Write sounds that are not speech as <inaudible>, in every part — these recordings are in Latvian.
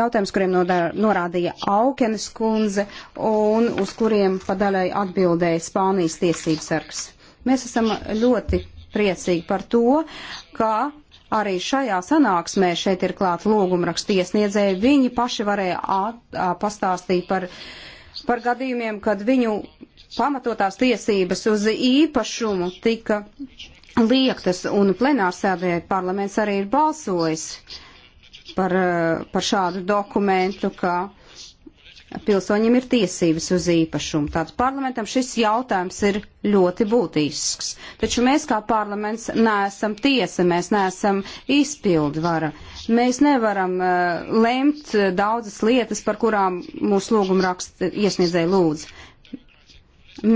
jautājums, kuriem nodara, norādīja Aukenes kundze un uz kuriem padaļai atbildēja Spānijas tiesības sargs. Mēs esam ļoti priecīgi par to, ka arī šajā sanāksmē šeit ir klāt lūgumrakstu iesniedzēji. Viņi paši varēja at, pastāstīt par, par gadījumiem, kad viņu pamatotās tiesības uz īpašumu tika liektas un plenārsēdē parlaments arī ir balsojis. Uh, par, eh, par šādu dokumentu, ka pilsoņiem ir tiesības uz īpašumu. Tātad parlamentam šis jautājums ir ļoti būtisks. Taču mēs kā parlaments neesam tiesa, mēs neesam izpildvara. Mēs nevaram uh, lemt daudzas lietas, par kurām mūsu lūguma raksta iesniedzēja lūdzu.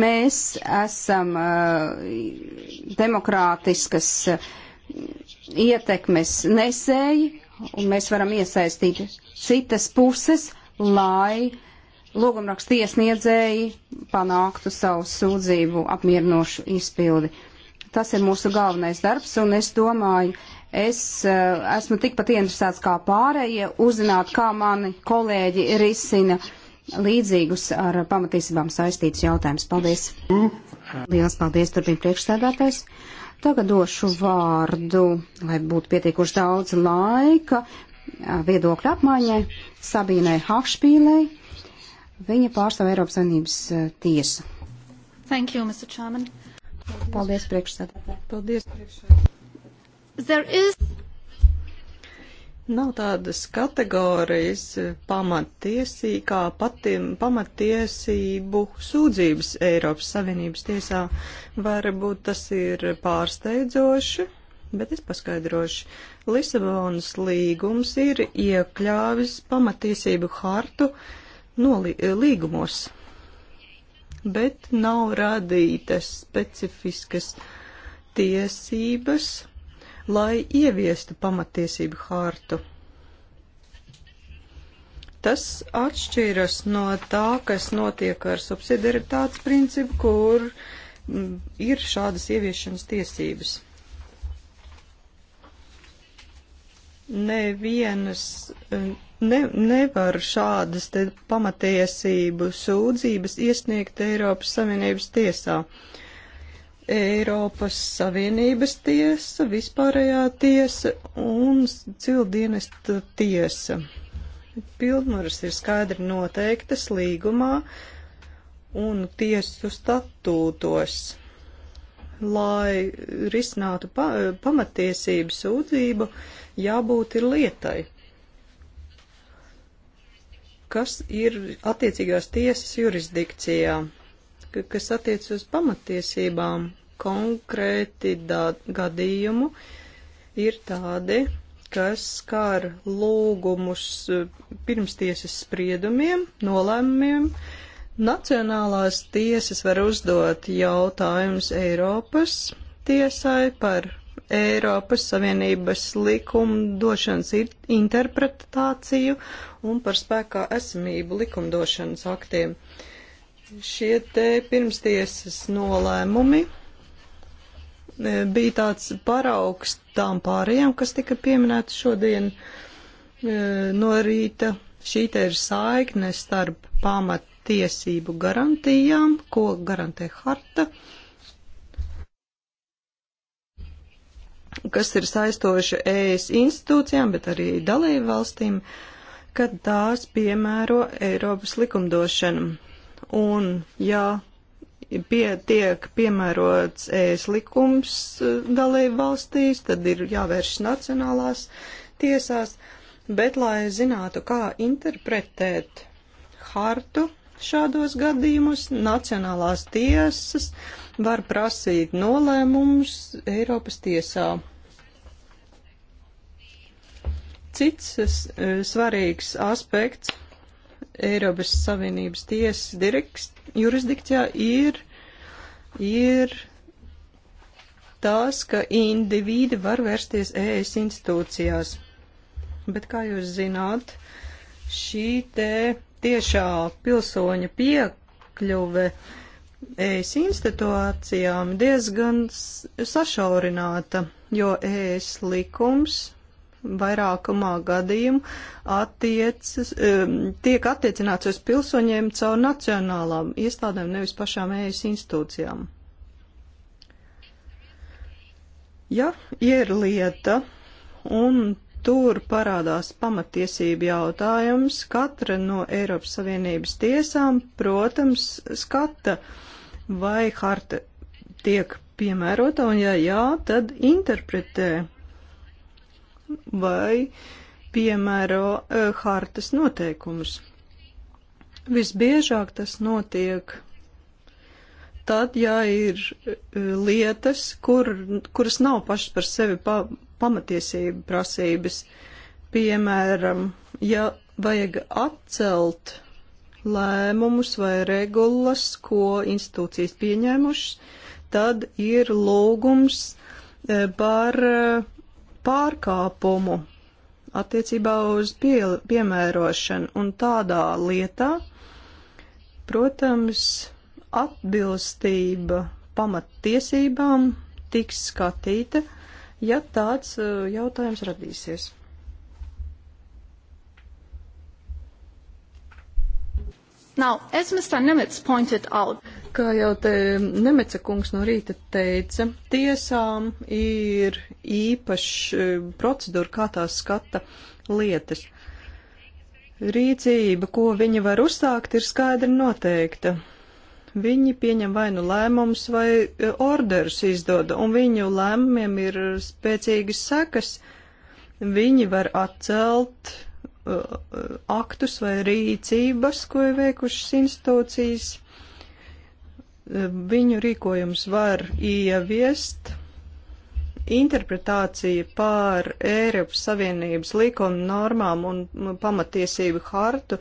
Mēs esam uh, demokrātiskas uh, ietekmes nesēji, un mēs varam iesaistīt citas puses, lai logumrakstu iesniedzēji panāktu savu sūdzību apmierinošu izpildi. Tas ir mūsu galvenais darbs, un es domāju, es eh, esmu tikpat interesēts kā pārējie uzzināt, kā mani kolēģi risina līdzīgus ar pamatīsībām saistītus jautājumus. Paldies! Mm. Lielas paldies, turpina priekšstādātais. Tagad došu vārdu, lai būtu pietiekuši daudz laika viedokļu apmaiņai, Sabīnai Hakšpīlei. Viņa pārstāv Eiropas Savienības eh, tiesu. Thank you, Mr. Chairman. Paldies, priekšsēdētāji. Paldies, priekšsēdētāji. Is... Nav tādas kategorijas pamattiesī, kā pati, pamattiesību sūdzības Eiropas Savienības tiesā. Varbūt tas ir pārsteidzoši, bet es paskaidrošu. Lisabonas līgums ir iekļāvis pamattiesību hartu no līgumos, bet nav radītas specifiskas tiesības lai ieviestu pamatiesību hārtu. Tas atšķiras no tā, kas notiek ar subsidiaritātes principu, kur mm, ir šādas ieviešanas tiesības. Nevienas ne, nevar šādas pamatiesību sūdzības iesniegt Eiropas Savienības tiesā. Uh, Eiropas Savienības tiesa, vispārējā tiesa un cildienesta tiesa. Pilnvaras ir skaidri noteiktas līgumā un tiesu statūtos, lai risinātu pa pamatiesību sūdzību, jābūt ir lietai kas ir attiecīgās tiesas jurisdikcijā, kas attiec uz pamatiesībām, konkrēti gadījumu ir tādi, kas skar lūgumus eh, pirmstiesas spriedumiem, nolēmumiem. Nacionālās tiesas var uzdot jautājumus Eiropas tiesai par Eiropas Savienības likumdošanas interpretāciju un par spēkā esamību likumdošanas aktiem. Šie te pirmstiesas nolēmumi E, bija tāds paraugs tām pārējām, kas tika pieminēta šodien e, no rīta. Šī te ir saikne starp pamattiesību garantijām, ko garantē harta, kas ir saistoši ES institūcijām, bet arī dalību valstīm, kad tās piemēro Eiropas likumdošanu. Un, ja pie, tiek piemērots ēs likums eh, dalību valstīs, tad ir jāvērš nacionālās tiesās, bet lai zinātu, kā interpretēt hartu šādos gadījumos, nacionālās tiesas var prasīt nolēmumus Eiropas tiesā. Cits eh, svarīgs aspekts Eiropas Savienības tiesas jurisdikcijā ir, ir tās, ka individi var vērsties ES institūcijās. Bet, kā jūs zināt, šī te tiešā pilsoņa piekļuve ES institūcijām diezgan sašaurināta, jo ES likums vairākumā gadījumu attiecas, tiek attiecināts uz pilsoņiem caur nacionālām iestādēm, nevis pašām ES institūcijām. Ja ir lieta un tur parādās pamatiesība jautājums, katra no Eiropas Savienības tiesām, protams, skata, vai harta tiek piemērota, un ja jā, tad interpretē vai piemēro eh, hartas noteikumus. Visbiežāk tas notiek tad, ja ir eh, lietas, kur, kuras nav pašas par sevi pa, pamatiesība prasības. Piemēram, ja vajag atcelt lēmumus vai regulas, ko institūcijas pieņēmušas, tad ir lūgums eh, par pārkāpumu attiecībā uz pie, piemērošanu un tādā lietā, protams, atbilstība pamattiesībām tiks skatīta, ja tāds uh, jautājums radīsies. Now, as Mr. Nimitz pointed out, Kā jau te Nemeca kungs no rīta teica, tiesām ir īpaša e, procedūra, kā tās skata lietas. Rīcība, ko viņi var uzsākt, ir skaidri noteikta. Viņi pieņem vai nu lēmumus, vai e, orderus izdoda, un viņu lēmumiem ir spēcīgas sekas. Viņi var atcelt uh, aktus vai rīcības, ko ir veikušas institūcijas viņu rīkojums var ieviest interpretācija pār Eiropas Savienības likuma normām un pamatiesību hartu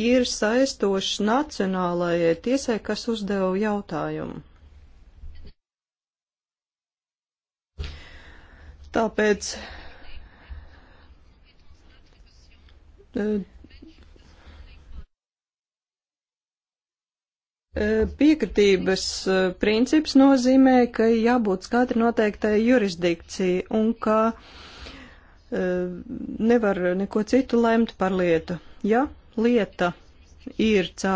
ir saistošs nacionālajai tiesai, kas uzdeva jautājumu. Tāpēc E, piekritības e, princips nozīmē, ka jābūt skaidri noteiktai jurisdikcija un ka e, nevar neko citu lemt par lietu. Ja lieta ir, cā,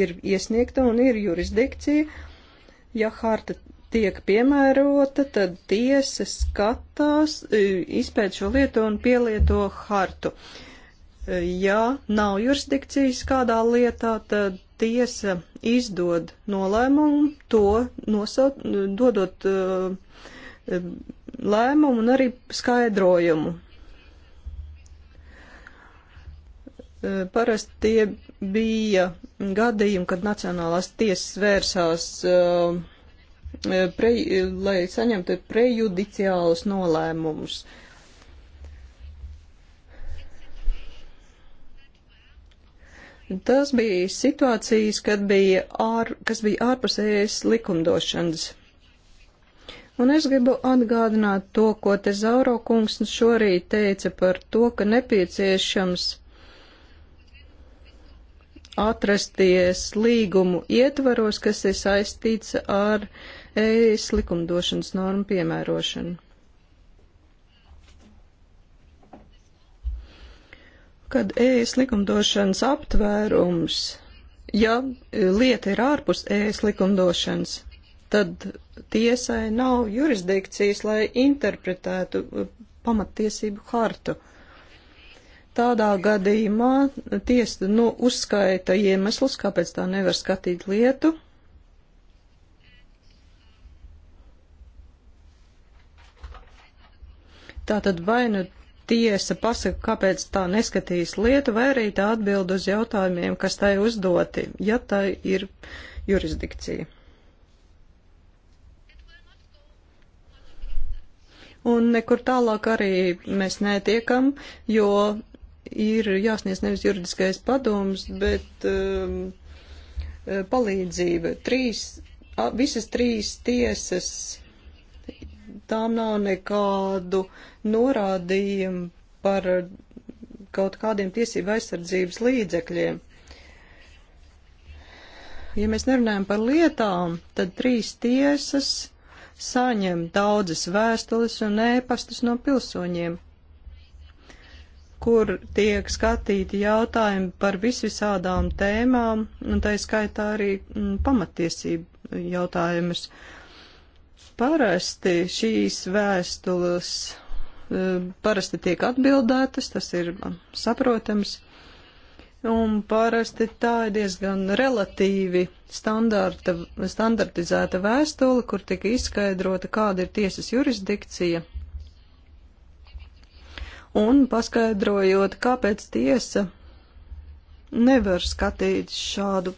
ir iesniegta un ir jurisdikcija. Ja harta tiek piemērota, tad tiesa skatās, izpēt šo lietu un pielieto hartu. Ja nav jurisdikcijas kādā lietā, tad tiesa izdod nolēmumu, to nosaukt, dodot eh, lēmumu un arī skaidrojumu. Eh, parasti tie bija gadījumi, kad Nacionālās tiesas vērsās, eh, pre, lai saņemtu prejudiciālus nolēmumus. Uh, Tas bija situācijas, kad bija ār, kas bija ārpusējas e likumdošanas. Un es gribu atgādināt to, ko te Zauro kungs šorīt teica par to, ka nepieciešams atrasties līgumu ietvaros, kas ir saistīts ar ES likumdošanas normu piemērošanu. kad ēs likumdošanas aptvērums, ja lieta ir ārpus ēs likumdošanas, tad tiesai nav jurisdikcijas, lai interpretētu uh, pamatiesību hartu. Tādā gadījumā tiesa nu, uzskaita iemeslus, kāpēc tā nevar skatīt lietu. Tātad vai nu tiesa pasaka, kāpēc tā neskatīs lietu, vai arī tā atbild uz jautājumiem, kas tai uzdoti, ja tai ir jurisdikcija. Un nekur tālāk arī mēs netiekam, jo ir jāsniedz nevis juridiskais padoms, bet um, palīdzība. Trīs, visas trīs tiesas tām nav nekādu norādījumu par kaut kādiem tiesību aizsardzības līdzekļiem. Ja mēs nerunājam par lietām, tad trīs tiesas saņem daudzas vēstules un ēpastus no pilsoņiem, kur tiek skatīti jautājumi par visvisādām tēmām, un tā skaitā arī mm, pamatiesību jautājumus. Uh, Parasti šīs vēstules e, parasti tiek atbildētas, tas ir saprotams, un parasti tā ir diezgan relatīvi standarta, standartizēta vēstule, kur tika izskaidrota, kāda ir tiesas jurisdikcija, un paskaidrojot, kāpēc tiesa nevar skatīt šādu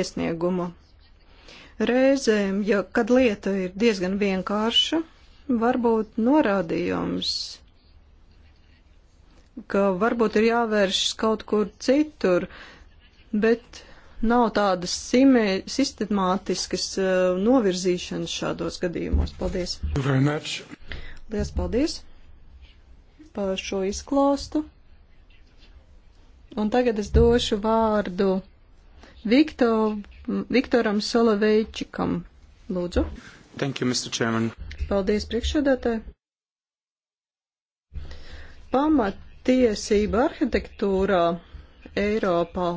iesniegumu. Reizēm, ja kad lieta ir diezgan vienkārša, varbūt norādījums, ka varbūt ir jāvēršas kaut kur citur, bet nav tādas simē, sistemātiskas uh, novirzīšanas šādos gadījumos. Paldies! Lielas paldies par šo izklāstu! Un tagad es došu vārdu Viktoru Viktoram Soloveičikam. Lūdzu. Thank you, Mr. Chairman. Paldies, priekšsēdētāji. Pamattiesība arhitektūrā Eiropā.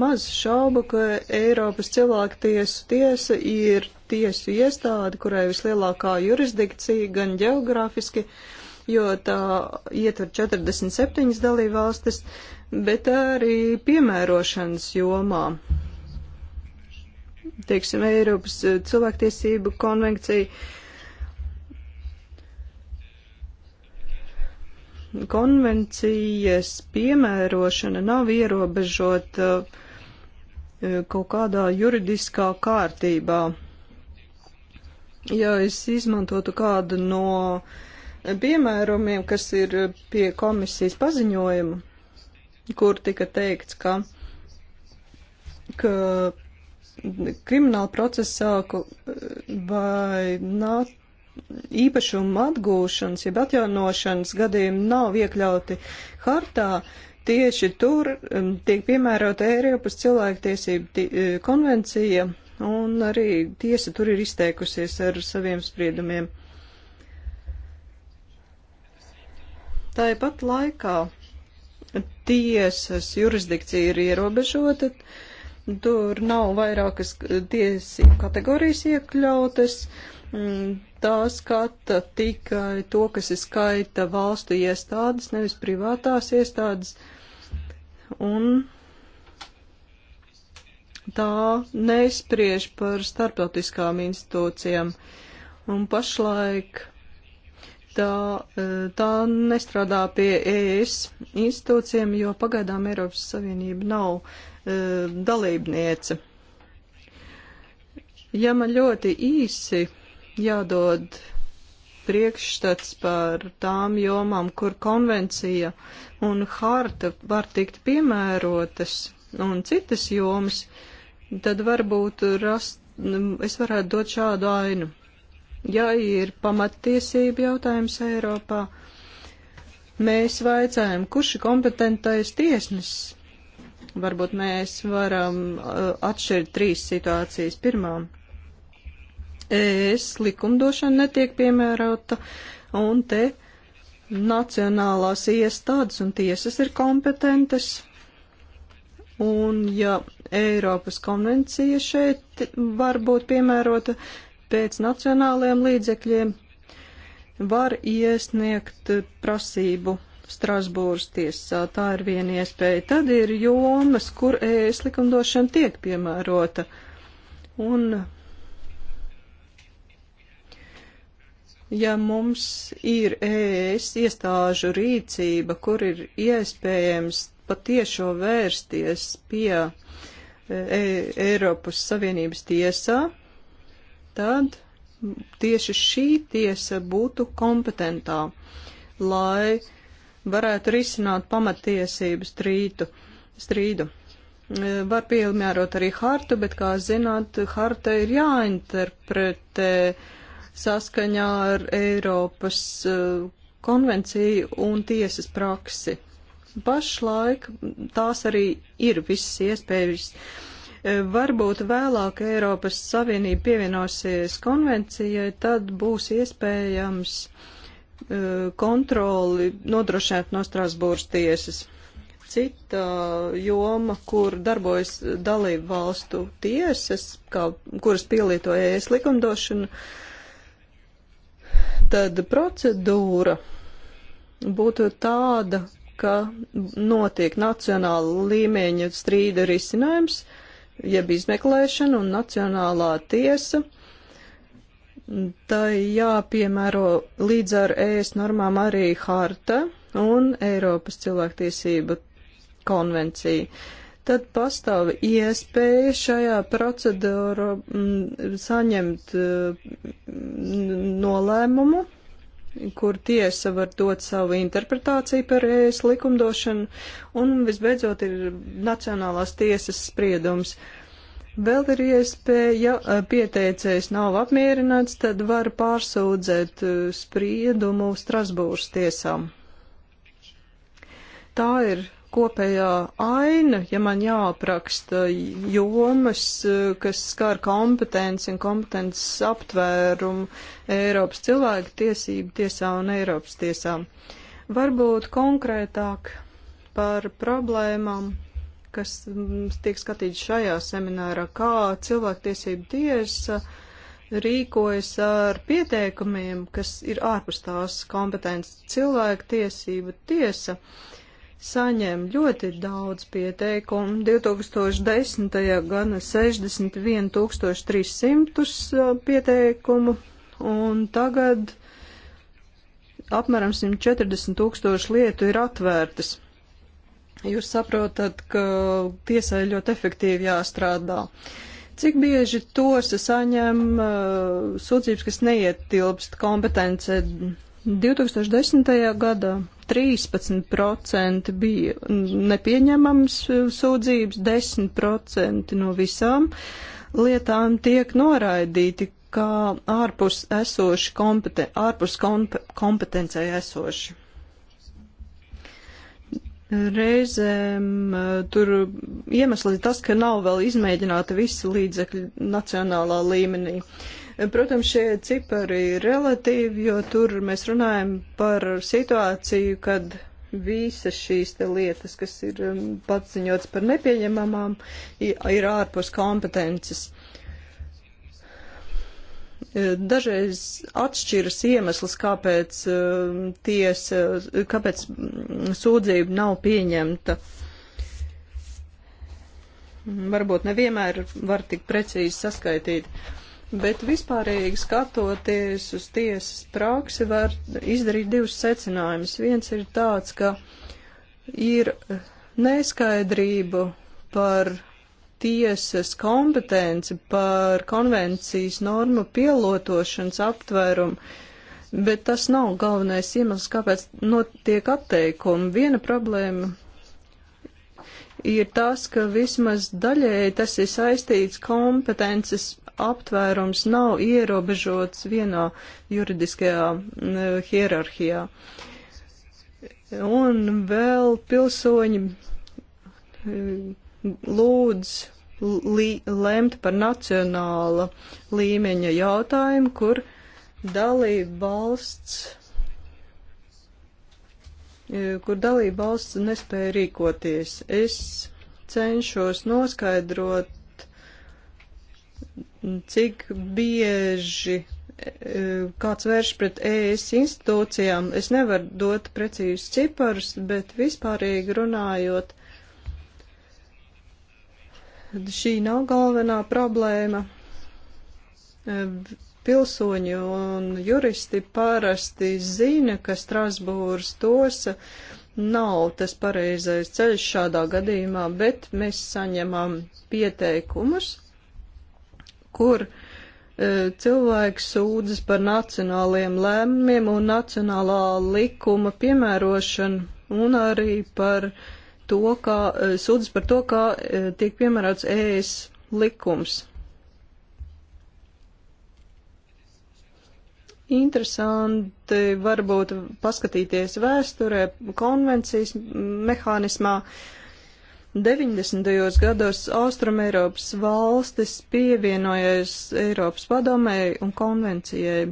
Maz šaubu, ka Eiropas cilvēktiesu tiesa ir tiesu iestāde, kurai vislielākā jurisdikcija gan geogrāfiski, jo tā ietver 47 dalībvalstis, bet arī piemērošanas jomā teiksim, Eiropas eh, cilvēktiesību konvenciju. Konvencijas piemērošana nav ierobežota eh, kaut kādā juridiskā kārtībā. Ja es izmantotu kādu no piemērumiem, kas ir pie komisijas paziņojuma, kur tika teikts, ka, ka krimināla procesa sāku vai nāt, īpašuma atgūšanas, jeb atjaunošanas gadījumi nav iekļauti hartā, tieši tur um, tiek piemērota Eiropas cilvēktiesību eh, konvencija, un arī tiesa tur ir izteikusies ar saviem spriedumiem. Tāpat laikā tiesas jurisdikcija ir ierobežota, uh, Tur nav vairākas tiesību kategorijas iekļautas. Mm, tā skata tikai to, kas ir skaita valstu iestādes, nevis privātās iestādes. Un tā nespriež par starptautiskām institūcijām. Un pašlaik tā, eh, tā nestrādā pie ES institūcijiem, jo pagaidām Eiropas Savienība nav E, dalībniece. Ja man ļoti īsi jādod priekšstats par tām jomām, kur konvencija un harta var tikt piemērotas un citas jomas, tad varbūt rast, nu, es varētu dot šādu ainu. Ja ir pamattiesība jautājums Eiropā, mēs vaicājam, kurš ir kompetentais tiesnesis Varbūt mēs varam uh, atšķirt trīs situācijas. Pirmā, ES likumdošana netiek piemērota, un te nacionālās iestādes un tiesas ir kompetentes. Un ja Eiropas konvencija šeit var būt piemērota pēc nacionālajiem līdzekļiem, var iesniegt prasību Strasbūras tiesā. Tā ir viena iespēja. Tad ir jomas, kur ēs likumdošana tiek piemērota. Un ja mums ir ēs iestāžu rīcība, kur ir iespējams patiešo vērsties pie e Eiropas Savienības tiesā, tad tieši šī tiesa būtu kompetentā, lai uh, varētu risināt pamatiesības strītu, strīdu. E, var piemērot arī hartu, bet, kā zināt, harta ir jāinterpretē saskaņā ar Eiropas e, konvenciju un tiesas praksi. Pašlaik tās arī ir visas iespējas. E, varbūt vēlāk Eiropas Savienība pievienosies konvencijai, tad būs iespējams uh, Eh, kontroli nodrošināt no Strasbūras tiesas. Cita joma, kur darbojas dalību valstu tiesas, kā, kuras pielieto ES likumdošanu, tad procedūra būtu tāda, ka notiek nacionāla līmeņa strīda risinājums, jeb izmeklēšana un nacionālā tiesa Tā jāpiemēro līdz ar ES normām arī harta un Eiropas cilvēktiesība konvencija. Tad pastāv iespēja šajā procedūru m, mm, saņemt m, mm, nolēmumu, kur tiesa var dot savu interpretāciju par ES likumdošanu, un visbeidzot ir Nacionālās tiesas spriedums. Uh, Vēl ir iespēja, ja pieteicējs nav apmierināts, tad var pārsūdzēt spriedumu Strasbūras tiesām. Tā ir kopējā aina, ja man jāapraksta jomas, kas skar kompetenci un kompetences aptvērumu Eiropas cilvēku tiesību tiesā un Eiropas tiesā. Varbūt konkrētāk par problēmām, kas mm, tiek skatīts šajā seminārā, kā cilvēktiesība tiesa rīkojas ar pieteikumiem, kas ir ārpus tās kompetences. Cilvēktiesība tiesa saņem ļoti daudz pieteikumu. 2010. gada 61 300 pieteikumu un tagad apmēram 140 tūkstoši lietu ir atvērtas. Jūs saprotat, ka tiesai ļoti efektīvi jāstrādā. Cik bieži torse saņem uh, sūdzības, kas neietilpst kompetence 2010. gadā 13% bija nepieņemams sūdzības, 10% no visām lietām tiek noraidīti kā ārpus, esoši kompeten ārpus komp kompetencija esoši. Reizēm tur iemesls ir tas, ka nav vēl izmēģināta visi līdzekļi nacionālā līmenī. Protams, šie cipari ir relatīvi, jo tur mēs runājam par situāciju, kad visas šīs te lietas, kas ir paziņotas par nepieņemamām, ir ārpus kompetences. E, dažreiz atšķiras iemesls, kāpēc e, tiesa, kāpēc mm, sūdzība nav pieņemta. Varbūt nevienmēr var tik precīzi saskaitīt, bet vispārīgi skatoties uz tiesas praksi, var izdarīt divus secinājumus. Viens ir tāds, ka ir neskaidrību par tiesas kompetenci par konvencijas normu pielūtošanas aptvērumu, bet tas nav galvenais iemesls, kāpēc notiek atteikumi. Viena problēma ir tas, ka vismaz daļēji tas ir saistīts kompetences aptvērums nav ierobežots vienā juridiskajā hierarhijā. Un vēl pilsoņi lūdz lemt par nacionāla līmeņa jautājumu, kur dalība valsts e, kur dalība valsts nespēja rīkoties. Es cenšos noskaidrot, cik bieži e, kāds vērš pret ES institūcijām. Es nevaru dot precīzus ciparus, bet vispārīgi runājot, šī nav galvenā problēma. E, Pilsoņi un juristi parasti zina, ka Strasbūras tosa nav tas pareizais ceļš šādā gadījumā, bet mēs saņemam pieteikumus, kur e, cilvēks sūdzas par nacionāliem lēmumiem un nacionālā likuma piemērošanu un arī par e, to, kā eh, sūdzas par to, kā eh, tiek piemērots ES likums. Interesanti varbūt paskatīties vēsturē, konvencijas mehānismā. 90. gados Austrumēropas valstis pievienojas Eiropas padomēji un konvencijai.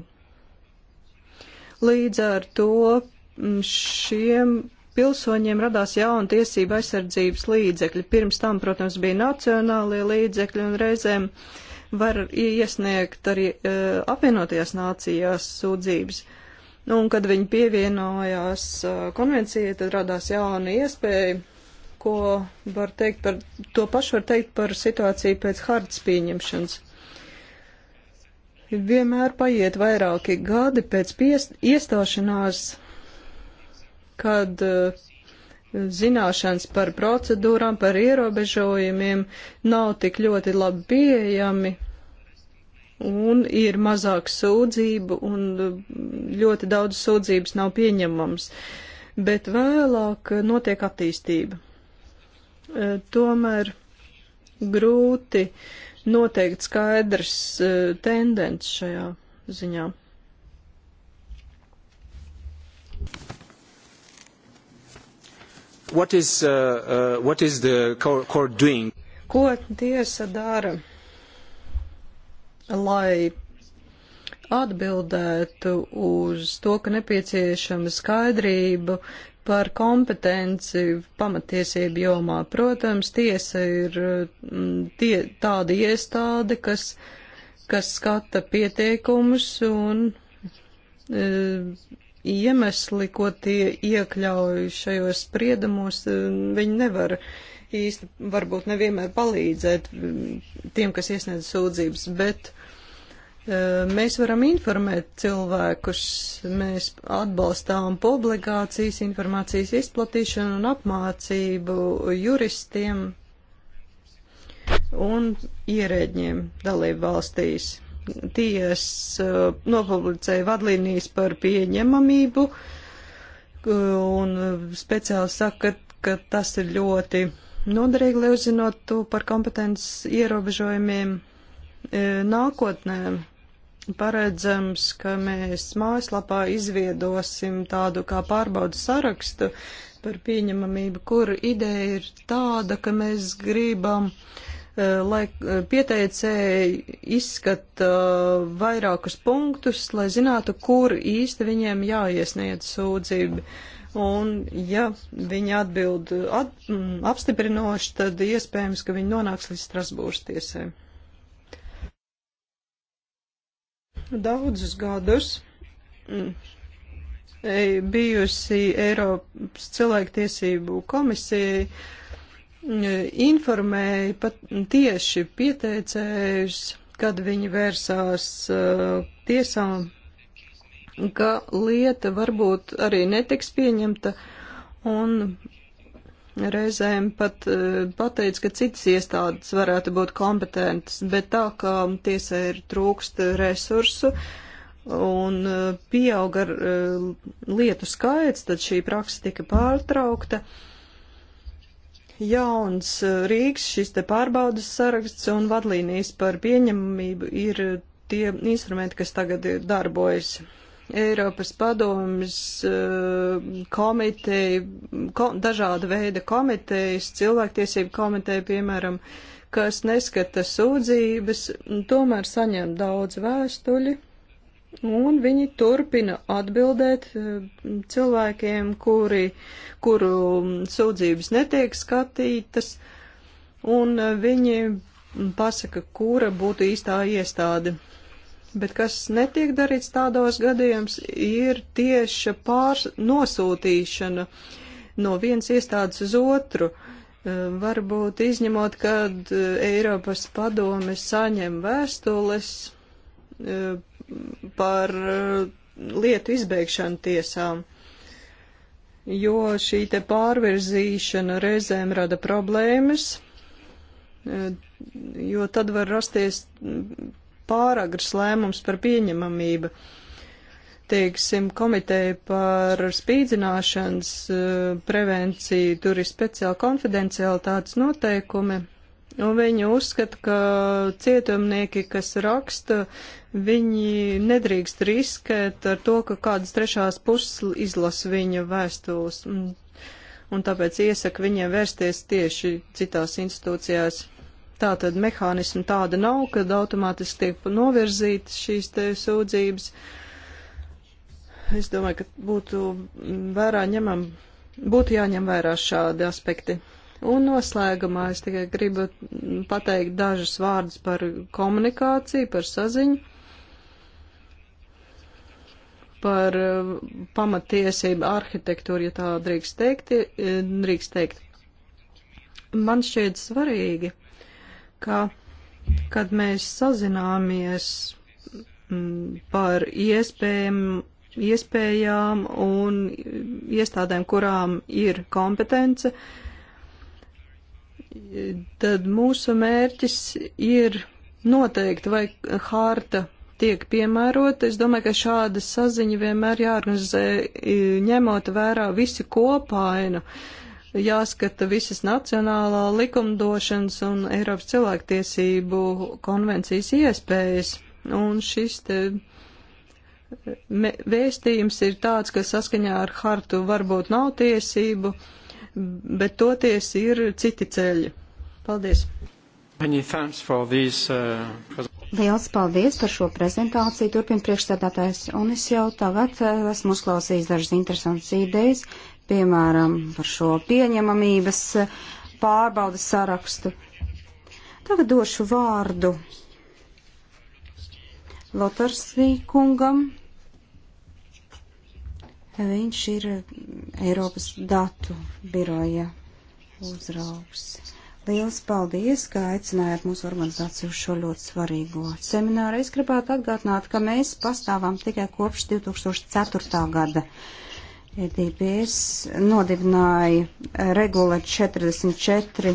Līdz ar to šiem pilsoņiem radās jauna tiesība aizsardzības līdzekļi. Pirms tam, protams, bija nacionālie līdzekļi un reizēm var iesniegt arī e, apvienotajās nācijās sūdzības. Nu, un kad viņi pievienojās e, konvencijai, tad radās jauna iespēja, ko var teikt par, to pašu var teikt par situāciju pēc hartas pieņemšanas. Vienmēr paiet vairāki gadi pēc pies, iestāšanās kad eh, zināšanas par procedūrām, par ierobežojumiem nav tik ļoti labi pieejami un ir mazāk sūdzību un eh, ļoti daudz sūdzības nav pieņemams. Bet vēlāk eh, notiek attīstība. Tomēr grūti noteikt skaidrs tendence šajā ziņā. what is, uh, uh, what is the court doing? Ko tiesa dara, lai atbildētu uz to, ka nepieciešama skaidrība par kompetenci pamatiesību jomā. Protams, tiesa ir mm, tie, tāda iestāde, kas, kas skata pieteikumus un e, iemesli, ko tie iekļauj šajos spriedumos, eh, viņi nevar īsti varbūt nevienmēr palīdzēt mm, tiem, kas iesniedz sūdzības, bet eh, mēs varam informēt cilvēkus, mēs atbalstām publikācijas, informācijas izplatīšanu un apmācību juristiem un ierēģiem dalību valstīs tiesa uh, nopublicēja vadlīnijas par pieņemamību un uh, speciāli saka, ka tas ir ļoti noderīgi, lai uzzinotu par kompetences ierobežojumiem uh, nākotnē. Paredzams, ka mēs mājaslapā izviedosim tādu kā pārbaudas sarakstu par pieņemamību, kur ideja ir tāda, ka mēs gribam uh, Eh, lai eh, pieteicēji izskata eh, vairākus punktus, lai zinātu, kur īsti viņiem jāiesniedz sūdzība. Un, ja viņi atbild at, mm, apstiprinoši, tad iespējams, ka viņi nonāks līdz Strasbūras tiesai. Daudzus gadus mm, bijusi Eiropas cilvēktiesību komisija informēja pat tieši pieteicējus, kad viņi vērsās uh, tiesām, ka lieta varbūt arī netiks pieņemta un reizēm pat uh, pateica, ka citas iestādes varētu būt kompetentas, bet tā kā tiesai ir trūkst resursu, un uh, pieauga lietu skaits, tad šī praksa tika pārtraukta. Uh, jauns eh, rīks, šis te pārbaudas saraksts un vadlīnijas par pieņemamību ir tie instrumenti, kas tagad darbojas. Eiropas padomjas eh, komiteja, kom, dažāda veida komitejas, cilvēktiesību komiteja, piemēram, kas neskata sūdzības, tomēr saņem daudz vēstuļi Un viņi turpina atbildēt eh, cilvēkiem, kuri, kuru mm, sūdzības netiek skatītas, un eh, viņi mm, pasaka, kura būtu īstā iestāde. Bet kas netiek darīts tādos gadījums, ir tieša pārnosūtīšana no vienas iestādes uz otru. Eh, varbūt izņemot, kad Eiropas padome saņem vēstules par eh, lietu izbeigšanu tiesām, jo šī te pārvirzīšana reizēm rada problēmas, eh, jo tad var rasties pāragrs lēmums par pieņemamību. Teiksim, komiteja par spīdzināšanas eh, prevenciju, tur ir speciāli konfidenciālitātes noteikumi, Un viņi uzskata, ka cietumnieki, kas raksta, viņi nedrīkst riskēt ar to, ka kādas trešās puses izlas viņa vēstules. Un, un tāpēc iesaka viņiem vērsties tieši citās institūcijās. Tā tad mehānismi tāda nav, kad automātiski tiek novirzītas šīs te sūdzības. Es domāju, ka būtu vērā ņemam, būtu jāņem vērā šādi aspekti. Un noslēgumā es tikai gribu pateikt dažus vārdus par komunikāciju, par saziņu, par uh, pamatiesību arhitektūru, ja tā drīkst teikt. Eh, drīkst teikt. Man šķiet svarīgi, ka, kad mēs sazināmies mm, par iespējām, iespējām un iestādēm, kurām ir kompetence, uh, tad mūsu mērķis ir noteikti, vai hārta tiek piemērota. Es domāju, ka šāda saziņa vienmēr jāorganizē, ņemot vērā visi kopainu, jāskata visas nacionālā likumdošanas un Eiropas cilvēktiesību konvencijas iespējas. Un šis te vēstījums ir tāds, ka saskaņā ar hartu varbūt nav tiesību bet toties ir citi ceļi. Paldies! These, uh... Liels paldies par šo prezentāciju, turpina priekšstādātājs, un es jau tagad uh, esmu uzklausījis dažas interesantas idejas, piemēram, par šo pieņemamības uh, pārbaudas sarakstu. Tagad došu vārdu Lotarsvī kungam Viņš ir Eiropas datu biroja uzraugs. Liels paldies, ka aicinājāt mūsu organizāciju uz šo ļoti svarīgo semināru. Es gribētu atgādināt, ka mēs pastāvām tikai kopš 2004. gada. EDPS nodibināja regula 44,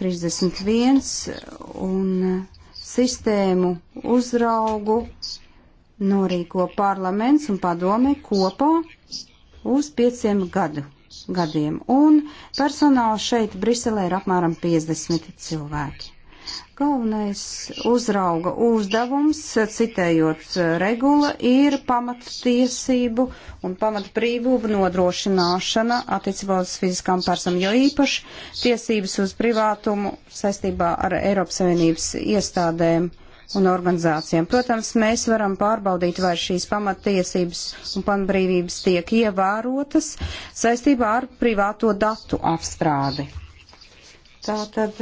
31 un sistēmu uzraugu norīko parlaments un padome kopā uz pieciem gadu, gadiem. Un personāls šeit Briselē ir apmēram 50 cilvēki. Galvenais uzrauga uzdevums, citējot eh, regula, ir pamattiesību un pamatbrīvību nodrošināšana attiecībā uz fiziskām personām, jo īpaši tiesības uz privātumu saistībā ar Eiropas Savienības iestādēm uh, un organizācijām. Protams, mēs varam pārbaudīt, vai šīs pamatiesības un pamatbrīvības tiek ievērotas saistībā ar privāto datu apstrādi. Tātad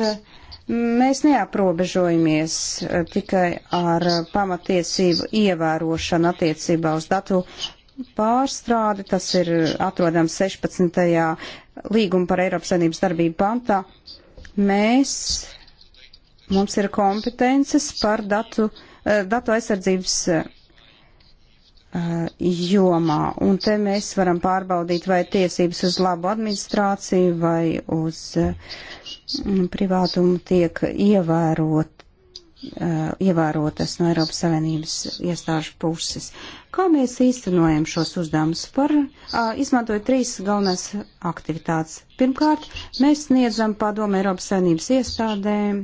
mēs neaprobežojamies eh, tikai ar eh, pamatiesību ievērošanu attiecībā uz datu pārstrādi, tas ir atrodams 16. līguma par Eiropas Savienības darbību pantā. Mēs Mums ir kompetences par datu, eh, datu aizsardzības eh, jomā, un te mēs varam pārbaudīt vai tiesības uz labu administrāciju vai uz mm, privātumu tiek ievērot Uh, ievērotas no Eiropas Savienības iestāžu puses. Kā mēs īstenojam šos uzdevumus? Par uh, izmantojot trīs galvenās aktivitātes. Pirmkārt, mēs sniedzam padomu Eiropas Savienības iestādēm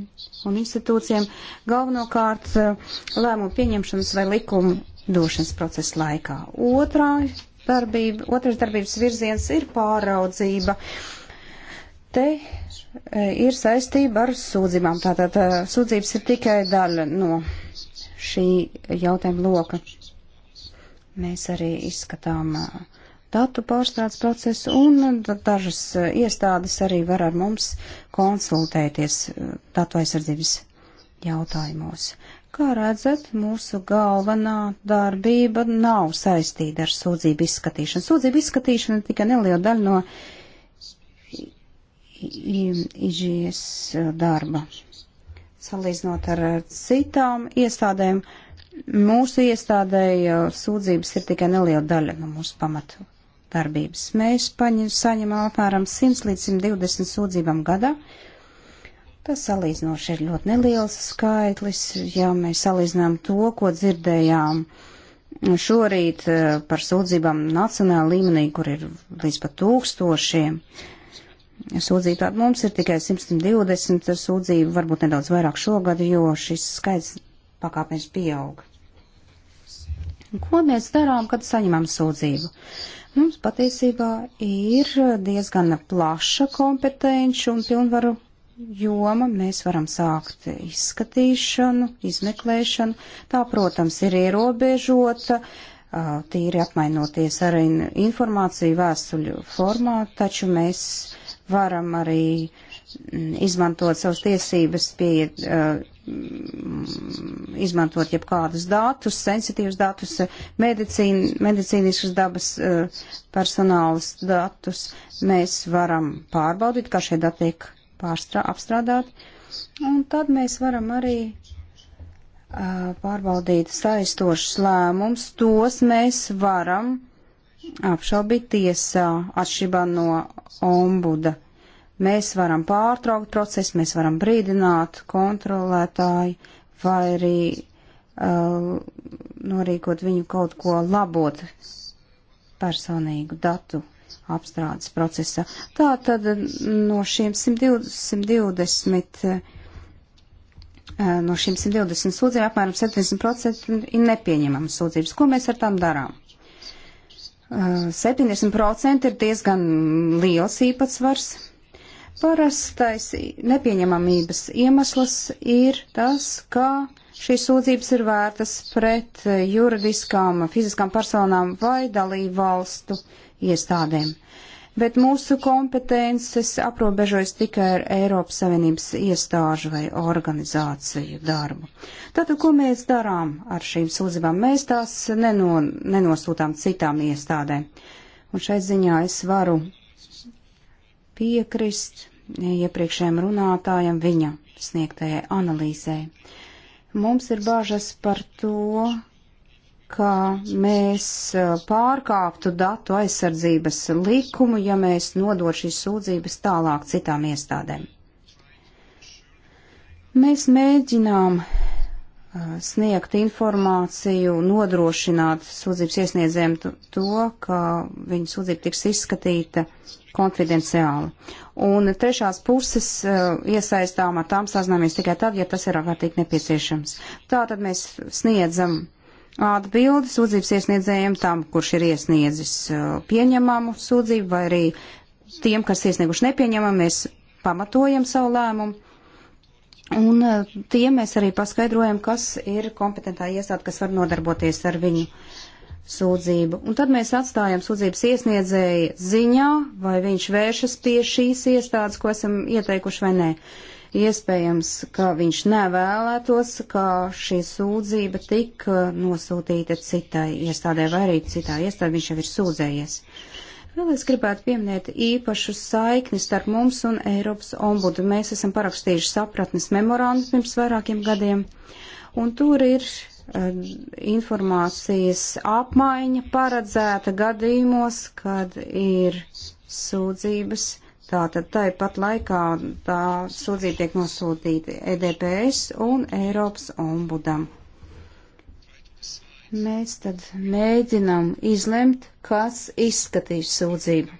un institūcijiem galvenokārt uh, lēmumu pieņemšanas vai likumu došanas procesa laikā. Otrā darbība, otrs darbības virziens ir pāraudzība. Uh, Te e, ir saistība ar sūdzībām, tātad e, sūdzības ir tikai daļa no šī jautājuma loka. Mēs arī izskatām e, datu pārstrādes procesu un dažas iestādes arī var ar mums konsultēties datu aizsardzības jautājumos. Kā redzat, mūsu galvenā darbība nav saistīta ar sūdzību izskatīšanu. Sūdzību izskatīšana ir tikai neliela daļa no IGS uh, darba. Salīdzinot ar citām iestādēm, mūsu iestādēja uh, sūdzības ir tikai neliela daļa no mūsu pamatu darbības. Mēs paņem, saņemam apmēram 100 līdz 120 sūdzībām gadā. Tas salīdzinoši ir ļoti neliels skaitlis, ja mēs salīdzinām to, ko dzirdējām šorīt uh, par sūdzībām nacionāla līmenī, kur ir līdz pat tūkstošiem. Uh, sūdzību. Tātad mums ir tikai 120 sūdzību, varbūt nedaudz vairāk šogad, jo šis skaits pakāpeniski pieaug. Ko mēs darām, kad saņemam sūdzību? Mums patiesībā ir diezgan plaša kompetenci un pilnvaru joma. Mēs varam sākt izskatīšanu, izmeklēšanu. Tā, protams, ir ierobežota. Uh, tīri apmainoties ar informāciju vēstuļu formā, taču mēs varam arī mm, izmantot savas tiesības pie, uh, mm, izmantot jebkādus datus, sensitīvus datus, medicīn, medicīniskas dabas uh, personālas datus. Mēs varam pārbaudīt, kā šie dati tiek pārstrā, apstrādāti. Un tad mēs varam arī uh, pārbaudīt saistošus lēmumus, tos mēs varam uh, apšaubīt tiesā atšķirībā no ombuda. Mēs varam pārtraukt procesu, mēs varam brīdināt kontrolētāju vai arī uh, norīkot viņu kaut ko labot personīgu datu apstrādes procesā. Tā tad no šiem 120, uh, no šiem 120 sūdzībām apmēram 70% ir nepieņemama sūdzības. Ko mēs ar tām darām? 70% ir diezgan liels īpatsvars. Parastais nepieņemamības iemesls ir tas, ka šīs sūdzības ir vērtas pret juridiskām, fiziskām personām vai dalību valstu iestādēm bet mūsu kompetences aprobežojas tikai ar Eiropas Savienības iestāžu vai organizāciju darbu. Tātad, ko mēs darām ar šīm sūdzībām? Mēs tās neno, nenosūtām citām iestādēm. Un šai ziņā es varu piekrist iepriekšējiem runātājiem viņa sniegtajai analīzē. Mums ir bāžas par to, ka mēs uh, pārkāptu datu aizsardzības likumu, ja mēs nodot šīs sūdzības tālāk citām iestādēm. Mēs mēģinām uh, sniegt informāciju, nodrošināt sūdzības iesniedzējiem to, ka viņu sūdzība tiks izskatīta konfidenciāli. Un trešās puses uh, iesaistām ar tām sazināmies tikai tad, ja tas ir ārkārtīgi nepieciešams. Tātad mēs sniedzam atbildi sūdzības iesniedzējiem tam, kurš ir iesniedzis uh, pieņemamu sūdzību, vai arī tiem, kas iesnieguši nepieņemamu, mēs pamatojam savu lēmumu. Un uh, tiem mēs arī paskaidrojam, kas ir kompetentā iestāde, kas var nodarboties ar viņu sūdzību. Un tad mēs atstājam sūdzības iesniedzēju ziņā, vai viņš vēršas pie šīs iestādes, ko esam ieteikuši vai nē. Uh, Iespējams, ka viņš nevēlētos, ka šī sūdzība tik uh, nosūtīta citai iestādē vai arī citā iestādē viņš jau ir sūdzējies. Vēl es gribētu pieminēt īpašu saikni starp mums un Eiropas ombudu. Mēs esam parakstījuši sapratnes memorandu pirms vairākiem gadiem, un tur ir uh, informācijas apmaiņa paredzēta gadījumos, kad ir sūdzības Tātad tāpat laikā tā sūdzība tiek nosūtīta EDPS un Eiropas ombudam. Mēs tad mēģinām izlemt, kas izskatīs sūdzību.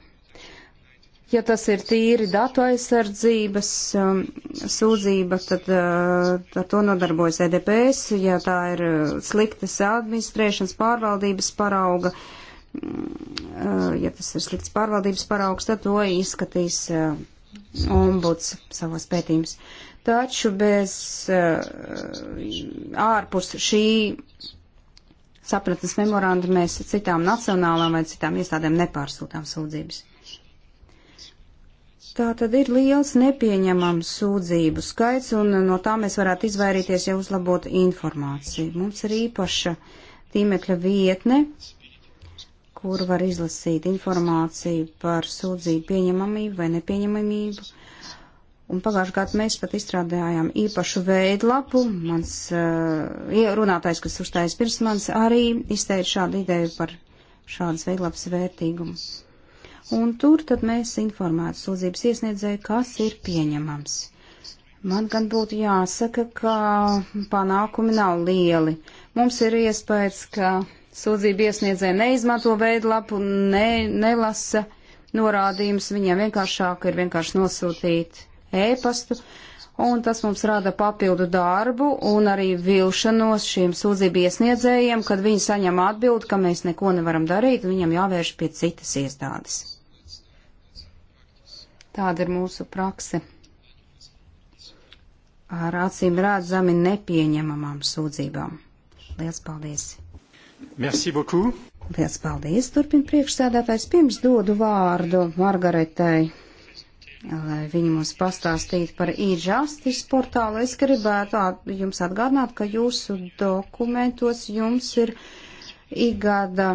Ja tas ir tīri datu aizsardzības um, sūdzība, tad uh, ar to nodarbojas EDPS. Ja tā ir uh, sliktas administrēšanas pārvaldības parauga Mm, eh, ja tas ir slikts pārvaldības paraugs, tad to izskatīs eh, ombuds savos pētījumus. Taču bez eh, ārpus šī sapratnes memoranda mēs citām nacionālām vai citām iestādēm nepārsūtām sūdzības. Tā tad ir liels nepieņemams sūdzību skaits, un no tā mēs varētu izvairīties, ja uzlabotu informāciju. Mums ir īpaša tīmekļa vietne, uh, kur var izlasīt informāciju par sūdzību pieņemamību vai nepieņemamību. Un pagājušajā gadā mēs pat izstrādājām īpašu veidlapu. Mans uh, runātājs, kas uzstājas pirms manis, arī izteica šādu ideju par šādas veidlapas vērtīgumu. Un tur tad mēs informētu sūdzības iesniedzēju, kas ir pieņemams. Man gan būtu jāsaka, ka panākumi nav lieli. Mums ir iespējas, ka sūdzību iesniedzēja neizmanto veidlapu, ne, nelasa norādījumus, viņiem vienkāršāk ir vienkārši nosūtīt ēpastu. E un tas mums rada papildu darbu un arī vilšanos šiem sūdzību iesniedzējiem, kad viņi saņem atbildi, ka mēs neko nevaram darīt, viņam jāvērš pie citas iestādes. Tāda ir mūsu prakse ar acīm rādzami nepieņemamām sūdzībām. Lielas paldies! Merci beaucoup. Liels paldies, turpina priekšsēdētājs. Pirms dodu vārdu Margaretai, lai viņa mums pastāstītu par e-justice portālu. Es gribētu jums atgādināt, ka jūsu dokumentos jums ir igada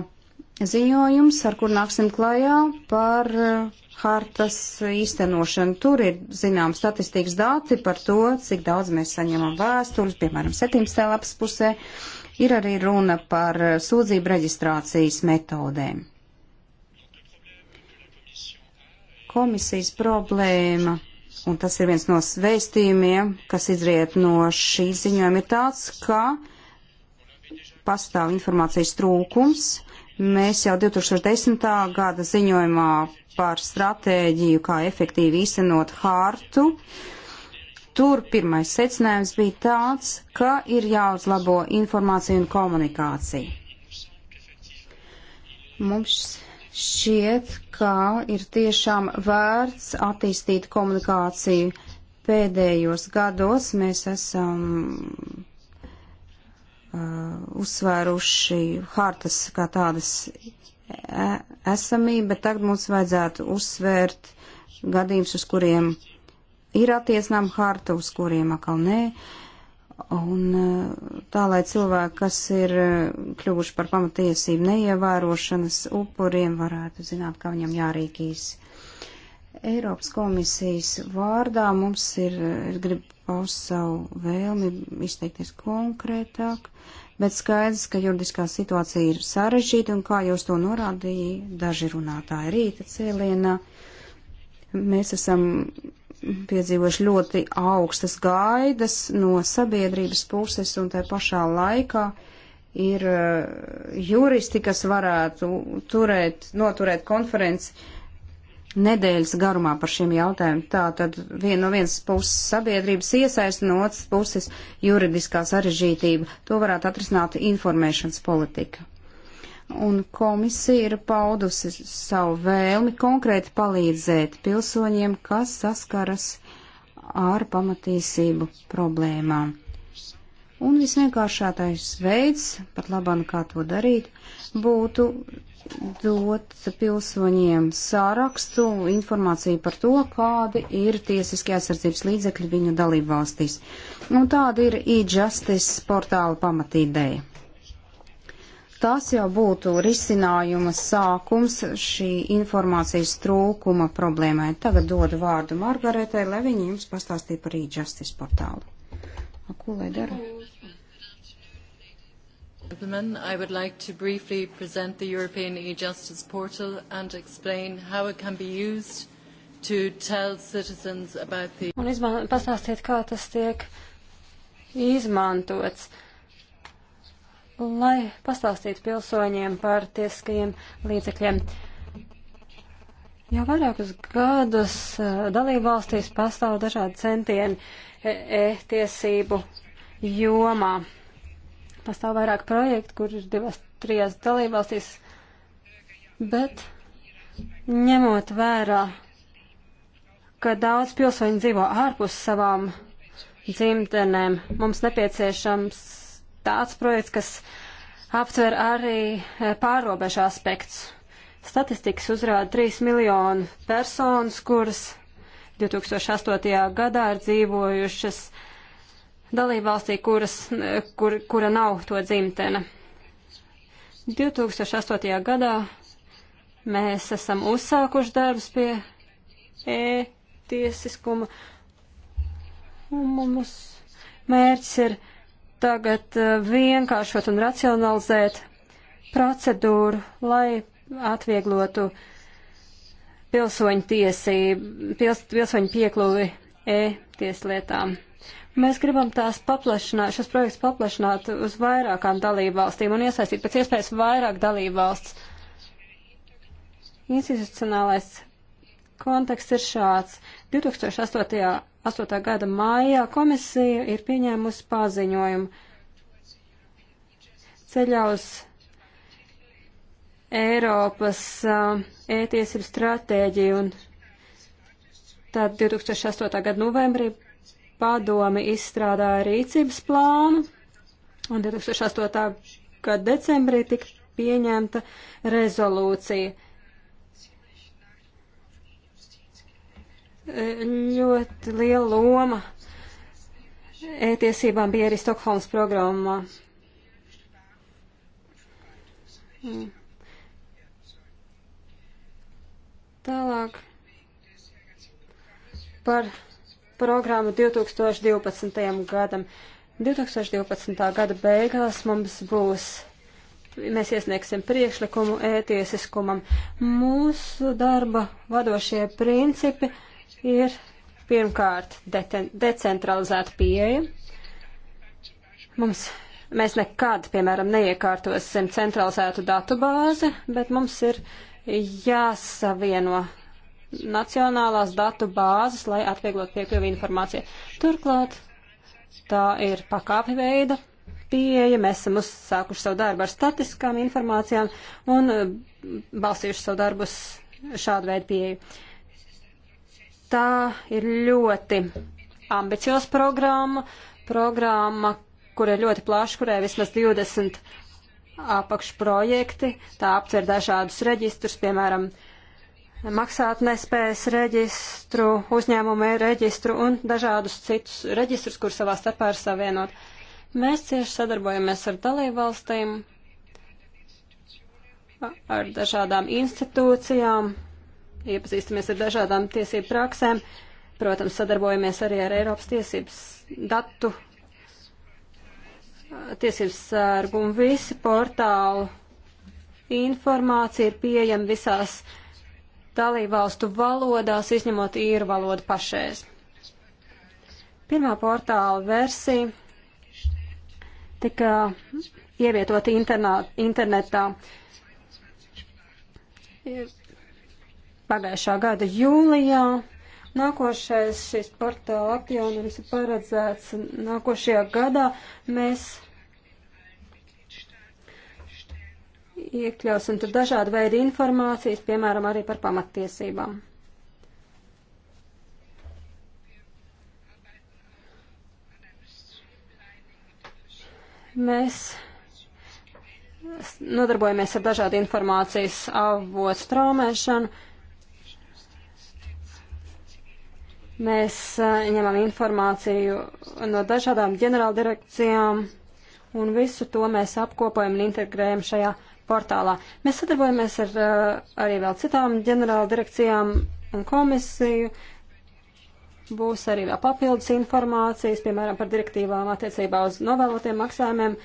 ziņojums, ar kur nāksim klajā par eh, hartas īstenošanu. Tur ir, zinām, statistikas dati par to, cik daudz mēs saņemam vēstules, piemēram, 17. lapas pusē. Uh, Ir arī runa par eh, sūdzību reģistrācijas metodēm. Komisijas problēma, un tas ir viens no svēstījumiem, kas izriet no šī ziņojuma, ir tāds, ka pastāv informācijas trūkums. Mēs jau 2010. gada ziņojumā par stratēģiju, kā efektīvi īstenot hārtu, uh, Tur pirmais secinājums bija tāds, ka ir jāuzlabo informācija un komunikācija. Mums šķiet, ka ir tiešām vērts attīstīt komunikāciju. Pēdējos gados mēs esam uh, uzsvēruši hartas kā tādas e, esamību, bet tagad mums vajadzētu uzsvērt gadījumus, uz kuriem ir attiecinām hartu, uz kuriem atkal nē. Un eh, tā, lai cilvēki, kas ir eh, kļuvuši par pamatiesību neievērošanas upuriem, varētu zināt, kā viņam jārīkīs. Eiropas komisijas vārdā mums ir, eh, es gribu paust savu vēlmi, izteikties konkrētāk, bet skaidrs, ka juridiskā situācija ir sarežģīta, un kā jūs to norādījāt, daži runātāji rīta cēlienā. Mēs esam piedzīvojuši ļoti augstas gaidas no sabiedrības puses, un tai pašā laikā ir eh, juristi, kas varētu turēt, noturēt konferenci nedēļas garumā par šiem jautājumiem. Tā tad vien no vienas puses sabiedrības iesaist, no otras puses juridiskā sarežģītība. To varētu atrisināt informēšanas politika un komisija ir paudusi savu vēlmi konkrēti palīdzēt pilsoņiem, kas saskaras ar pamatīsību problēmām. Un visvienkāršākais veids, pat labāk kā to darīt, būtu dot pilsoņiem sārakstu informāciju par to, kādi ir tiesiski aizsardzības līdzekļi viņu dalībvalstīs. Un tāda ir e-justice portāla pamatīdeja. Tas jau būtu risinājuma sākums šī informācijas trūkuma problēmai. Tagad dodu vārdu Margaretai, lai viņa jums pastāstītu par e-justice portālu. A, ko lai dara? I would like to briefly present the European e-justice portal and explain how it can be used to tell citizens about the... Un izman, pastāstiet, kā tas tiek izmantots. Uh, lai pastāstītu pilsoņiem par tiesiskajiem līdzekļiem. Jau vairākus gadus eh, dalībvalstīs pastāv dažādi centieni e, e-tiesību e jomā. Pastāv vairāk projektu, kur ir divas, trijas dalībvalstīs, bet ņemot vērā, ka daudz pilsoņu dzīvo ārpus savām dzimtenēm, mums nepieciešams tāds projekts, kas aptver arī eh, pārobežu aspekts. Statistikas uzrāda 3 miljonu personas, kuras 2008. gadā ir dzīvojušas dalībvalstī, kuras, eh, kur, kura nav to dzimtene. 2008. gadā mēs esam uzsākuši darbus pie e-tiesiskuma, un mums mērķis ir tagad eh, vienkāršot un racionalizēt procedūru, lai atvieglotu pilsoņu tiesību, pils, pilsoņu piekluvi e-tieslietām. Mēs gribam tās paplašināt, šos projekts paplašināt uz vairākām dalībvalstīm un iesaistīt pēc iespējas vairāk dalībvalsts. Institucionālais konteksts ir šāds. 2008. 8. gada maijā komisija ir pieņēmusi paziņojumu ceļā uz Eiropas uh, ētiesību stratēģiju un tad 2008. gada novembrī padomi izstrādāja rīcības plānu un 2008. gada decembrī tika pieņemta rezolūcija ļoti liela loma ētiesībām e bija arī Stokholmas programmā. Mm. Tālāk par programmu 2012. gadam. 2012. gada beigās mums būs, mēs iesniegsim priekšlikumu ētiesiskumam. E Mūsu darba vadošie principi ir pirmkārt de decentralizēta pieeja. Mums, mēs nekad, piemēram, neiekārtosim centralizētu datubāzi, bet mums ir jāsavieno nacionālās datu bāzes, lai atvieglot piekļuvi informācijai. Turklāt tā ir pakāpju veida pieeja. Mēs esam uzsākuši savu darbu ar statiskām informācijām un eh, balstījuši savu darbu uz šādu veidu pieeju. Uh, Tā ir ļoti ambiciozs programma, programma, kur ir ļoti plaša, kurai vismaz 20 apakšprojekti. Tā aptver dažādus reģistrus, piemēram, maksātnespējas reģistru, uzņēmumu reģistru un dažādus citus reģistrus, kur savā starpā ir savienot. Mēs cieši sadarbojamies ar dalībvalstīm, ar dažādām institūcijām, iepazīstamies ar dažādām tiesību praksēm. Protams, sadarbojamies arī ar Eiropas tiesības datu, tiesības sārgu un visi portālu informācija ir pieejama visās dalībvalstu valodās, izņemot īru valodu pašreiz. Pirmā portāla versija tika ievietota internetā. Ir pagājušā gada jūlijā. Nākošais šis portāla atjaunums ir paredzēts nākošajā gadā. Mēs iekļausim tur dažādu veidu informācijas, piemēram, arī par pamattiesībām. Mēs nodarbojamies ar dažādu informācijas avotu traumēšanu Mēs ņemam informāciju no dažādām ģenerāldirekcijām, un visu to mēs apkopojam un integrējam šajā portālā. Mēs sadarbojamies ar arī vēl citām ģenerāldirekcijām un komisiju. Būs arī vēl papildus informācijas, piemēram, par direktīvām attiecībā uz novēlotiem maksājumiem.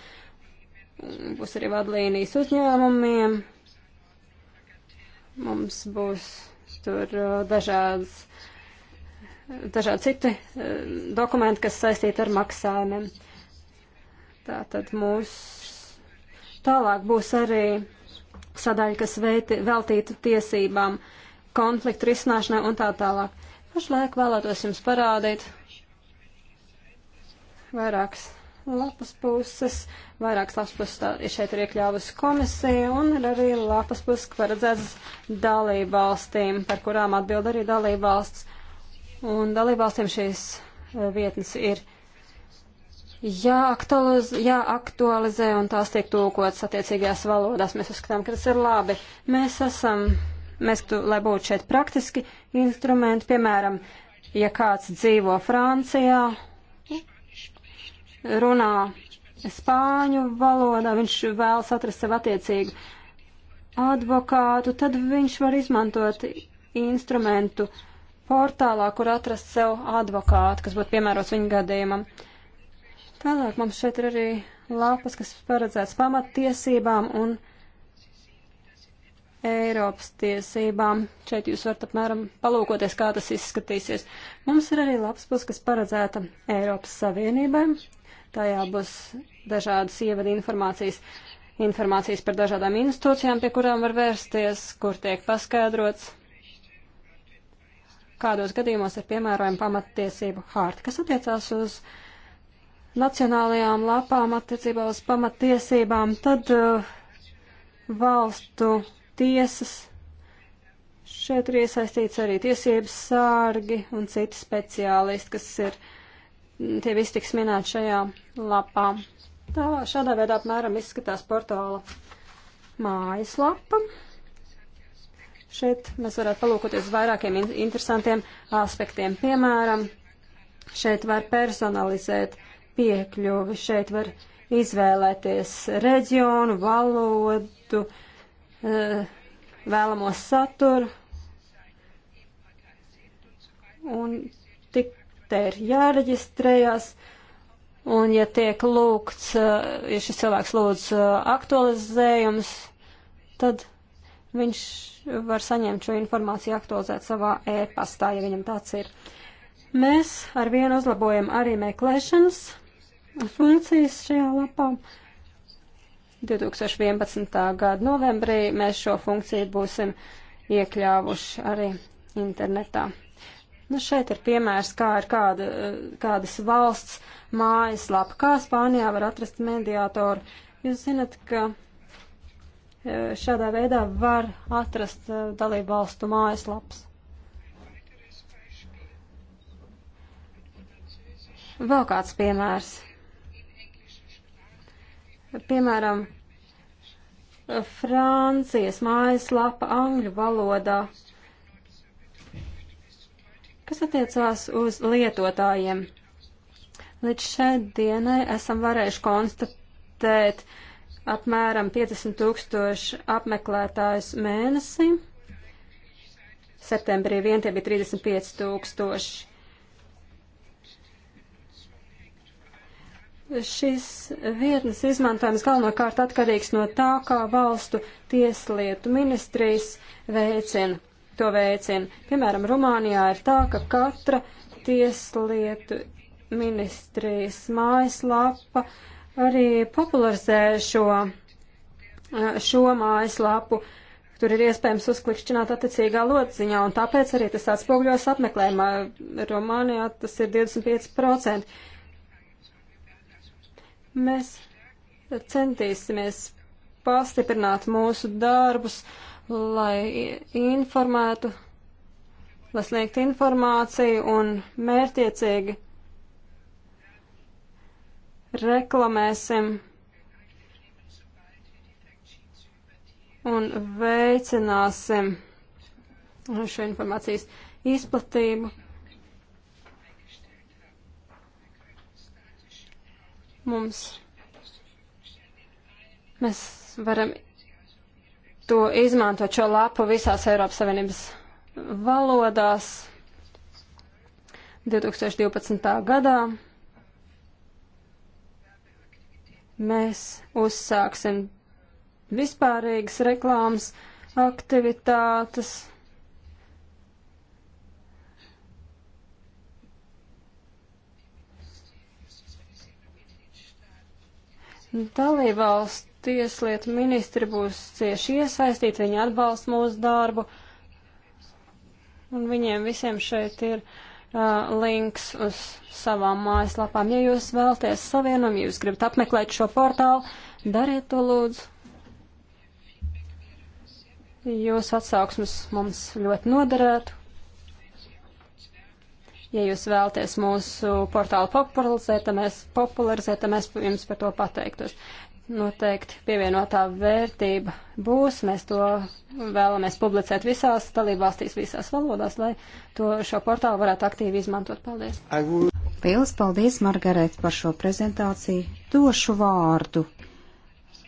Būs arī vadlīnijas uzņēmumiem. Mums būs tur dažādas dažādi citi eh, dokumenti, kas saistīti ar maksājumiem. Tātad mūs tālāk būs arī sadaļa, kas veiti, veltītu tiesībām, konfliktu risināšanai un tā tālāk. Pašlaik vēlētos jums parādīt vairākas lapas puses, vairākas lapas puses tā, šeit ir iekļāvusi komisija un ir arī lapas puses, ka paredzēts dalību valstīm, par kurām atbild arī dalību valsts un dalībvalstīm šīs eh, vietnes ir jāaktualizē, jāaktualizē un tās tiek tūkotas attiecīgajās valodās. Mēs uzskatām, ka tas ir labi. Mēs esam, mēs, tu, lai būtu šeit praktiski instrumenti, piemēram, ja kāds dzīvo Francijā, runā spāņu valodā, viņš vēlas atrast sev attiecīgu advokātu, tad viņš var izmantot instrumentu uh, portālā, kur atrast sev advokātu, kas būtu piemērots viņa gadījumam. Tālāk mums šeit ir arī lapas, kas paredzēts pamattiesībām un Eiropas tiesībām. Šeit jūs varat apmēram palūkoties, kā tas izskatīsies. Mums ir arī labs pus, kas paredzēta Eiropas Savienībai. Tajā būs dažādas ievada informācijas, informācijas par dažādām institūcijām, pie kurām var vērsties, kur tiek paskaidrots, kādos gadījumos ir piemērojama pamattiesību hārta, kas attiecās uz nacionālajām lapām attiecībā uz pamattiesībām, tad uh, valstu tiesas Šeit ir iesaistīts arī tiesības sārgi un citi speciālisti, kas ir, mm, tie visi tiks minēti šajā lapā. Tā, šādā veidā apmēram izskatās portāla mājaslapa. Šeit mēs varētu palūkoties vairākiem interesantiem aspektiem. Piemēram, šeit var personalizēt piekļuvi, šeit var izvēlēties reģionu, valodu, eh, vēlamos saturu. Un tik te ir jāreģistrējas. Un ja tiek lūgts, eh, ja šis cilvēks lūdz eh, aktualizējums, tad viņš var saņemt šo informāciju aktualizēt savā e-pastā, ja viņam tāds ir. Mēs ar vienu uzlabojam arī meklēšanas funkcijas šajā lapā. 2011. gada novembrī mēs šo funkciju būsim iekļāvuši arī internetā. Nu, šeit ir piemērs, kā ir kāda, kādas valsts mājaslapa, kā Spānijā var atrast mediātoru. Jūs zinat, ka šādā veidā var atrast eh, dalību valstu mājaslaps. Vēl kāds piemērs. Piemēram, Francijas mājaslapa angļu valodā, kas attiecās uz lietotājiem. Līdz šai dienai esam varējuši konstatēt, uh, apmēram 50 tūkstoši apmeklētājus mēnesī. Septembrī vien tie bija 35 tūkstoši. Šis vietnes izmantojums galvenokārt atkarīgs no tā, kā valstu tieslietu ministrijas veicina. To veicina. Piemēram, Rumānijā ir tā, ka katra tieslietu ministrijas mājaslapa uh, arī popularizē šo, eh, šo mājaslapu. Tur ir iespējams uzklikšķināt attiecīgā lodziņā, un tāpēc arī tas atspogļos apmeklējumā. Romānijā tas ir 25%. Mēs centīsimies pastiprināt mūsu darbus, lai informētu, lai sniegtu informāciju un mērtiecīgi reklamēsim un veicināsim šo informācijas izplatību. Mums mēs varam to izmantot šo lapu visās Eiropas Savienības valodās 2012. gadā mēs uzsāksim vispārīgas reklāmas aktivitātes. Dalībvalsts tieslietu ministri būs cieši iesaistīti, viņi atbalsta mūsu darbu, un viņiem visiem šeit ir uh, Uh, links uz savām mājaslapām. Ja jūs vēlaties savienam, ja jūs gribat apmeklēt šo portālu, dariet to lūdzu. Jūs atsauksmes mums ļoti noderētu. Ja jūs vēlaties mūsu portālu popularizēt, tad mēs, popularizēt, tad mēs jums par to pateiktos noteikti pievienotā vērtība būs. Mēs to vēlamies publicēt visās dalībvalstīs, visās valodās, lai to šo portālu varētu aktīvi izmantot. Paldies! Lielas paldies, Margarēt, par šo prezentāciju. Došu vārdu uh,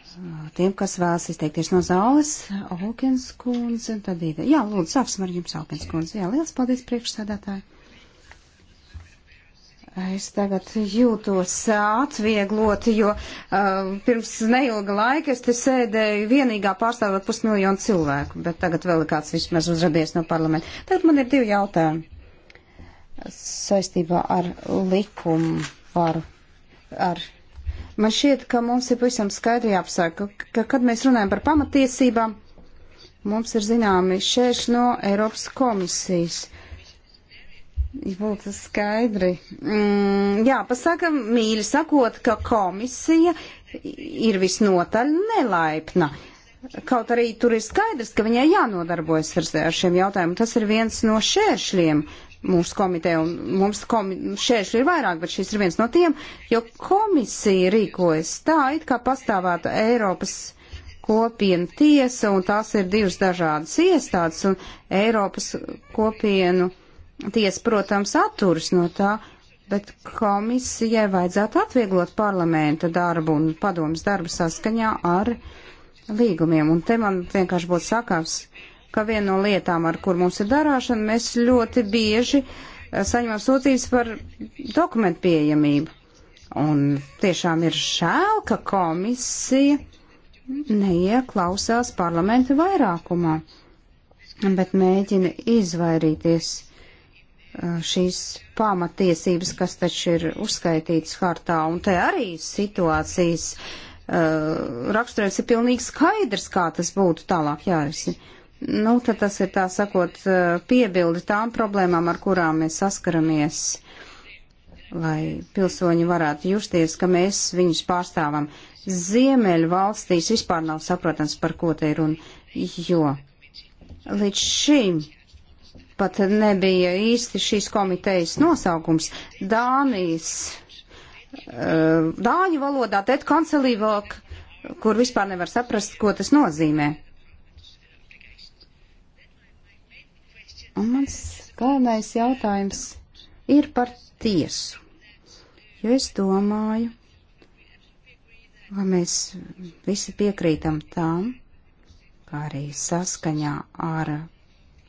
tiem, kas vēlas izteikties no zāles. Alkins kundze, tad ir. Jā, lūdzu, sāksim ar jums, Alkins kundze. Jā, liels paldies, priekšsēdētāji! Es tagad jūtos atviegloti, jo uh, pirms neilga laika es te sēdēju vienīgā pārstāvot pusmiljonu cilvēku, bet tagad vēl kāds vismaz uzradies no parlamenta. Tad man ir divi jautājumi saistībā ar likumu varu. Ar man šķiet, ka mums ir pavisam skaidri jāapsaka, ka kad mēs runājam par pamatiesībām, mums ir zināmi šēši no Eiropas komisijas būtu skaidri. Mm, jā, pasaka, mīļi sakot, ka komisija ir visnotaļ nelaipna. Kaut arī tur ir skaidrs, ka viņai jānodarbojas ar šiem jautājumiem. Tas ir viens no šēršļiem mūsu komiteja, un mums komi šēršļi ir vairāk, bet šis ir viens no tiem, jo komisija rīkojas tā, it kā pastāvētu Eiropas kopienu tiesa, un tās ir divas dažādas iestādes, un Eiropas kopienu tiesa Tiesa, protams, atturas no tā, bet komisijai vajadzētu atvieglot parlamenta darbu un padomas darbu saskaņā ar līgumiem. Un te man vienkārši būtu sakāms, ka viena no lietām, ar kur mums ir darāšana, mēs ļoti bieži eh, saņemam sūtības par dokumentu pieejamību. Un tiešām ir žēl, ka komisija neieklausās parlamenta vairākumā, bet mēģina izvairīties Eh, šīs pamatiesības, kas taču ir uzskaitītas hartā, un te arī situācijas uh, eh, raksturēts ir pilnīgi skaidrs, kā tas būtu tālāk jārisina. Nu, tad tas ir tā sakot eh, piebildi tām problēmām, ar kurām mēs saskaramies, lai pilsoņi varētu justies, ka mēs viņus pārstāvam. Ziemeļu valstīs vispār nav saprotams, par ko te ir un jo. Līdz šim pat nebija īsti šīs komitejas nosaukums. Dānijas, eh, Dāņu valodā tēt kancelīvāk, kur vispār nevar saprast, ko tas nozīmē. Un mans galvenais jautājums ir par tiesu. Jo es domāju, ka mēs visi piekrītam tām, kā arī saskaņā ar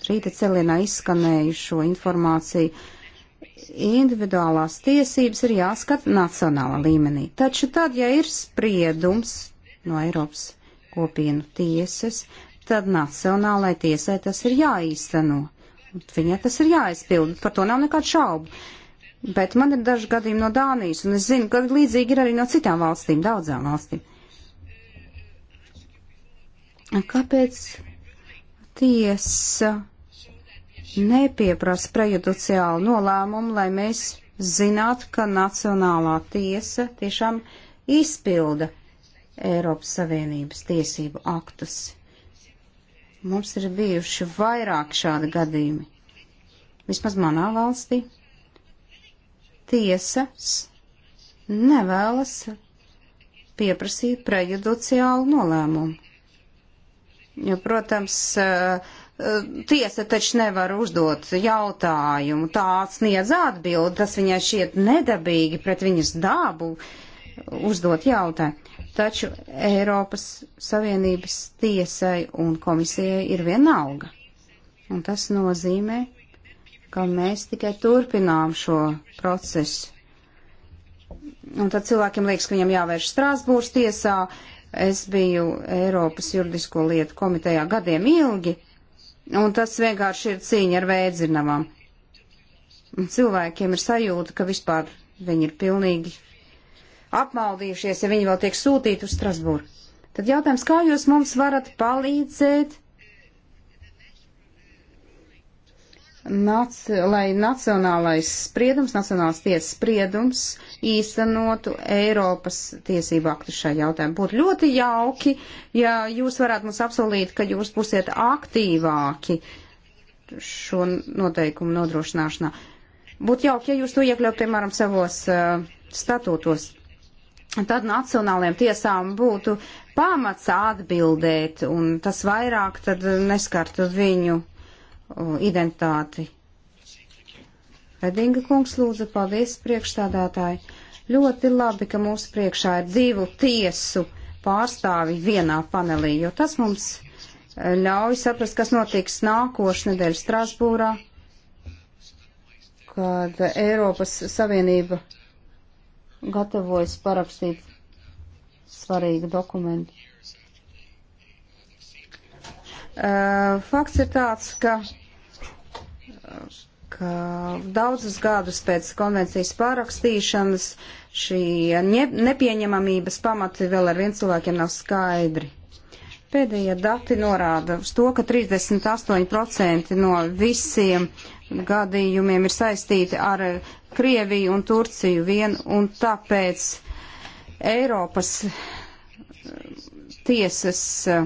rīta celienā izskanējušo informāciju. Individuālās tiesības ir jāskata nacionālā līmenī. Taču tad, ja ir spriedums no Eiropas kopienu tiesas, tad nacionālai tiesai tas ir jāīsteno. Viņai tas ir jāizpild, par to nav nekādu šaubu. Bet man ir daži gadījumi no Dānijas, un es zinu, ka līdzīgi ir arī no citām valstīm, daudzām valstīm. Kāpēc tiesa nepieprasa prejudiciālu nolēmumu, lai mēs zinātu, ka Nacionālā tiesa tiešām izpilda Eiropas Savienības tiesību aktus. Mums ir bijuši vairāk šādi gadījumi. Vismaz manā valstī tiesas nevēlas pieprasīt prejudiciālu nolēmumu. Jo, protams, uh, tiesa taču nevar uzdot jautājumu, tā sniedz atbildi, tas viņai šiet nedabīgi pret viņas dabu uzdot jautājumu. Taču Eiropas Savienības tiesai un komisijai ir vienalga. Un tas nozīmē, ka mēs tikai turpinām šo procesu. Un tad cilvēkiem liekas, ka viņam jāvērš Strāsbūras tiesā. Es biju Eiropas juridisko lietu komitejā gadiem ilgi, Un tas vienkārši ir cīņa ar vēdzinamām. Cilvēkiem ir sajūta, ka vispār viņi ir pilnīgi apmaldījušies, ja viņi vēl tiek sūtīti uz Strasbūru. Tad jautājums, kā jūs mums varat palīdzēt nac, lai nacionālais spriedums, nacionāls tiesas spriedums īstenotu Eiropas tiesību aktu šajā jautājumā. Būtu ļoti jauki, ja jūs varētu mums apsolīt, ka jūs būsiet aktīvāki šo noteikumu nodrošināšanā. Būtu jauki, ja jūs to iekļautu, piemēram, savos uh, statūtos. Tad nacionālajiem tiesām būtu pamats atbildēt, un tas vairāk tad neskartu viņu uh, Uh, identitāti. Redinga kungs lūdzu, paldies priekšstādātāji. Ļoti labi, ka mūsu priekšā ir divu tiesu pārstāvi vienā panelī, jo tas mums uh, ļauj saprast, kas notiks nākošu nedēļu Strasbūrā, kad Eiropas Savienība gatavojas parakstīt svarīgu dokumentu. Uh, fakts ir tāds, ka ka daudzus gadus pēc konvencijas pārakstīšanas šī nepieņemamības pamati vēl ar vien cilvēkiem nav skaidri. Pēdējie dati norāda uz to, ka 38% no visiem gadījumiem ir saistīti ar Krieviju un Turciju vien, un tāpēc Eiropas eh, tiesas eh,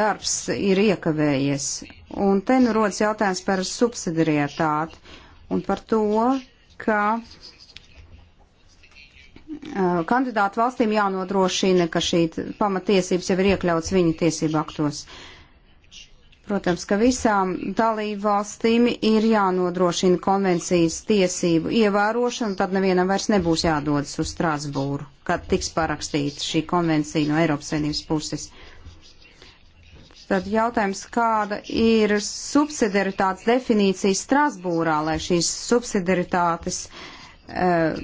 darbs ir iekavējies Un te nu rodas jautājums par subsidiarietāti un par to, ka kandidātu valstīm jānodrošina, ka šī pamatiesības jau ir iekļauts viņa tiesību aktos. Protams, ka visām dalību valstīm ir jānodrošina konvencijas tiesību ievērošana, tad nevienam vairs nebūs jādodas uz Strasbūru, kad tiks parakstīta šī konvencija no Eiropas Savienības puses. Tad jautājums, kāda ir subsidiaritātes definīcija Strasbūrā, lai šīs subsidiaritātes uh,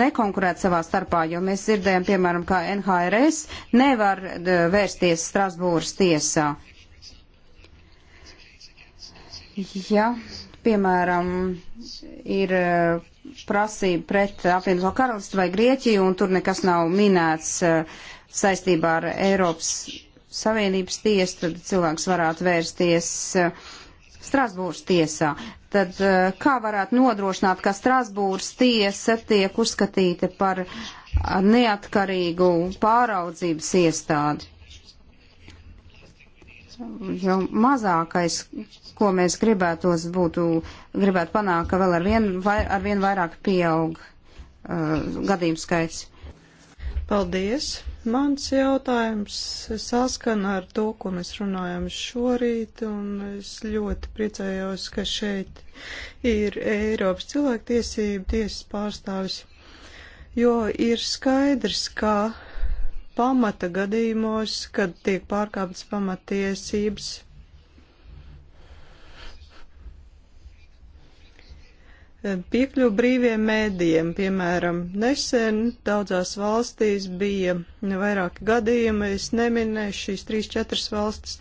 nekonkurēt savā starpā, jo mēs dzirdējam, piemēram, kā NHRS nevar uh, vērsties Strasbūras tiesā. Ja, piemēram, ir uh, prasība pret apvienoto karalistu vai Grieķiju, un tur nekas nav minēts saistībā ar Eiropas Savienības tiesu, tad cilvēks varētu vērsties eh, Strasbūras tiesā. Tad eh, kā varētu nodrošināt, ka Strasbūras tiesa tiek uzskatīta par eh, neatkarīgu pāraudzības iestādi? Jo mazākais, ko mēs gribētos būtu, gribētu panākt, ka vēl ar vien, vai, ar vien vairāk pieaug uh, gadījumu skaits. Paldies! Mans jautājums saskana ar to, ko mēs runājam šorīt, un es ļoti priecējos, ka šeit ir Eiropas cilvēktiesība tiesas pārstāvis, jo ir skaidrs, ka pamata gadījumos, kad tiek pārkāptas pamatiesības, Piekļuvu brīviem mēdījiem, piemēram, nesen daudzās valstīs bija vairāki gadījumi, es neminēšu šīs 3-4 valstis.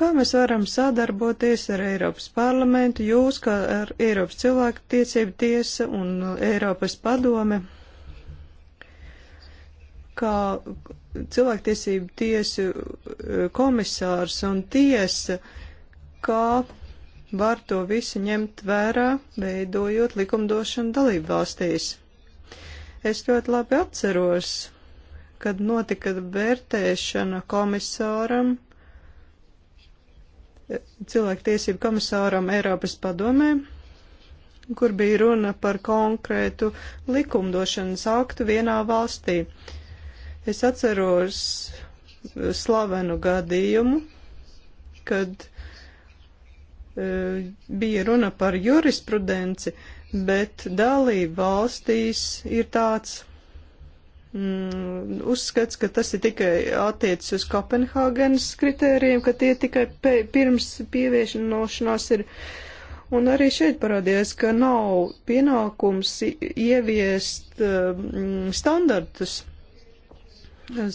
Kā mēs varam sadarboties ar Eiropas parlamentu, jūs kā ar Eiropas cilvēku tiesību tiesa un Eiropas padome, kā cilvēktiesību tiesu eh, komisārs un tiesa, kā var to visu ņemt vērā, veidojot likumdošanu dalību valstīs. Es ļoti labi atceros, kad notika vērtēšana komisāram, cilvēktiesību komisāram Eiropas padomē, kur bija runa par konkrētu likumdošanas aktu vienā valstī. Es atceros slavenu gadījumu, kad Eh, bija runa par jurisprudenci, bet dalība valstīs ir tāds mm, uzskats, ka tas ir tikai attiecis uz Kopenhāgenes kritērijiem, ka tie tikai pirms pievienošanās ir. Un arī šeit parādījās, ka nav pienākums ieviest eh, mm, standartus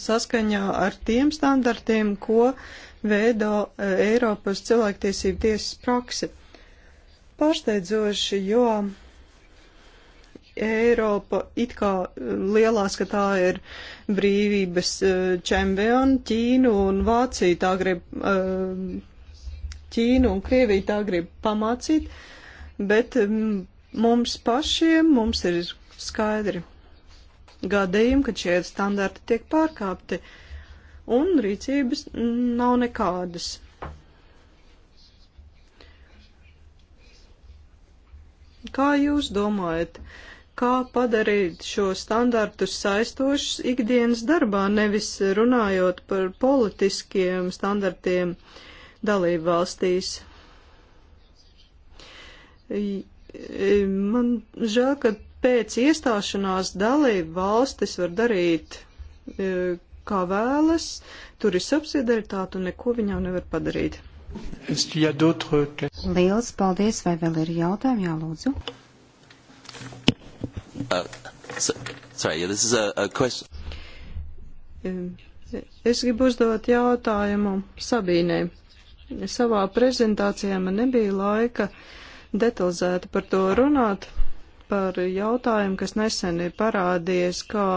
saskaņā ar tiem standartiem, ko uh, veido e, Eiropas cilvēktiesību tiesas praksi. Pārsteidzoši, jo Eiropa it kā e, lielās, ka tā ir brīvības e, čempioni, Ķīnu un Vāciju tā grib, Ķīnu un Krieviju tā grib pamācīt, bet mums pašiem mums ir skaidri gadījumi, kad šie standarti tiek pārkāpti. Uh, un rīcības nav nekādas. Kā jūs domājat, kā padarīt šo standartus saistošus ikdienas darbā, nevis runājot par politiskiem standartiem dalību valstīs? Man žēl, ka pēc iestāšanās dalību valstis var darīt kā vēlas, tur ir subsidiaritāte un neko viņam nevar padarīt. Liels paldies, vai vēl ir jautājumi, jālūdzu? Uh, so, sorry, yeah, this is a, a question. Es gribu uzdot jautājumu Sabīnei. Savā prezentācijā man nebija laika detalizēti par to runāt, par jautājumu, kas nesen ir parādījies kā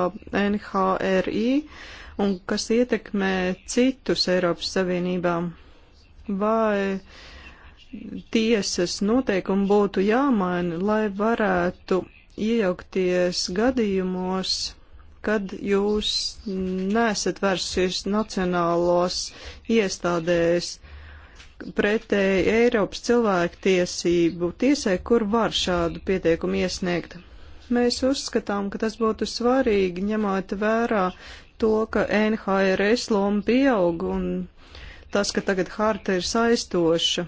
NHRI. Uh, un kas ietekmē citus Eiropas Savienībām. Vai tiesas noteikumi būtu jāmaina, lai varētu iejaukties gadījumos, kad jūs nesat vērsusies nacionālos iestādēs pretēji Eiropas cilvēktiesību tiesai, kur var šādu pieteikumu iesniegt. Mēs uzskatām, ka tas būtu svarīgi, ņemot vērā to, ka NHRS loma pieaug un tas, ka tagad harta ir saistoša.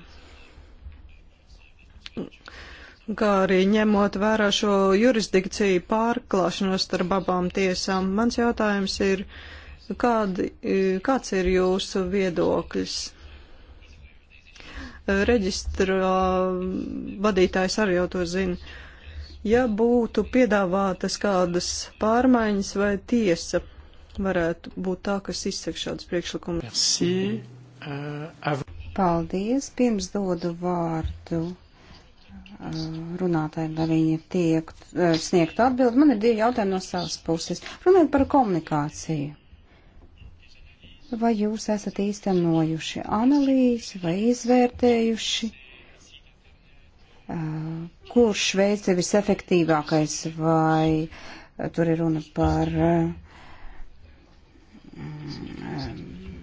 Kā arī ņemot vērā šo jurisdikciju pārklāšanos starp abām tiesām, mans jautājums ir, kādi, kāds ir jūsu viedoklis? Reģistrā vadītājs arī jau to zina. Ja būtu piedāvātas kādas pārmaiņas vai tiesa varētu būt tā, kas izsek šādas priekšlikumus. Merci. Uh, Paldies. Pirms dodu vārdu euh, runātājiem, lai viņi tiek euh, sniegtu atbildi. Man ir divi jautājumi no savas puses. Runājot par komunikāciju. Vai jūs esat īstenojuši analīzi vai izvērtējuši, euh, kurš veids ir visefektīvākais vai tur ir runa par uh, Mm,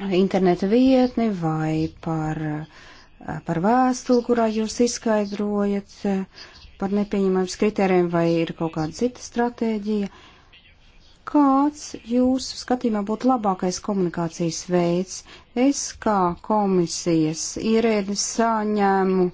um, interneta vietni vai par, par vēstuli, kurā jūs izskaidrojat eh, par nepieņemams kritērijiem vai ir kaut kāda cita stratēģija. Kāds jūsu skatījumā būtu labākais komunikācijas veids? Es kā komisijas ierēdnis saņēmu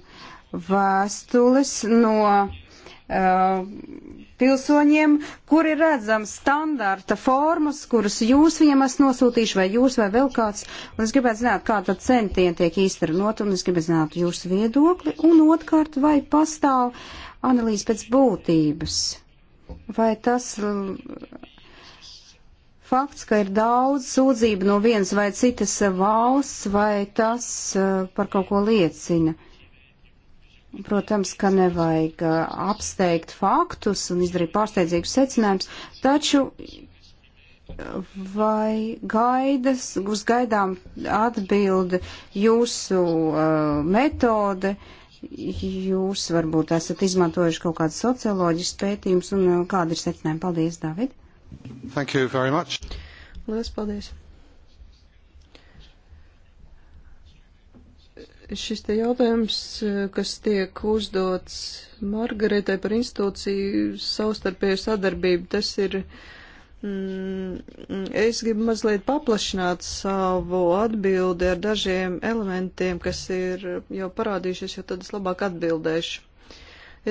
vēstules no uh, pilsoņiem, kuri redzam standarta formas, kuras jūs viņiem esat nosūtījuši, vai jūs vai vēl kāds. Un es gribētu zināt, kāda centieni tiek īstenot, un es gribētu zināt jūsu viedokli, un otrkārt, vai pastāv analīze pēc būtības. Vai tas mm, fakts, ka ir daudz sūdzību no vienas vai citas valsts, vai tas mm, par kaut ko liecina? Protams, ka nevajag uh, apsteigt faktus un izdarīt pārsteidzīgus secinājumus, taču uh, vai gaidas, uz gaidām atbildi jūsu uh, metode, jūs varbūt esat izmantojuši kaut kādus socioloģiskus pētījumus un uh, kādi ir secinājumi? Paldies, David! Thank you very much! Lielas paldies! Šis te jautājums, eh, kas tiek uzdots Margaretai par institūciju savstarpēju sadarbību, tas ir. Mm, es gribu mazliet paplašināt savu atbildi ar dažiem elementiem, kas ir jau parādījušies, jo tad es labāk atbildēšu.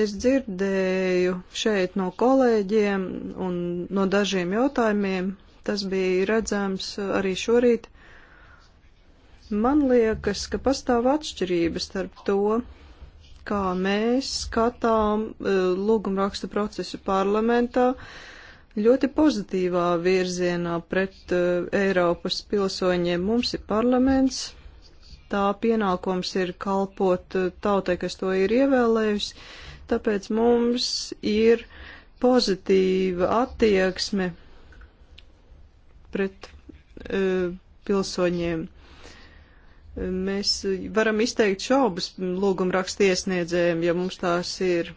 Es dzirdēju šeit no kolēģiem un no dažiem jautājumiem, tas bija redzams arī šorīt, Man liekas, ka pastāv atšķirības starp to, kā mēs skatām e, lūgumrakstu procesu parlamentā ļoti pozitīvā virzienā pret e, Eiropas pilsoņiem. Mums ir parlaments, tā pienākums ir kalpot e, tautai, kas to ir ievēlējusi, tāpēc mums ir pozitīva attieksme pret e, pilsoņiem. Mēs varam izteikt šaubas lūgumrakstu iesniedzējiem, ja mums tās ir.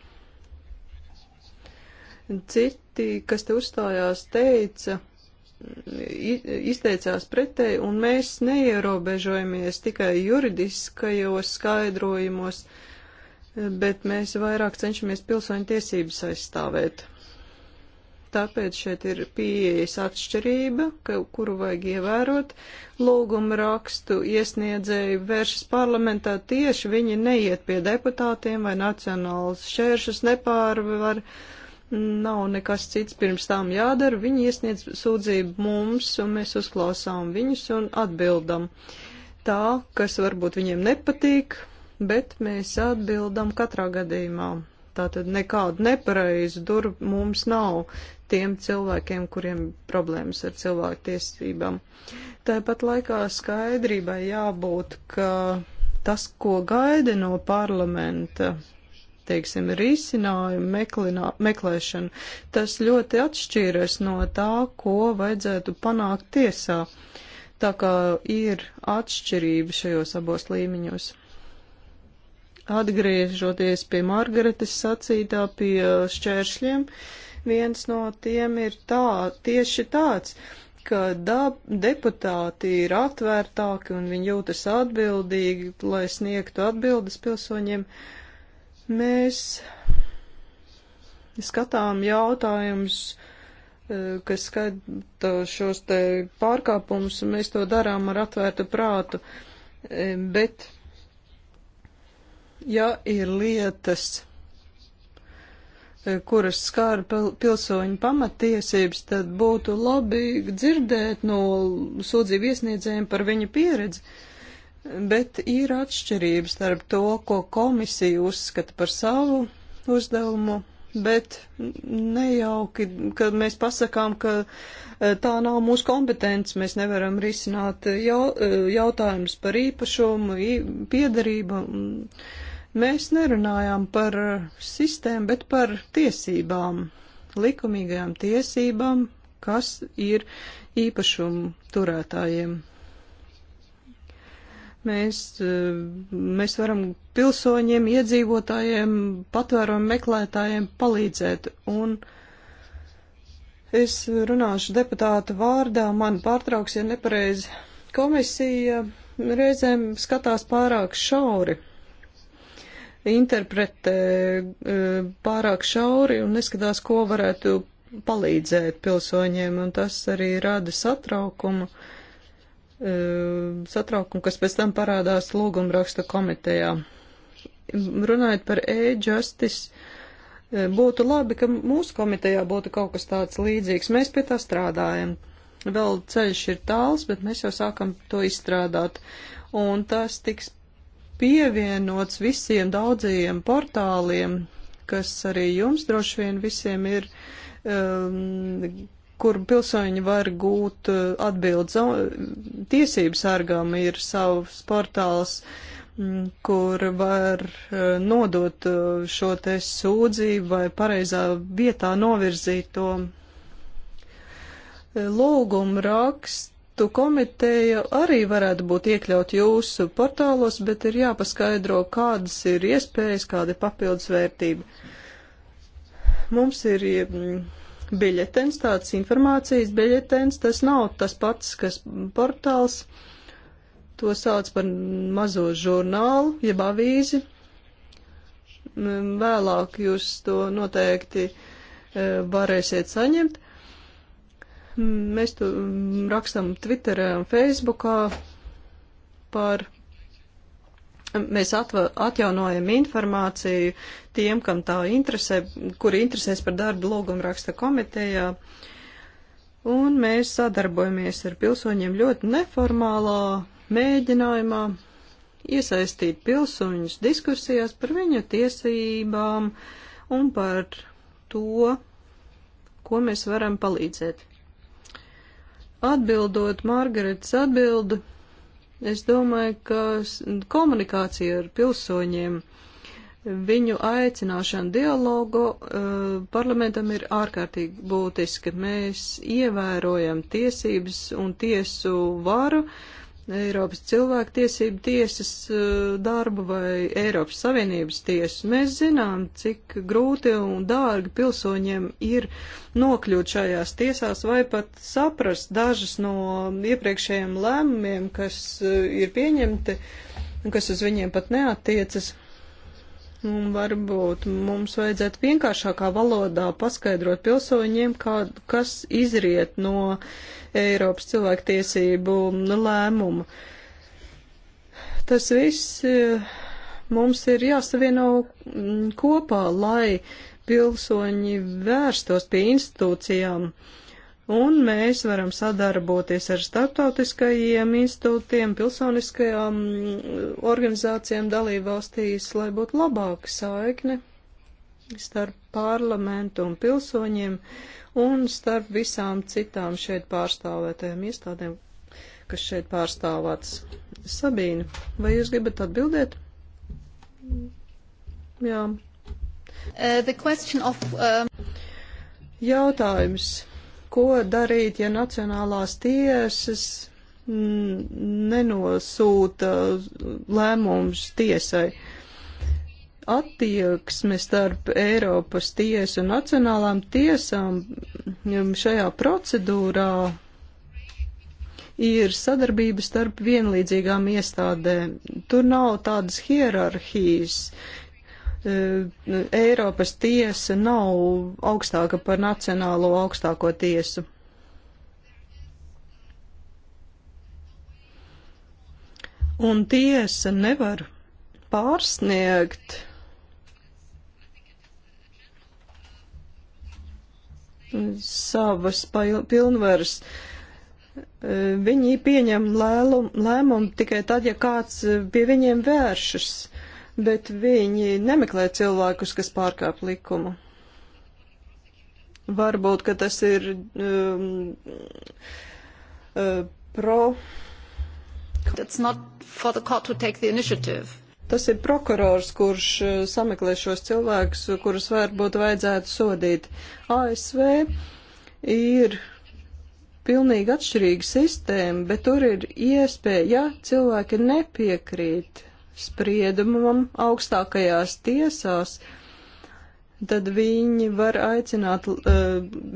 Citi, kas te uzstājās, teica, izteicās pretēji, un mēs neierobežojamies tikai juridiskajos skaidrojumos, bet mēs vairāk cenšamies pilsoņu tiesības aizstāvēt tāpēc šeit ir pieejas atšķirība, ka, kuru vajag ievērot. Lūguma rakstu iesniedzēji vēršas parlamentā tieši, viņi neiet pie deputātiem vai nacionālas šēršas nepārvar, nav nekas cits pirms tām jādara, viņi iesniedz sūdzību mums un mēs uzklausām viņus un atbildam. Tā, kas varbūt viņiem nepatīk, bet mēs atbildam katrā gadījumā. Tātad nekādu nepareizu durvju mums nav tiem cilvēkiem, kuriem problēmas ar cilvēku tiesībām. Tāpat laikā skaidrībai jābūt, ka tas, ko gaida no parlamenta, teiksim, risinājumu meklinā, meklēšanu, tas ļoti atšķīras no tā, ko vajadzētu panākt tiesā. Tā kā ir atšķirība šajos abos līmeņos. Atgriežoties pie Margaretes sacītā pie šķēršļiem, uh, Viens no tiem ir tā, tieši tāds, ka dab, deputāti ir atvērtāki un viņi jūtas atbildīgi, lai sniegtu atbildes pilsoņiem. Mēs skatām jautājumus e, kas skata šos te pārkāpumus, un mēs to darām ar atvērtu prātu. E, bet, ja ir lietas, E, kuras skāra pilsoņu pamatiesības, tad būtu labi dzirdēt no sūdzību iesniedzējiem par viņa pieredzi. Bet ir atšķirības starp to, ko komisija uzskata par savu uzdevumu, bet nejauki, kad mēs pasakām, ka e, tā nav mūsu kompetence, mēs nevaram risināt jau, e, jautājumus par īpašumu, piedarību. Un, Mēs nerunājām par sistēmu, bet par tiesībām, likumīgajām tiesībām, kas ir īpašumu turētājiem. Mēs, mēs varam pilsoņiem, iedzīvotājiem, patvērumu meklētājiem palīdzēt. Un es runāšu deputāta vārdā, man pārtrauks, ja nepareizi. Komisija reizēm skatās pārāk šauri interpretē e, pārāk šauri un neskatās, ko varētu palīdzēt pilsoņiem, un tas arī rada satraukumu, e, satraukumu, kas pēc tam parādās lūgumraksta komitejā. Runājot par e-justice, e, būtu labi, ka mūsu komitejā būtu kaut kas tāds līdzīgs. Mēs pie tā strādājam. Vēl ceļš ir tāls, bet mēs jau sākam to izstrādāt. Un tas tiks pievienots visiem daudzajiem portāliem, kas arī jums droši vien visiem ir, um, kur pilsoņi var gūt uh, atbildes. Tiesības sargām ir savs portāls, mm, kur var uh, nodot uh, šo te sūdzību vai pareizā vietā novirzīt to lūgumu rakstu lietu komiteja arī varētu būt iekļaut jūsu portālos, bet ir jāpaskaidro, kādas ir iespējas, kāda ir papildus vērtība. Mums ir mm, biļetens, tāds informācijas biļetens, tas nav tas pats, kas portāls. To sauc par mazo žurnālu, jeb avīzi. Mm, vēlāk jūs to noteikti eh, varēsiet saņemt Mm, mēs tu mm, rakstam Twitterē un Facebookā par. Mm, mēs atva, atjaunojam informāciju tiem, kam tā interesē, kuri interesēs par darbu lūgumu raksta komitejā. Un mēs sadarbojamies ar pilsoņiem ļoti neformālā mēģinājumā iesaistīt pilsoņus diskusijās par viņu tiesībām un par to, ko mēs varam palīdzēt. Atbildot Margaretas atbildi, es domāju, ka komunikācija ar pilsoņiem, viņu aicināšana dialogu uh, parlamentam ir ārkārtīgi būtiska. Mēs ievērojam tiesības un tiesu varu. Uh, Eiropas cilvēktiesību tiesas eh, darbu vai Eiropas Savienības tiesu. Mēs zinām, cik grūti un dārgi pilsoņiem ir nokļūt šajās tiesās vai pat saprast dažas no iepriekšējiem lēmumiem, kas eh, ir pieņemti un kas uz viņiem pat neatiecas. Un varbūt mums vajadzētu vienkāršākā valodā paskaidrot pilsoņiem, kā, kas izriet no uh, Eiropas cilvēktiesību lēmumu. Tas viss e, mums ir jāsavieno mm, kopā, lai pilsoņi vērstos pie institūcijām, un mēs varam sadarboties ar starptautiskajiem institūtiem, pilsoniskajām mm, organizācijām dalībvalstīs, lai būtu labāka saikne starp parlamentu un pilsoņiem un starp visām citām šeit pārstāvētajām iestādēm, kas šeit pārstāvāts. Sabīna, vai jūs gribat atbildēt? Jā. Uh, of, um... Jautājums. Ko darīt, ja nacionālās tiesas nenosūta lēmums tiesai? Uh, attieksme starp Eiropas tiesu un nacionālām tiesām um, šajā procedūrā ir sadarbība starp vienlīdzīgām iestādēm. Tur nav tādas hierarhijas. Uh, Eiropas tiesa nav augstāka par nacionālo augstāko tiesu. Un tiesa nevar pārsniegt savas pilnvaras. E, viņi pieņem lēmumu tikai tad, ja kāds pie viņiem vēršas, bet viņi nemeklē cilvēkus, kas pārkāp likumu. Varbūt, ka tas ir um, uh, pro. That's not for the court to take the initiative. Tas ir prokurors, kurš eh, sameklē šos cilvēkus, kurus varbūt vajadzētu sodīt. ASV ir pilnīgi atšķirīga sistēma, bet tur ir iespēja, ja cilvēki nepiekrīt spriedumam augstākajās tiesās, uh, tad viņi var aicināt uh,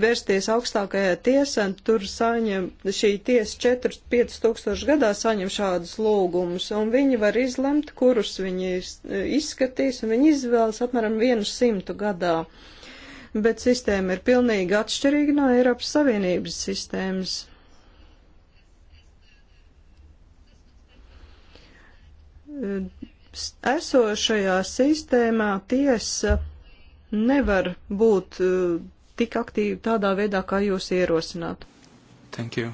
vērsties augstākajā tiesā, tur saņem, šī tiesa 4-5 tūkstoši gadā saņem šādus lūgumus, un viņi var izlemt, kurus viņi eh, izskatīs, un viņi izvēlas apmēram 100 gadā. Bet sistēma ir pilnīgi atšķirīga no Eiropas Savienības sistēmas. Eh, esošajā sistēmā tiesa nevar būt eh, tik aktīvi tādā veidā, kā jūs ierosināt. Thank you.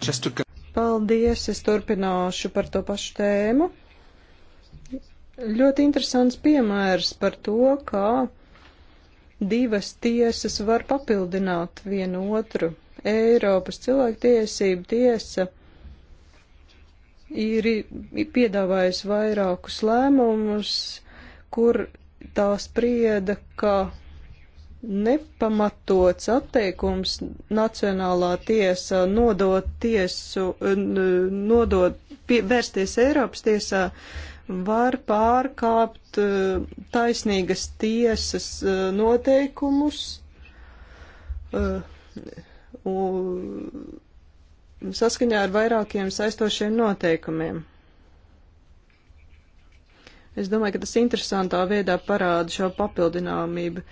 Just to... Paldies, es turpināšu par to pašu tēmu. Ļoti interesants piemērs par to, kā divas tiesas var papildināt vienu otru. Eiropas cilvēktiesība tiesa ir piedāvājusi vairākus lēmumus, kur tā sprieda, ka nepamatots atteikums Nacionālā tiesā nodot tiesu, nodot, pie, vērsties Eiropas tiesā var pārkāpt eh, taisnīgas tiesas eh, noteikumus. Eh, saskaņā ar vairākiem saistošiem noteikumiem. Es domāju, ka tas interesantā veidā parāda šo papildināmību.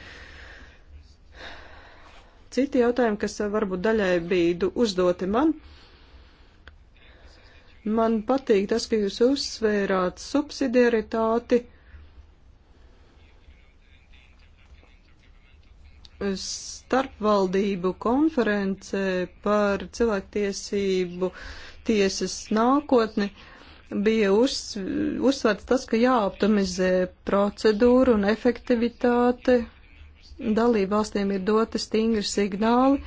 Citi jautājumi, kas varbūt daļai bija uzdoti man. Man patīk tas, ka jūs uzsvērāt subsidiaritāti. starpvaldību konference par cilvēktiesību tiesas nākotni. Uh, bija uz, uzsvērts tas, ka jāoptimizē procedūru un efektivitāte. Dalību valstīm ir doti stingri signāli,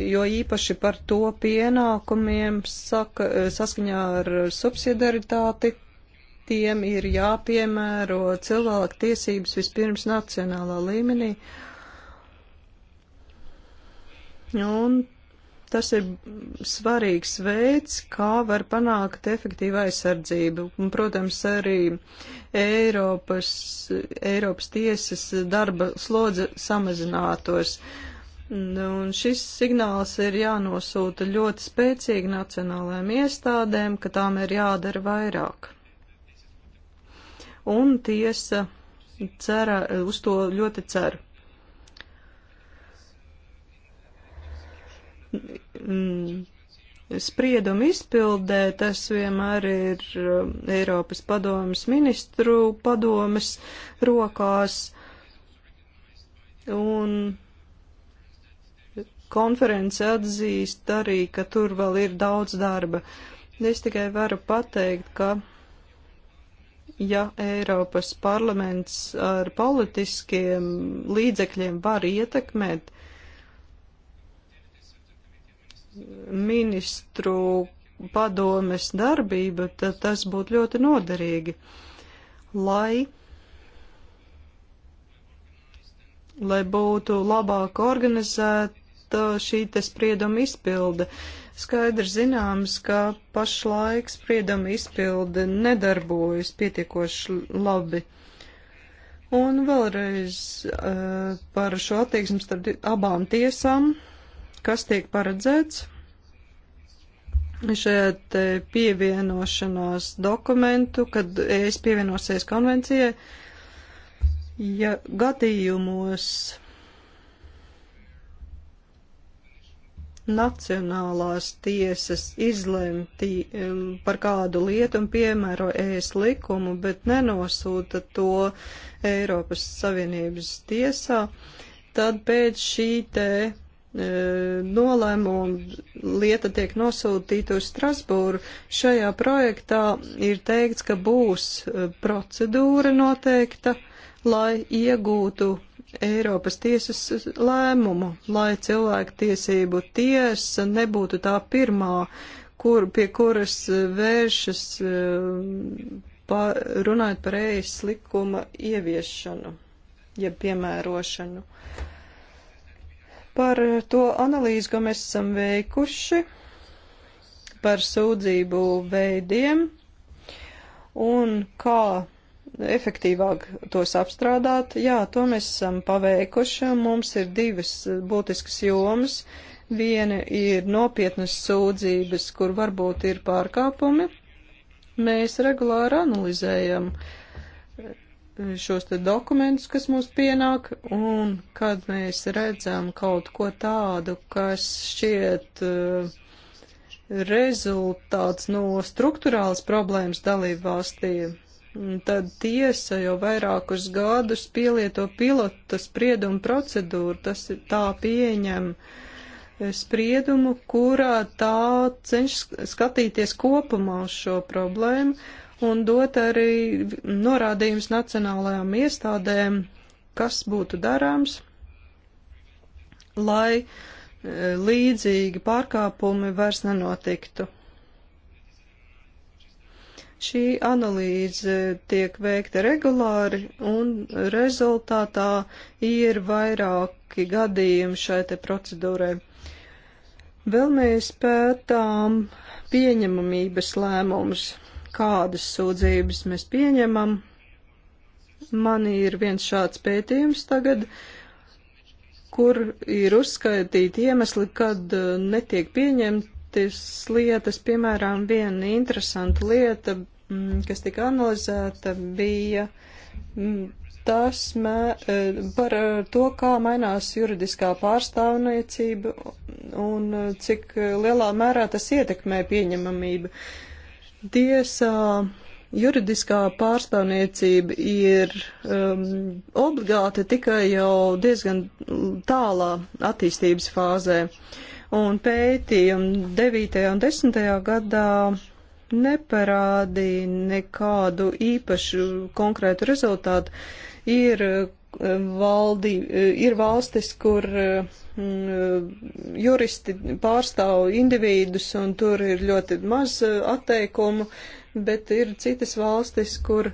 jo īpaši par to pienākumiem saka, saskaņā ar subsidiaritāti tiem ir jāpiemēro cilvēku tiesības vispirms nacionālā līmenī. Un tas ir svarīgs veids, kā var panākt efektīvu aizsardzību. Un, protams, arī Eiropas, Eiropas tiesas darba slodze samazinātos. Un šis signāls ir jānosūta ļoti spēcīgi nacionālajām iestādēm, ka tām ir jādara vairāk. Un tiesa cera, uz to ļoti cer. Mm, spriedumu izpildē, tas vienmēr ir um, Eiropas padomas ministru padomas rokās. Un konference atzīst arī, ka tur vēl ir daudz darba. Es tikai varu pateikt, ka ja Eiropas parlaments ar politiskiem līdzekļiem var ietekmēt uh, ministru padomes darbība, tad tas būtu ļoti noderīgi, lai, lai būtu labāk organizēta šī te sprieduma izpilde. Skaidrs zināms, ka pašlaik sprieduma izpilde nedarbojas pietiekoši labi. Un vēlreiz uh, par šo attieksmi starp abām tiesām kas tiek paredzēts šeit pievienošanās dokumentu, kad es pievienosies konvencijai, ja gadījumos nacionālās tiesas izlemti eh, par kādu lietu un piemēro ēs likumu, bet nenosūta to Eiropas Savienības tiesā, tad pēc šī te E, nolēmumu lieta tiek nosūtīta uz Strasbūru. Šajā projektā ir teikts, ka būs e, procedūra noteikta, lai iegūtu Eiropas tiesas lēmumu, lai cilvēktiesību tiesa nebūtu tā pirmā, kur, pie kuras e, vēršas pa, runājot par ējas likuma ieviešanu, jeb piemērošanu. Uh, par eh, to analīzi, ko mēs esam veikuši, par sūdzību veidiem un kā efektīvāk tos apstrādāt. Jā, to mēs esam paveikuši. Mums ir divas būtiskas jomas. Viena ir nopietnas sūdzības, kur varbūt ir pārkāpumi. Mēs regulāri analizējam uh, šos te dokumentus, kas mums pienāk, un kad mēs redzam kaut ko tādu, kas šķiet eh, rezultāts no struktūrāls problēmas dalībvalstī, tad tiesa jau vairākus gadus pielieto pilota spriedumu procedūru, tas tā pieņem eh, spriedumu, kurā tā cenšas skatīties kopumā uz šo problēmu un dot arī norādījums nacionālajām iestādēm, kas būtu darāms, lai e, līdzīgi pārkāpumi vairs nenotiktu. Šī analīze tiek veikta regulāri un rezultātā ir vairāki gadījumi šai te procedūrai. Vēl mēs pētām pieņemamības lēmumus kādas sūdzības mēs pieņemam. Man ir viens šāds pētījums tagad, kur ir uzskaitīti iemesli, kad uh, netiek pieņemtas lietas. Piemēram, viena interesanta lieta, mm, kas tika analizēta, bija mm, tas mē, eh, par eh, to, kā mainās juridiskā pārstāvniecība un eh, cik lielā mērā tas ietekmē pieņemamību. Uh, Tiesā juridiskā pārstāvniecība ir um, obligāta tikai jau diezgan tālā attīstības fāzē. Un pētījumi 9. un 10. gadā neparādīja nekādu īpašu konkrētu rezultātu. Ir, um, valdi, ir valstis, kur uh, Mm, eh, juristi pārstāv individus un tur ir ļoti maz eh, atteikumu, bet ir citas valstis, kur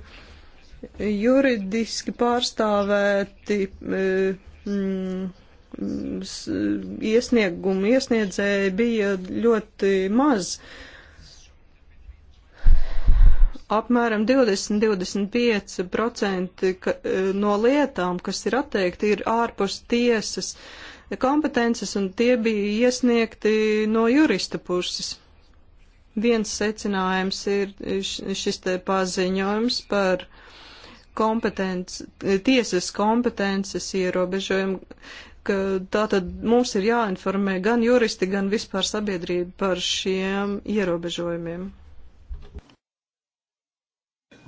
juridiski pārstāvēti eh, mm, iesniegumu iesniedzēji bija ļoti maz. Apmēram 20-25% no lietām, kas ir atteikti, ir ārpus tiesas uh, kompetences, un tie bija iesniegti no jurista puses. Viens secinājums ir šis te paziņojums par kompetences, tiesas kompetences ierobežojumu, ka tātad mums ir jāinformē gan juristi, gan vispār sabiedrība par šiem ierobežojumiem.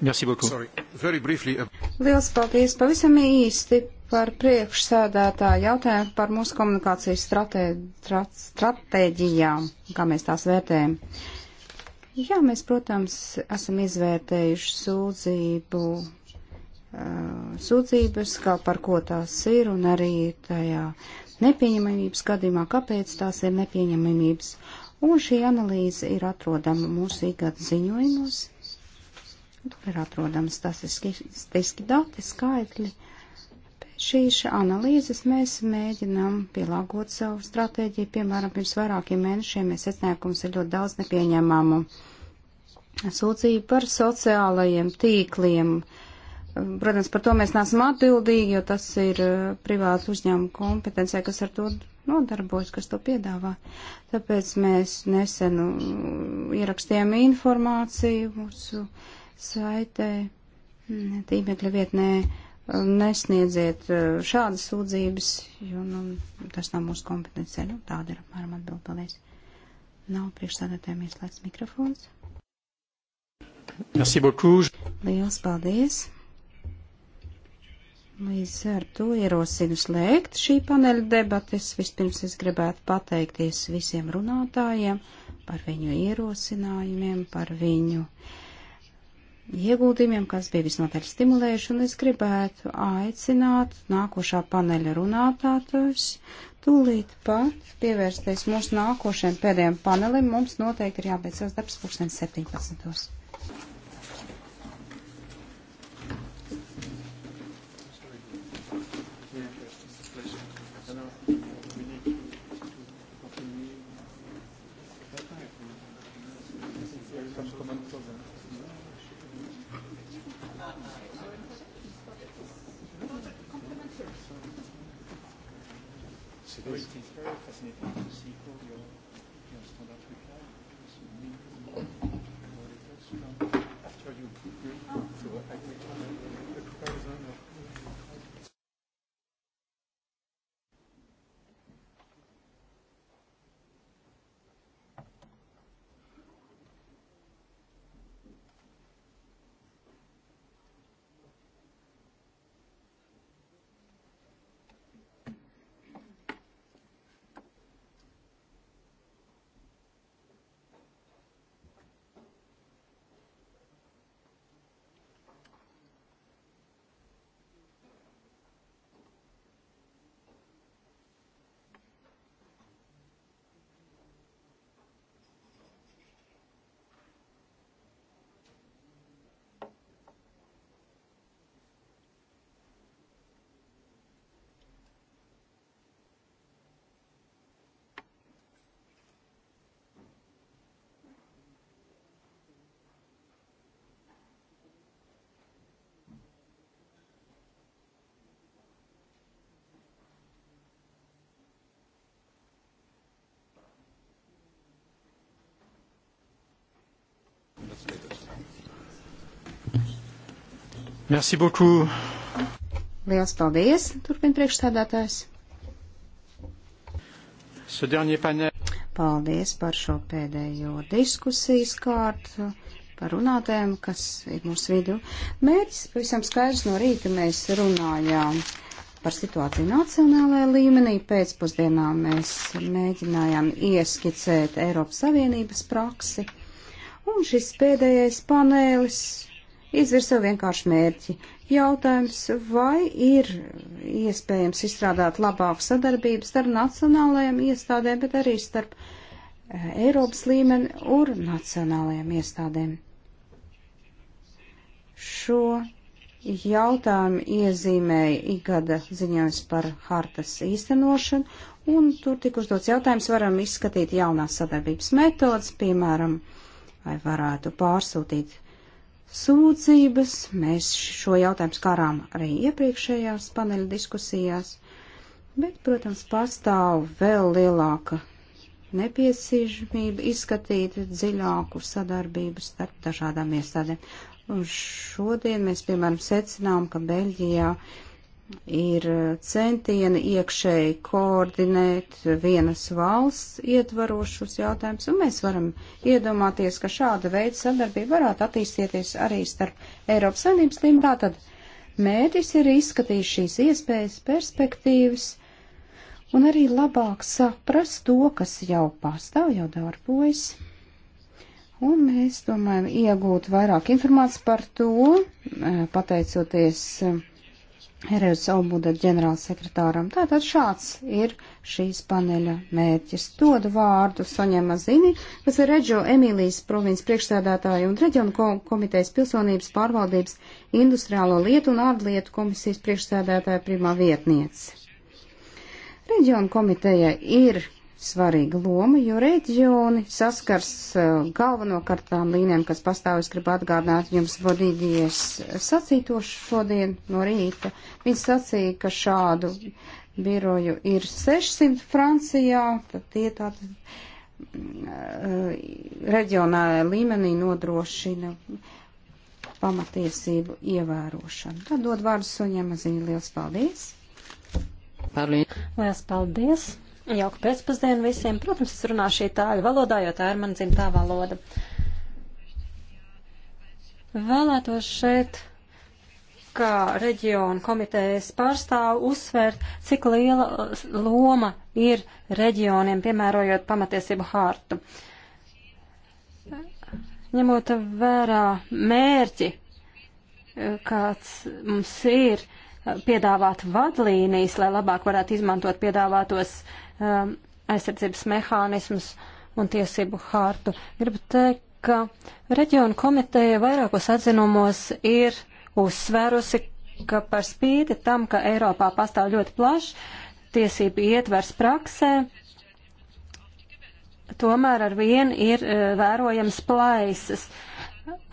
Merci beaucoup. Sorry. Very briefly. Uh, Liels paldies. Pavisam īsti par priekšsēdētāju jautājumu par mūsu komunikācijas stratē, tra, stratēģijām, kā mēs tās vērtējam. Jā, mēs, protams, esam izvērtējuši sūdzību, sūdzības, kā par ko tās ir, un arī tajā nepieņemamības gadījumā, kāpēc tās ir nepieņemamības. Un šī analīze ir atrodama mūsu ikgada ziņojumos. Tur ir atrodams statistiski dati, skaitļi. Uh, šīs analīzes mēs mēģinām pielāgot savu stratēģiju. Piemēram, pirms vairākiem mēnešiem mēs secinājām, ka mums ir ļoti daudz nepieņēmāmu sūdzību par sociālajiem tīkliem. Protams, par to mēs neesam atbildīgi, jo tas ir eh, privāts uzņēmuma kompetencija, kas ar to nodarbojas, kas to piedāvā. Tāpēc mēs nesenu nu, ierakstījām informāciju mūsu saitē, mm, tīmekļa vietnē nesniedziet uh, šādas sūdzības, jo nu, tas nav mūsu kompetencija. Nu, tāda ir apmēram atbild. Paldies. Nav priekšsādātājiem ieslēgts mikrofons. Merci beaucoup. Liels paldies. Līdz ar to ierosinu slēgt šī paneļa debates. Vispirms es gribētu pateikties visiem runātājiem par viņu ierosinājumiem, par viņu. Uh, ieguldījumiem, kas bija visnotaļ stimulējuši, un es gribētu aicināt nākošā paneļa runātātājus tūlīt pat pievērsties mūsu nākošajam pēdējiem panelim. Mums noteikti ir jābeidz savs darbs 2017. Merci beaucoup. Liels paldies, turpina priekšstādātājs. Paldies par šo pēdējo diskusijas kārtu, par runātēm, kas ir mūsu vidu. Mērķis pavisam skaidrs no rīta mēs runājām par situāciju nacionālajā līmenī. Pēcpusdienā mēs mēģinājām ieskicēt Eiropas Savienības praksi. Un šis pēdējais panēlis izvirza vienkārši mērķi. Jautājums, vai ir iespējams izstrādāt labāku sadarbību starp nacionālajiem iestādēm, bet arī starp e, Eiropas līmeni un nacionālajiem iestādēm? Šo jautājumu iezīmēja ikgada ziņojums par hartas īstenošanu, un tur tik uzdots jautājums, varam izskatīt jaunās sadarbības metodas, piemēram, vai varētu pārsūtīt sūdzības. Mēs šo jautājumu skārām arī iepriekšējās paneļa diskusijās, bet, protams, pastāv vēl lielāka nepieciešamība izskatīt dziļāku sadarbību starp dažādām iestādēm. Un šodien mēs, piemēram, secinām, ka Beļģijā uh, ir eh, centieni iekšēji koordinēt vienas valsts ietvarošus jautājumus, un mēs varam iedomāties, ka šāda veida sadarbība varētu attīstīties arī starp Eiropas Savienības līm. Tātad mērķis ir izskatīt šīs iespējas, perspektīvas, un arī labāk saprast to, kas jau pastāv, jau darbojas. Un mēs domājam iegūt vairāk informācijas par to, eh, pateicoties eh, Eiropas ombuda ģenerālsekretāram. Tātad šāds ir šīs paneļa mērķis. Dodu vārdu Soņēma Zini, kas ir Reģio Emīlijas provinces priekšsēdētāja un reģionu komitejas pilsonības pārvaldības industriālo lietu un ārlietu komisijas priekšsēdētāja primā vietniece. Reģionu komiteja ir svarīga loma, jo reģioni saskars eh, galvenokārt tām līnijām, kas pastāv. Es gribu atgādināt jums vadīties sacītošu šodien no rīta. Viņi sacīja, ka šādu biroju ir 600 Francijā, tad tie tātad eh, reģionālajā līmenī nodrošina pamatiesību ievērošanu. Tad dod vārdu Soņiem Mazīni. Liels paldies! Paldies! Liels paldies! Jauka pēcpusdiena visiem. Protams, es runāšu itāļu valodā, jo tā ir mana dzimtā valoda. Vēlētos šeit, kā reģionu komitejas pārstāvu, uzsvērt, cik liela uh, loma ir reģioniem, piemērojot pamatiesību hārtu. Ņemot vērā mērķi, uh, kāds mums ir, uh, piedāvāt vadlīnijas, lai labāk varētu izmantot piedāvātos uh, um, aizsardzības mehānismus un tiesību hārtu. Gribu teikt, ka reģiona komiteja vairākos atzinumos ir uzsvērusi, ka par spīti tam, ka Eiropā pastāv ļoti plašs tiesību ietvers praksē, tomēr ar vienu ir uh, vērojams plaisas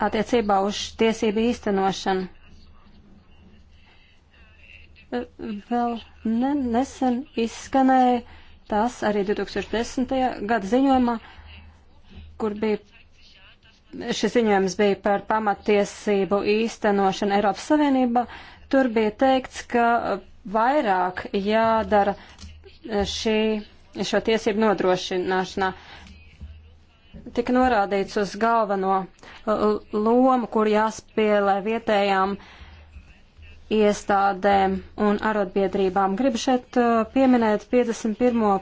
attiecībā uz tiesību īstenošanu. Uh, vēl ne, nesen izskanēja Tas arī 2010. gada ziņojumā, kur bija šis ziņojums bija par pamatiesību īstenošanu Eiropas Savienībā, tur bija teikts, ka vairāk jādara šī, šo tiesību nodrošināšanā. Tika norādīts uz galveno uh, lomu, kur jāspēlē vietējām uh, iestādēm un arotbiedrībām. Gribu šeit uh, pieminēt 51.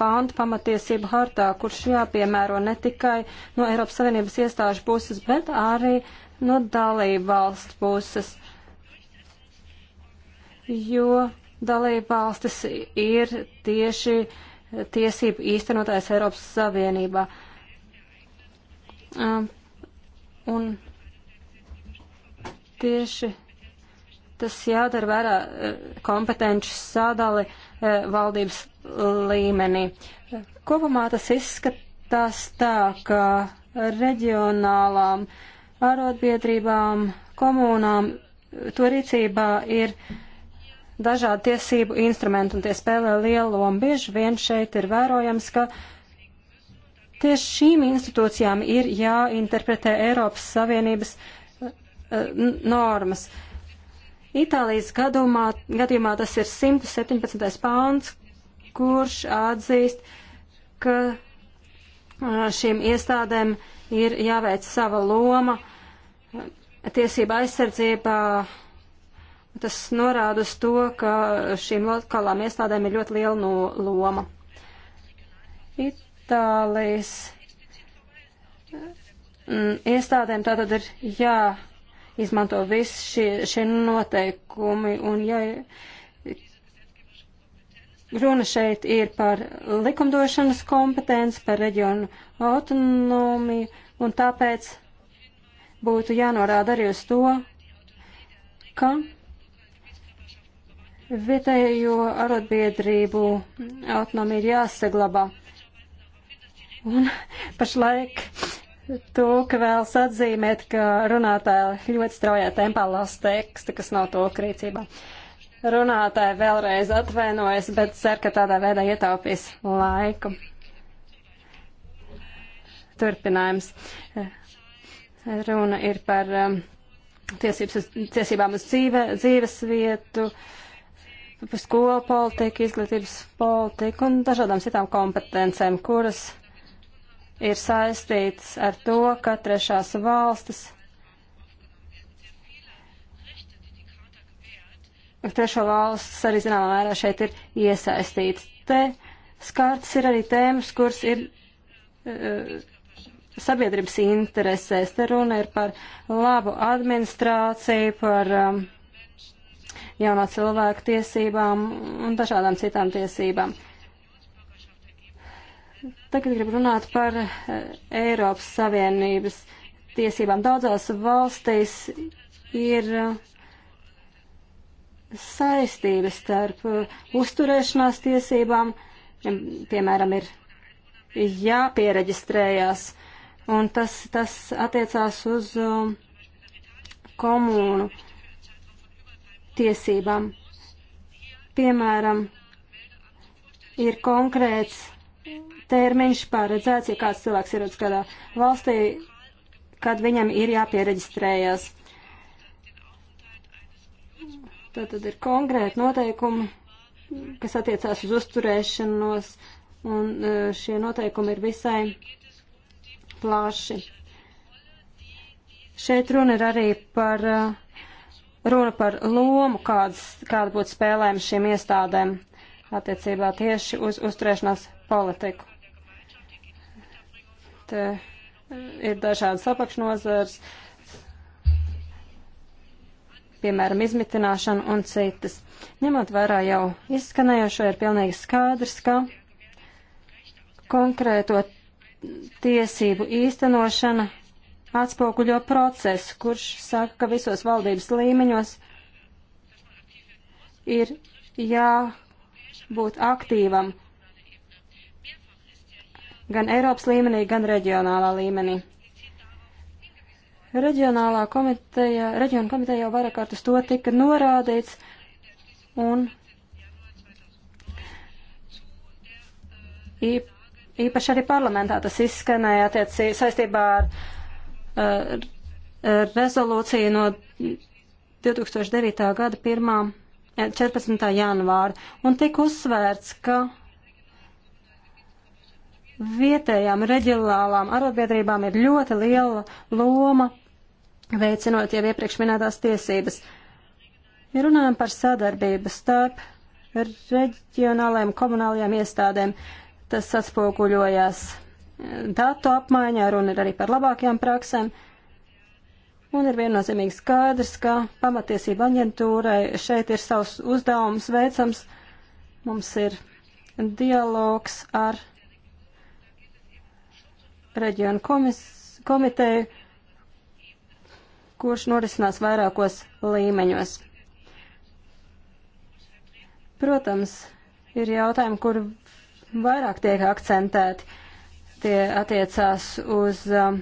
pāntu pamatiesību hartā, kurš jāpiemēro ne tikai no Eiropas Savienības iestāžu puses, bet arī no dalību valstu puses, jo dalību valstis ir tieši tiesību īstenotājs Eiropas Savienībā. Um, un tieši Tas jādara vērā eh, kompetenci sadali eh, valdības līmenī. Kopumā tas izskatās tā, ka reģionālām arotbiedrībām, komunām eh, to rīcībā ir dažādi tiesību instrumenti un tie spēlē lielu lomu. Bieži vien šeit ir vērojams, ka tieši šīm institūcijām ir jāinterpretē Eiropas Savienības uh, normas. Uh, Itālijas gadumā, gadījumā tas ir 117. pāns, kurš atzīst, ka šīm iestādēm ir jāveic sava loma tiesība aizsardzībā. Tas norāda uz to, ka šīm lokālām iestādēm ir ļoti liela no loma. Itālijas iestādēm tātad ir jā izmanto visi šie, šie noteikumi. Un, ja, Runa šeit ir par likumdošanas kompetenci, par reģionu autonomiju, un tāpēc būtu jānorāda arī uz to, ka vietējo arotbiedrību autonomija ir jāsaglabā. Un pašlaik to, ka vēlas atzīmēt, ka runātāja ļoti straujā tempā las tekstu, kas nav to krīcībā. Runātāja vēlreiz atvainojas, bet cer, ka tādā veidā ietaupīs laiku. Turpinājums. Runa ir par um, tiesības, tiesībām uz dzīve, dzīves vietu, par skolu politiku, izglītības politiku un dažādām citām kompetencēm, kuras ir saistītas ar to, ka trešās valstis, trešo valsts arī zināmā mērā šeit ir iesaistīts. Te skārtas ir arī tēmas, kuras ir uh, sabiedrības interesēs. Te runa ir par labu administrāciju, par um, jauno cilvēku tiesībām un dažādām citām tiesībām. Uh, Tagad gribu runāt par eh, Eiropas Savienības tiesībām. Daudzās valstīs ir eh, saistības starp eh, uzturēšanās tiesībām, piemēram, ir jāpiereģistrējās, un tas, tas attiecās uz um, komunu tiesībām. Piemēram, ir konkrēts termiņš paredzēts, ja kāds cilvēks ierodas kādā valstī, kad viņam ir jāpiereģistrējas. Tad, tad ir konkrēti noteikumi, kas attiecās uz uzturēšanos, un e, šie noteikumi ir visai plaši. Šeit runa ir arī par, e, runa par lomu, kādas, kāda būtu spēlēma šīm iestādēm attiecībā tieši uz uzturēšanās politiku. Te eh, ir dažādas apakšnozars, piemēram, izmitināšana un citas. Ņemot vērā jau izskanējušo, ir pilnīgi skaidrs, ka konkrēto tiesību īstenošana atspoguļo procesu, kurš saka, ka visos valdības līmeņos ir jā būt aktīvam gan Eiropas līmenī, gan reģionālā līmenī. Reģionālā komiteja, reģiona komiteja jau vairāk kārt uz to tika norādīts, un īpaši arī parlamentā tas izskanēja attiecī saistībā ar uh, rezolūciju no 2009. gada 1. 14. janvāra, un tika uzsvērts, ka vietējām reģionālām arotbiedrībām ir ļoti liela loma veicinot jau iepriekš minētās tiesības. Ja runājam par sadarbību starp reģionālajiem komunālajiem iestādēm, tas atspoguļojās datu apmaiņā, runa ir arī par labākajām praksēm. Uh, Un ir viennozīmīgi skaidrs, ka pamatiesība aģentūrai šeit ir savs uzdevums veicams. Mums ir dialogs ar reģionu komis, komiteju, kurš norisinās vairākos līmeņos. Protams, ir jautājumi, kur vairāk tiek akcentēti. Tie attiecās uz um,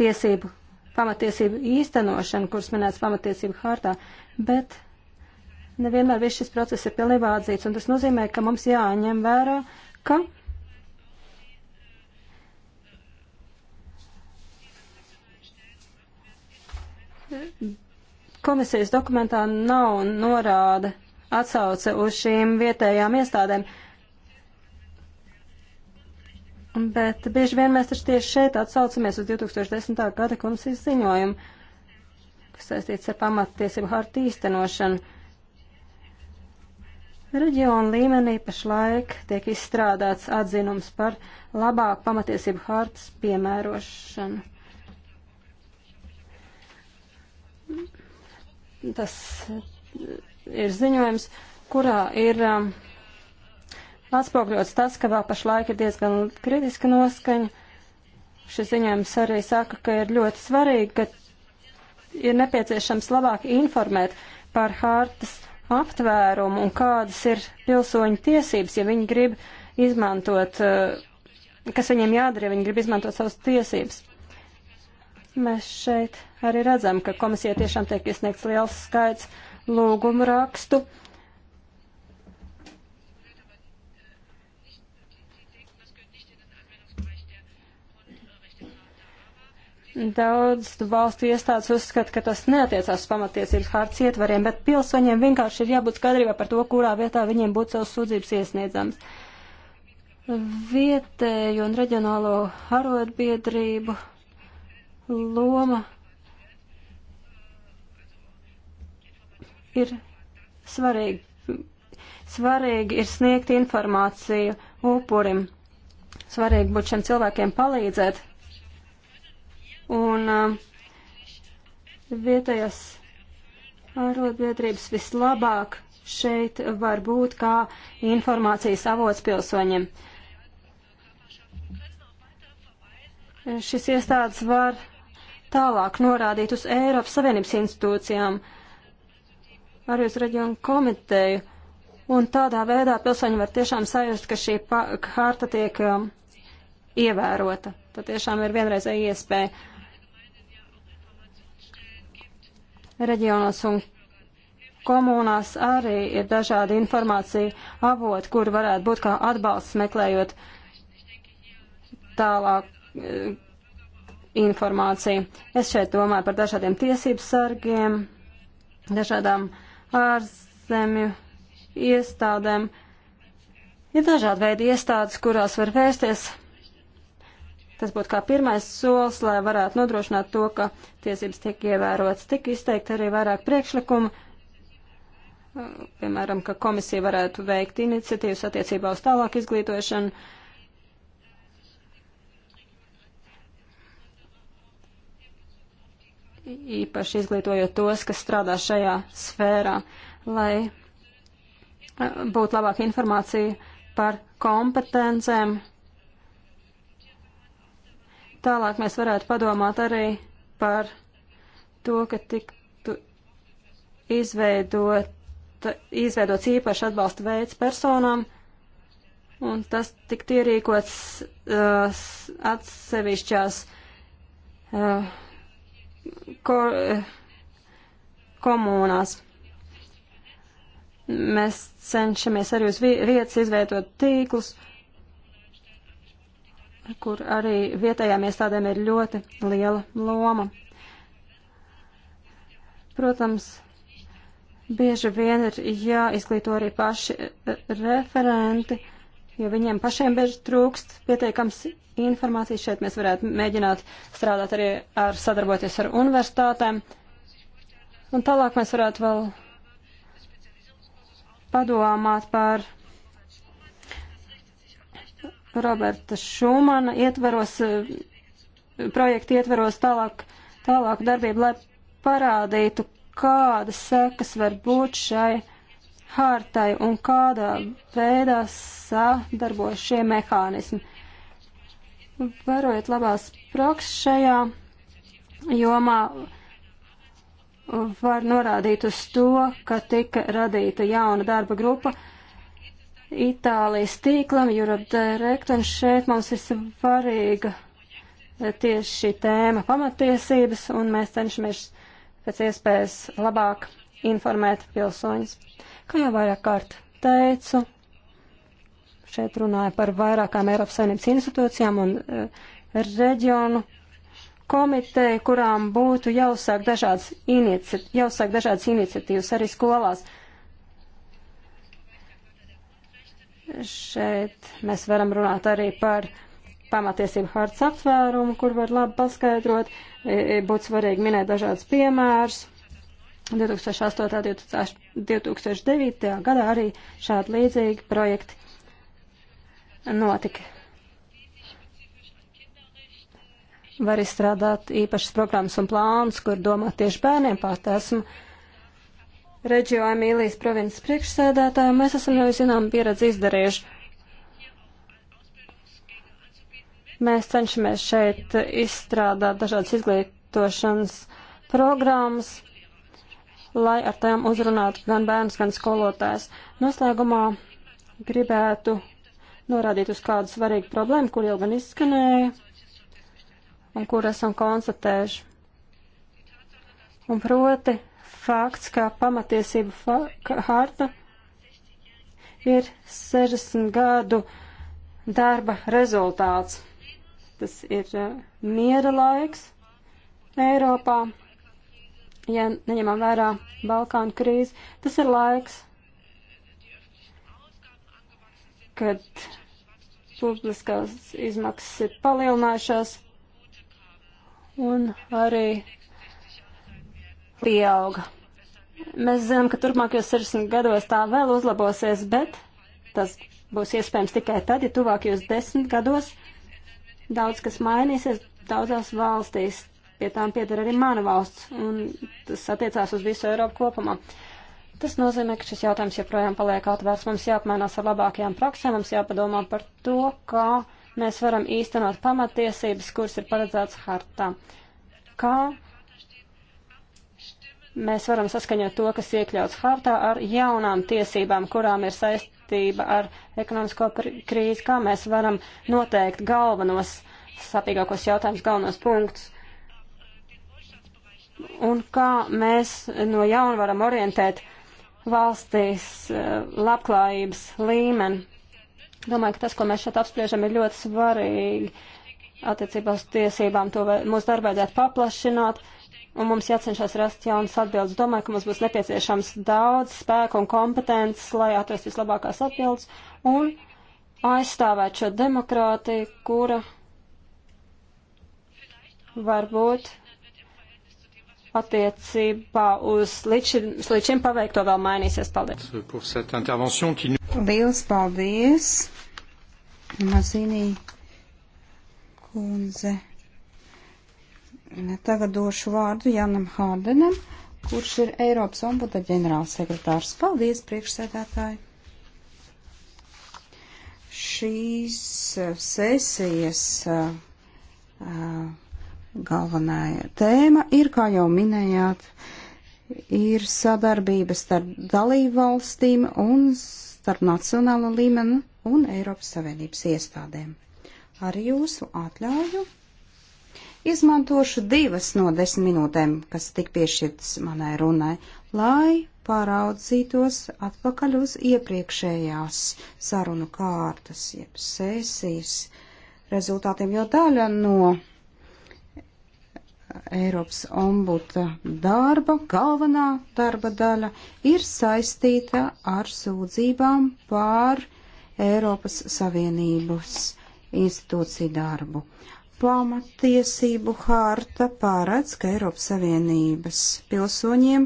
tiesību pamatiesību īstenošanu, kuras minēts pamatiesību hārtā, bet nevienmēr viss šis process ir pilnībā atzīts, un tas nozīmē, ka mums jāņem vērā, ka komisijas dokumentā nav norāda atsauce uz šīm vietējām iestādēm, Bet bieži vien mēs taču tieši šeit atsaucamies uz 2010. gada komisijas ziņojumu, kas saistīts ar pamattiesību hartu īstenošanu. Reģiona līmenī pašlaik tiek izstrādāts atzinums par labāku pamatiesību hartas piemērošanu. Tas ir ziņojums, kurā ir um, atspoguļots tas, ka vēl pašlaik ir diezgan kritiska noskaņa. Šis ziņojums arī saka, ka ir ļoti svarīgi, ka ir nepieciešams labāk informēt par hārtas aptvērumu un kādas ir pilsoņu tiesības, ja viņi grib izmantot, eh, kas viņiem jādara, ja viņi grib izmantot savas tiesības. Mēs šeit arī redzam, ka komisija tiešām tiek iesniegts liels skaits lūgumu rakstu. Uh, Daudz valstu iestādes uzskata, ka tas neatiecās pamatiesības hārts ietvariem, bet pilsoņiem vienkārši ir jābūt skaidrībā par to, kurā vietā viņiem būtu savas sūdzības iesniedzams. Vietēju un reģionālo arotbiedrību loma ir svarīga. Svarīgi ir sniegt informāciju upurim. Svarīgi būtu šiem cilvēkiem palīdzēt, un uh, vietējās arotbiedrības vislabāk šeit var būt kā informācijas avots pilsoņiem. Šis iestādes var tālāk norādīt uz Eiropas Savienības institūcijām, arī uz reģionu komiteju, un tādā veidā pilsoņi var tiešām sajust, ka šī harta tiek um, ievērota. Tā tiešām ir vienreizēja iespēja. reģionos un komunās arī ir dažādi informācija avoti, kur varētu būt kā atbalsts meklējot tālāk eh, informāciju. Es šeit domāju par dažādiem tiesību sargiem, dažādām ārzemju iestādēm. Ir dažādi veidi iestādes, kurās var vērsties Tas būtu kā pirmais solis, lai varētu nodrošināt to, ka tiesības tiek ievērotas. Tik izteikti arī vairāk priekšlikumu, piemēram, ka komisija varētu veikt iniciatīvas attiecībā uz tālāk izglītošanu. Īpaši izglītojot tos, kas strādā šajā sfērā, lai eh, būtu labāka informācija par kompetencēm, Tālāk mēs varētu padomāt arī par to, ka tiktu izveidot, izveidots īpaši atbalsta veids personām, un tas tiktu ierīkots uh, atsevišķās uh, ko, uh, komunās. Mēs cenšamies arī uz vietas izveidot tīklus, uh, kur arī vietējām iestādēm ir ļoti liela loma. Protams, bieži vien ir jāizglīto arī paši e, referenti, jo viņiem pašiem bieži trūkst pietiekams informācijas. Šeit mēs varētu mēģināt strādāt arī ar sadarboties ar universitātēm. Un tālāk mēs varētu vēl padomāt par Roberta Šumana ietveros, eh, projekta ietveros tālāk, tālāk darbību, lai parādītu, kādas sekas var būt šai hārtai un kādā veidā sadarbojas šie mehānismi. Varojiet labās proks šajā jomā var norādīt uz to, ka tika radīta jauna darba grupa, uh, Itālijas tīklam, Eurodirect, un šeit mums ir svarīga tieši šī tēma pamatiesības, un mēs cenšamies pēc iespējas labāk informēt pilsoņus. Kā jau vairāk kārt teicu, šeit runāja par vairākām Eiropas saimnības institūcijām un uh, reģionu komiteju, kurām būtu jāuzsāk dažādas, inici jāuzsāk dažādas iniciatīvas arī skolās. Uh, Šeit mēs varam runāt arī par pamatiesību hartas aptvērumu, kur var labi paskaidrot. Būtu svarīgi minēt dažādas piemērs. 2008. 2009. gadā arī šādi līdzīgi projekti notika. Var izstrādāt īpašas programmas un plānus, kur domāt tieši bērniem pārt esmu Reģio Emīlijas provinces priekšsēdētāju, mēs esam jau zinām pieredzi izdarījuši. Mēs cenšamies šeit izstrādāt dažādas izglītošanas programmas, lai ar tām uzrunātu gan bērns, gan skolotājs. Noslēgumā gribētu norādīt uz kādu svarīgu problēmu, kur jau gan izskanēja un kur esam konstatējuši. Un proti fakts, ka pamatiesība fa harta ir 60 gadu darba rezultāts. Tas ir uh, miera laiks Eiropā, ja neņemam vērā Balkānu krīzi. Tas ir laiks, kad publiskās izmaksas ir palielinājušās un arī pieauga Mēs zinām, ka turpmākajos 60 gados tā vēl uzlabosies, bet tas būs iespējams tikai tad, ja tuvākajos 10 gados daudz kas mainīsies daudzās valstīs. Pie tām pieder arī mana valsts, un tas attiecās uz visu Eiropu kopumā. Tas nozīmē, ka šis jautājums joprojām paliek atvērts. Mums jāapmainās ar labākajām praksēm, mums jāpadomā par to, kā mēs varam īstenot pamatiesības, kuras ir paredzētas hartā. Kā Mēs varam saskaņot to, kas iekļauts hartā ar jaunām tiesībām, kurām ir saistība ar ekonomisko krīzi, kā mēs varam noteikt galvenos sapīgākos jautājumus, galvenos punktus. Un kā mēs no jauna varam orientēt valstīs eh, labklājības līmeni. Domāju, ka tas, ko mēs šeit apspriežam, ir ļoti svarīgi attiecībā uz tiesībām. To mūsu darbu vajadzētu paplašināt. Uh, un mums jācenšas rast jaunas atbildes. Domāju, ka mums būs nepieciešams daudz spēku un kompetences, lai atrast vislabākās atbildes un aizstāvēt šo demokrātiju, kura varbūt attiecībā uz līdz šim, līdz šim paveikto vēl mainīsies. Paldies! Liels paldies, Mazinī kundze! Tagad došu vārdu Janam Hārdenam, kurš ir Eiropas ombuda ģenerālsekretārs. Paldies, priekšsēdētāji! Šīs eh, sesijas eh, eh, galvenā tēma ir, kā jau minējāt, ir sadarbība starp dalību valstīm un starp nacionālo līmeni un Eiropas Savienības iestādēm. Ar jūsu atļauju Izmantošu divas no desmit minūtēm, kas tik piešķirtas manai runai, lai pāraudzītos atpakaļ uz iepriekšējās sarunu kārtas, jeb sēsijas rezultātiem, jo daļa no Eiropas ombuta darba, galvenā darba daļa ir saistīta ar sūdzībām pār Eiropas Savienības institūciju darbu. Pamatiesību hārta pārēdz, ka Eiropas Savienības pilsoņiem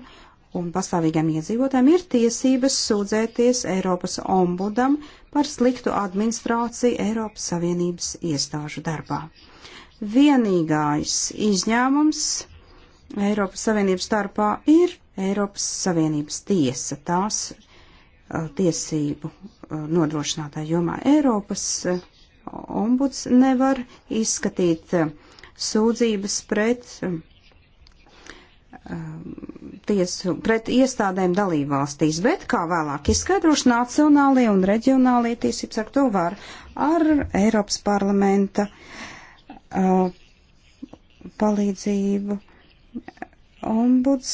un pastāvīgiem iedzīvotājiem ir tiesības sūdzēties Eiropas ombudam par sliktu administrāciju Eiropas Savienības iestāžu darbā. Vienīgais izņēmums Eiropas Savienības starpā ir Eiropas Savienības tiesa, tās uh, tiesību uh, nodrošinātāja jomā Eiropas uh, ombuds nevar izskatīt eh, sūdzības pret eh, tiesu pret iestādēm dalībvalstīs, bet, kā vēlāk izskaidrošu, nacionālie un reģionālie tiesības ar to var ar Eiropas parlamenta uh, palīdzību. Ombuds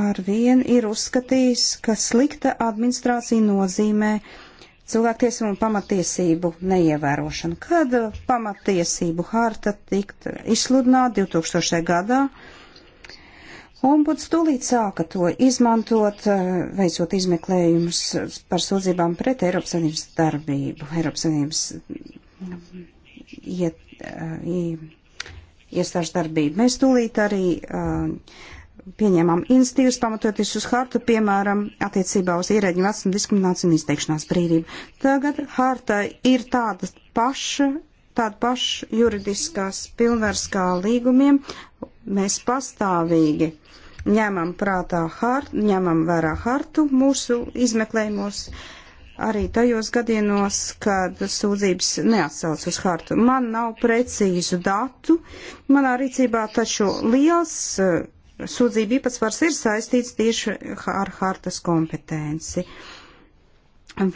ar vienu ir uzskatījis, ka slikta administrācija nozīmē uh, cilvēktiesību un pamatiesību neievērošanu. Kad pamatiesību harta tikt izsludināta 2000. gadā, ombuds tūlīt sāka to izmantot, eh, veicot izmeklējumus par sūdzībām pret Eiropas Savienības darbību, Eiropas Savienības iet, eh, iet, eh, iet, iestāžu darbību. Mēs tūlīt arī uh, pieņēmām institīvas pamatoties uz hartu, piemēram, attiecībā uz ierēģu vecumu diskrimināciju un izteikšanās brīvību. Tagad harta ir tāda paša, tāda paša juridiskās pilnvars kā līgumiem. Mēs pastāvīgi ņemam prātā hartu, ņemam vērā hartu mūsu izmeklējumos. Arī tajos gadienos, kad sūdzības neatsauc uz hartu. Man nav precīzu datu manā rīcībā, taču liels uh, sūdzību īpatsvars ir saistīts tieši ar hartas kompetenci.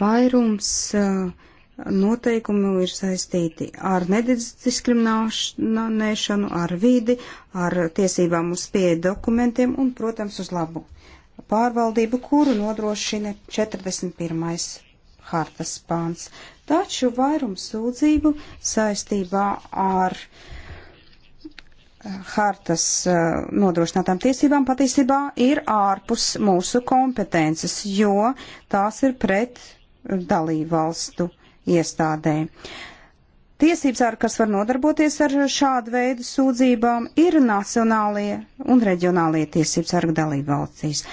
Vairums uh, noteikumu ir saistīti ar nediskrimināšanu, ar vidi, ar tiesībām uz pieeja dokumentiem un, protams, uz labu pārvaldību, kuru nodrošina 41. hartas pāns. Taču vairums sūdzību saistībā ar uh, hartas eh, nodrošinātām tiesībām patiesībā ir ārpus mūsu kompetences, jo tās ir pret dalībvalstu iestādēm. Tiesības ar, kas var nodarboties ar šādu veidu sūdzībām, ir nacionālie un reģionālie tiesības ar dalībvalstīs.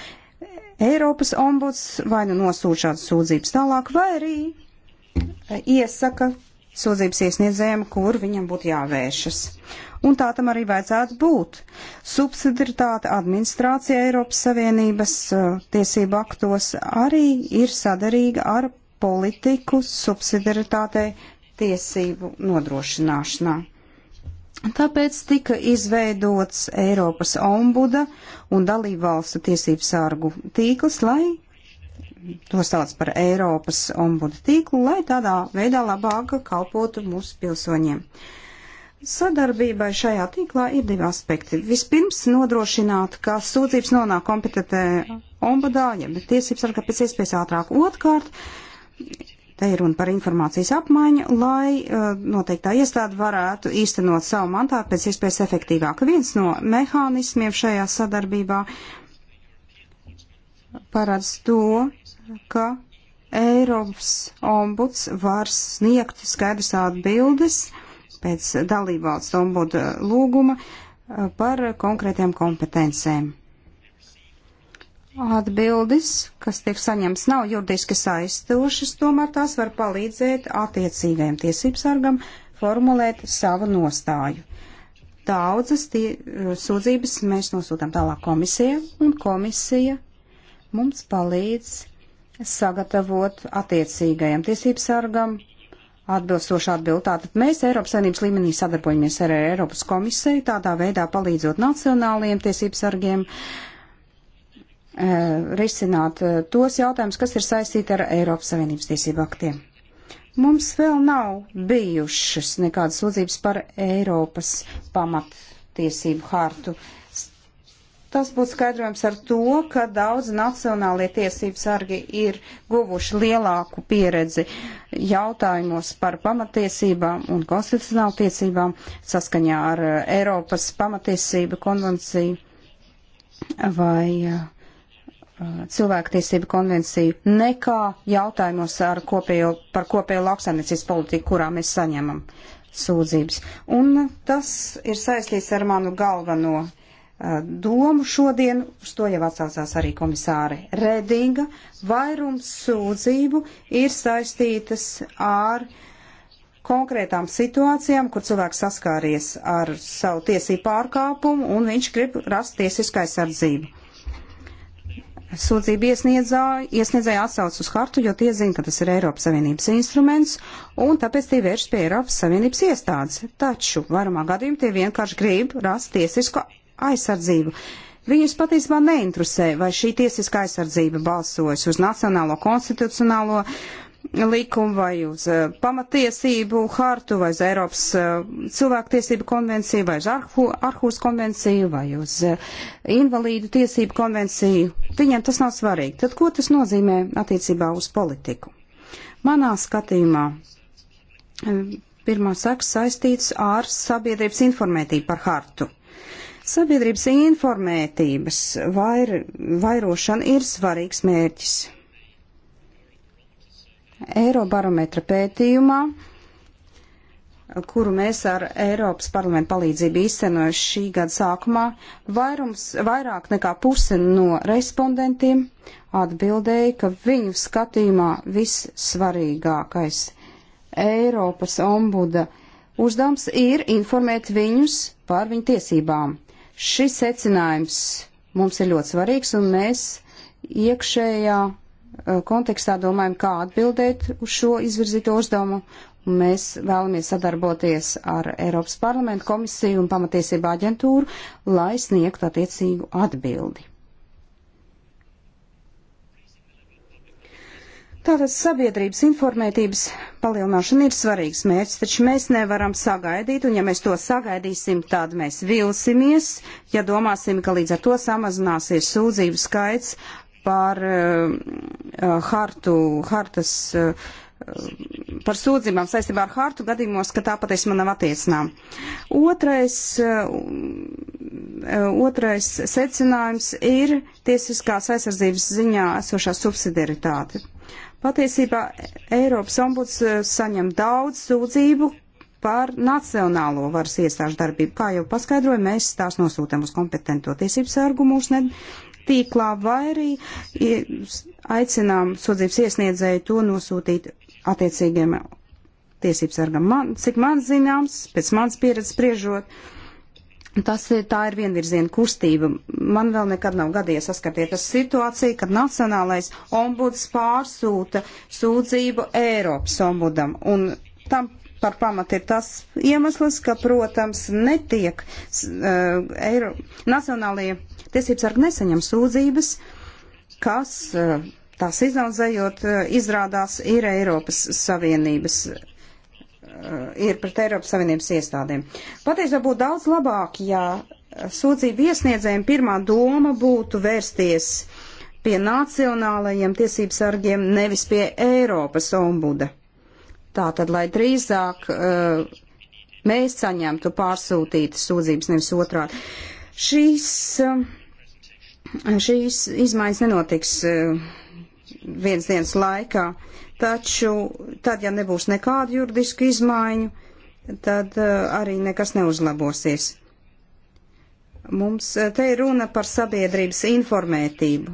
Eiropas ombuds vai nu nosūta šādas sūdzības tālāk, vai arī eh, iesaka sūdzības iesniedzējiem, kur viņam būtu jāvēršas un tā tam arī vajadzētu būt. Subsidiritāte administrācija Eiropas Savienības eh, tiesību aktos arī ir sadarīga ar politiku subsidiritātei tiesību nodrošināšanā. Tāpēc tika izveidots Eiropas ombuda un dalībvalstu tiesību sārgu tīkls, lai to sauc par Eiropas ombuda tīklu, lai tādā veidā labāk kalpotu mūsu pilsoņiem. Uh, Sadarbībai šajā tīklā ir divi aspekti. Vispirms nodrošināt, ka sūdzības nonāk kompetentē ombudā, ja tiesības sarga pēc iespējas ātrāk. Otkārt, te ir runa par informācijas apmaiņu, lai uh, noteiktā iestāde varētu īstenot savu mandātu pēc iespējas efektīvāk. Viens no mehānismiem šajā sadarbībā parāds to, ka Eiropas ombuds var sniegt skaidrs atbildes pēc dalībvalsts ombuda lūguma eh, par konkrētiem kompetencēm. Atbildes, kas tiek saņemts, nav juridiski saistošas, tomēr tās var palīdzēt attiecīgajam tiesībsargam formulēt savu nostāju. Daudzas tie, eh, sūdzības mēs nosūtām tālāk komisijai, un komisija mums palīdz sagatavot attiecīgajam tiesībsargam atbilstoši atbild. Tātad mēs Eiropas Savienības līmenī sadarbojamies ar Eiropas komisiju, tādā veidā palīdzot nacionālajiem tiesību sargiem eh, risināt eh, tos jautājumus, kas ir saistīti ar Eiropas Savienības tiesību aktiem. Mums vēl nav bijušas nekādas sūdzības par Eiropas pamattiesību hartu. Uh, Tas būtu skaidrojums ar to, ka daudz nacionālie tiesības sargi ir guvuši lielāku pieredzi jautājumos par pamatiesībām un konstitucionālu tiesībām saskaņā ar eh, Eiropas pamatiesību konvenciju vai eh, eh, cilvēktiesību konvenciju nekā jautājumos ar kopējo, par kopējo lauksaimniecības politiku, kurā mēs saņemam sūdzības. Un tas ir saistīts ar manu galveno domu šodien, uz to jau atsaucās arī komisāre Redinga, vairums sūdzību ir saistītas ar konkrētām situācijām, kur cilvēks saskāries ar savu tiesību pārkāpumu un viņš grib rast tiesisku aizsardzību. Sūdzība iesniedzēja, iesniedzēja atsauc uz hartu, jo tie zina, ka tas ir Eiropas Savienības instruments, un tāpēc tie vērš pie Eiropas Savienības iestādes. Taču varumā gadījumā tie vienkārši grib rast tiesisku aizsardzību. Viņus patiesībā neinteresē, vai šī tiesiskā aizsardzība balsojas uz nacionālo konstitucionālo likumu vai uz uh, pamatiesību hartu vai uz Eiropas uh, cilvēktiesību konvenciju vai uz Arhu, Arhus konvenciju vai uz uh, invalīdu tiesību konvenciju. Viņiem tas nav svarīgi. Tad ko tas nozīmē attiecībā uz politiku? Manā skatījumā pirmā saka saistīts ar sabiedrības informētību par hartu. Sabiedrības informētības vair, vairošana ir svarīgs mērķis. Eirobarometra pētījumā, kuru mēs ar Eiropas parlamentu palīdzību īstenojuši šī gada sākumā, vairums, vairāk nekā puse no respondentiem atbildēja, ka viņu skatījumā vissvarīgākais Eiropas ombuda uzdevums ir informēt viņus par viņu tiesībām. Šis secinājums mums ir ļoti svarīgs, un mēs iekšējā uh, kontekstā domājam, kā atbildēt uz šo izvirzīto uzdevumu. Mēs vēlamies sadarboties ar Eiropas parlamentu komisiju un pamatiesību aģentūru, lai sniegtu attiecīgu atbildi. Tātad sabiedrības informētības palielināšana ir svarīgs mērķis, taču mēs nevaram sagaidīt, un ja mēs to sagaidīsim, tad mēs vilsimies, ja domāsim, ka līdz ar to samazināsies sūdzību skaits par uh, hartu, hartas, uh, par sūdzībām saistībā ar hartu gadījumos, ka tā patiesībā nav attiecinām. Otrais, uh, otrais secinājums ir tiesiskās aizsardzības ziņā esošā subsidiaritāte. Patiesībā Eiropas ombuds eh, saņem daudz sūdzību par nacionālo varas iestāžu darbību. Kā jau paskaidroju, mēs tās nosūtām uz kompetento tiesību sargu mūsu tīklā vai arī aicinām sūdzības iesniedzēju to nosūtīt attiecīgiem tiesību sargam. Man, cik man zināms, pēc manas pieredzes spriežot, uh, Tas ir, tā ir vienvirziena kustība. Man vēl nekad nav gadījies saskatīties situāciju, kad nacionālais ombuds pārsūta sūdzību Eiropas ombudam. Un tam par pamatu ir tas iemesls, ka, protams, netiek uh, Eiro, nacionālajie tiesības argi nesaņem sūdzības, kas uh, tās izanalizējot uh, izrādās ir Eiropas Savienības Eh, ir pret Eiropas Savienības iestādēm. Patiesībā būtu daudz labāk, ja sūdzību iesniedzējiem pirmā doma būtu vērsties pie nacionālajiem tiesību sargiem, nevis pie Eiropas ombuda. Tātad, lai drīzāk uh, mēs saņemtu pārsūtītas sūdzības, nevis otrādi. Šīs, uh, šīs izmaiņas nenotiks uh, viens dienas laikā taču tad, ja nebūs nekādu juridisku izmaiņu, tad eh, arī nekas neuzlabosies. Mums eh, te ir runa par sabiedrības informētību.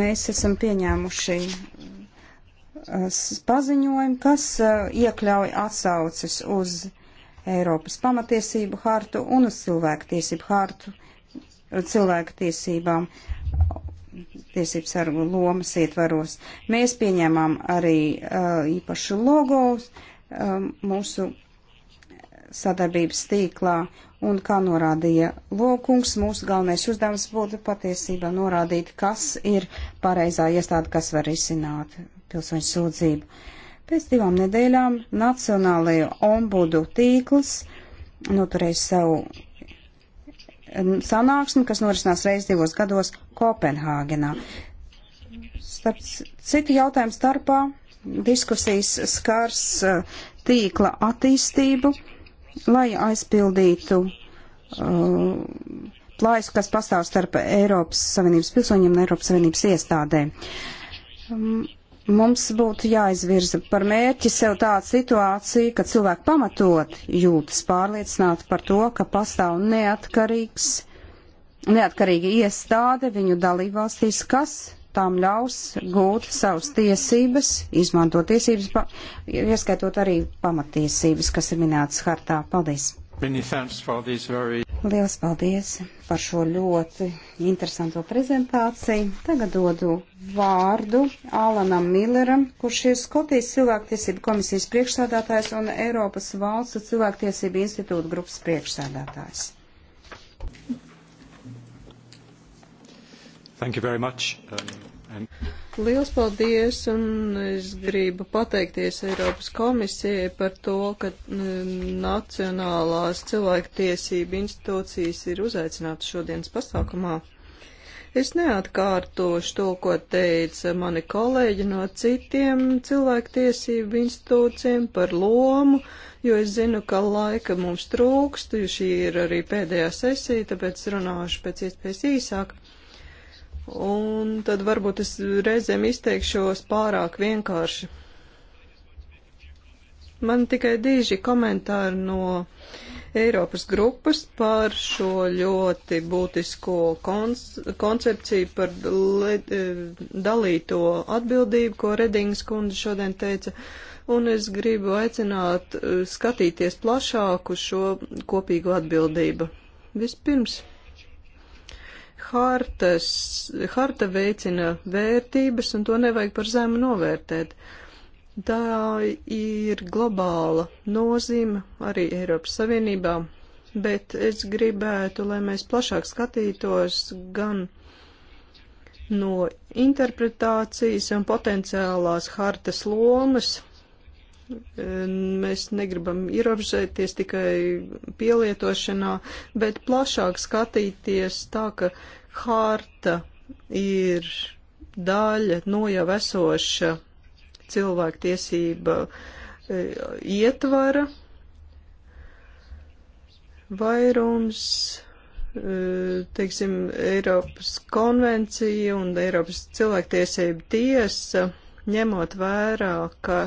Mēs esam pieņēmuši eh, paziņojumu, kas iekļauj atsauces uz Eiropas pamatiesību hartu un uz cilvēku tiesību hartu, cilvēku tiesībām tiesības sargu lomas ietvaros. Mēs pieņēmām arī uh, īpašu logos um, mūsu sadarbības tīklā, un kā norādīja Lokungs, mūsu galvenais uzdevums būtu patiesībā norādīt, kas ir pareizā iestāde, kas var izsināt pilsoņu sūdzību. Pēc divām nedēļām Nacionālajā ombudu tīkls noturēs savu sanāksmi, kas norisinās reiz divos gados Kopenhāgenā. Starp citu jautājumu starpā diskusijas skars e, tīkla attīstību, lai aizpildītu uh, plājas, kas pastāv starp Eiropas Savienības pilsoņiem un Eiropas Savienības iestādēm. Um, Mums būtu jāizvirza par mērķi sev tāda situācija, ka cilvēki pamatot jūtas pārliecināti par to, ka pastāv neatkarīgs, neatkarīga iestāde viņu dalībvalstīs, kas tām ļaus gūt savas tiesības, izmantot tiesības, ieskaitot arī pamatiesības, kas ir minētas hartā. Paldies! Many thanks for these very Liels paldies par šo ļoti interesanto prezentāciju. Tagad dodu vārdu Alanam Milleram, kurš ir Skotijas cilvēktiesību komisijas priekšsādātājs un Eiropas valstu cilvēktiesību institūta grupas priekšsādātājs. Thank you very much. Um... Liels paldies, un es gribu pateikties Eiropas komisijai par to, ka Nacionālās cilvēktiesība institūcijas ir uzaicināts šodienas pasākumā. Es neatkārtošu to, ko teica mani kolēģi no citiem cilvēktiesību institūcijiem par lomu, jo es zinu, ka laika mums trūkst, jo šī ir arī pēdējā sesija, tāpēc runāšu pēc iespējas īsāk un tad varbūt es reizēm izteikšos pārāk vienkārši. Man tikai diži komentāri no Eiropas grupas par šo ļoti būtisko koncepciju par e, dalīto atbildību, ko Redingas kundze šodien teica, un es gribu aicināt e, skatīties plašāk uz šo kopīgo atbildību. Vispirms hartas, harta veicina vērtības, un to nevajag par zemu novērtēt. Tā ir globāla nozīme arī Eiropas Savienībā, bet es gribētu, lai mēs plašāk skatītos gan no interpretācijas un potenciālās hartas lomas Mēs negribam ierobežēties tikai pielietošanā, bet plašāk skatīties tā, ka harta ir daļa no jau esoša cilvēktiesība e, ietvara. Vairums, e, teiksim, Eiropas konvencija un Eiropas cilvēktiesība tiesa ņemot vērā, ka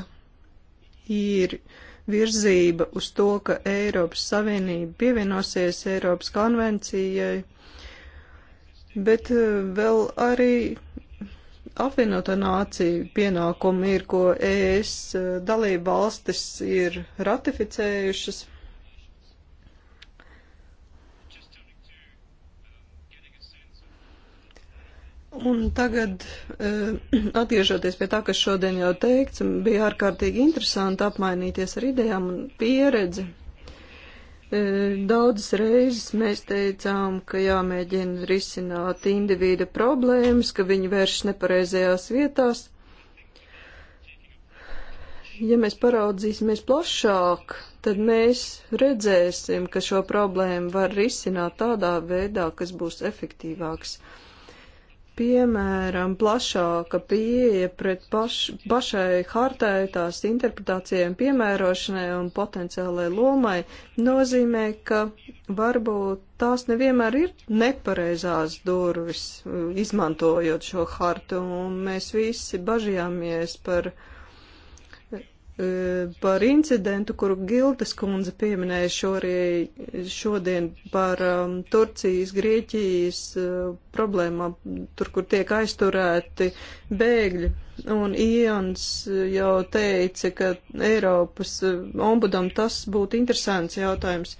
ir virzība uz to, ka Eiropas Savienība pievienosies Eiropas konvencijai, bet eh, vēl arī apvienoto nāciju pienākumi ir, ko ES eh, dalība valstis ir ratificējušas. Un tagad, eh, <clears throat> atgriežoties pie tā, kas šodien jau teikts, bija ārkārtīgi interesanti apmainīties ar idejām un pieredzi. Eh, daudzas reizes mēs teicām, ka jāmēģina risināt individa problēmas, ka viņi vēršas nepareizajās vietās. Ja mēs paraudzīsimies plašāk, tad mēs redzēsim, ka šo problēmu var risināt tādā veidā, kas būs efektīvāks. Uh, piemēram, plašāka pieeja pret paš, pašai hartai, tās interpretācijai un piemērošanai un potenciālai lomai nozīmē, ka varbūt tās nevienmēr ir nepareizās durvis, mm, izmantojot šo hartu, un mēs visi bažījāmies par uh, E, par incidentu, kuru Giltas kundze pieminēja šorie, šodien par um, Turcijas, Grieķijas uh, e, problēmām, tur, kur tiek aizturēti bēgļi. Un Ians jau teica, ka Eiropas e, ombudam tas būtu interesants jautājums.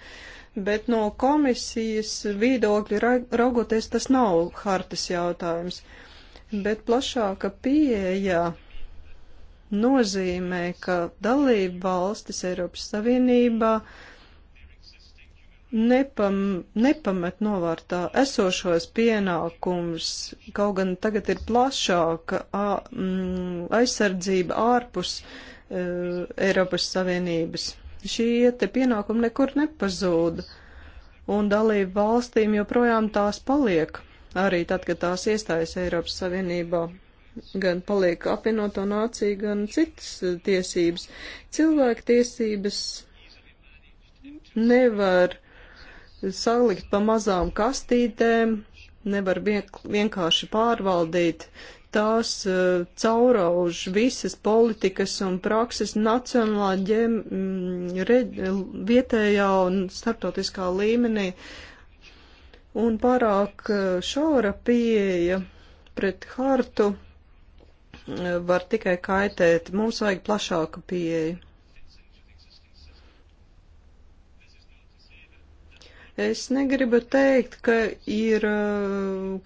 Bet no komisijas viedokļa raugoties, tas nav hartas jautājums. Bet plašāka pieeja nozīmē, ka dalība valstis Eiropas Savienībā nepam, nepamet novārtā esošos pienākums, kaut gan tagad ir plašāka a, m, mm, aizsardzība ārpus e, Eiropas Savienības. Šie te pienākumi nekur nepazūda, un dalību valstīm joprojām tās paliek, arī tad, kad tās iestājas Eiropas Savienībā gan paliek apvienoto nāciju, gan citas eh, tiesības. Cilvēku tiesības nevar salikt pa mazām kastītēm, nevar vienkārši pārvaldīt. Tās uh, caurauž visas politikas un prakses nacionālā, ģem, mm, re, vietējā un starptautiskā līmenī. Un pārāk eh, šaura pieeja pret hartu var tikai kaitēt. Mums vajag plašāku pieeju. Es negribu teikt, ka, ir,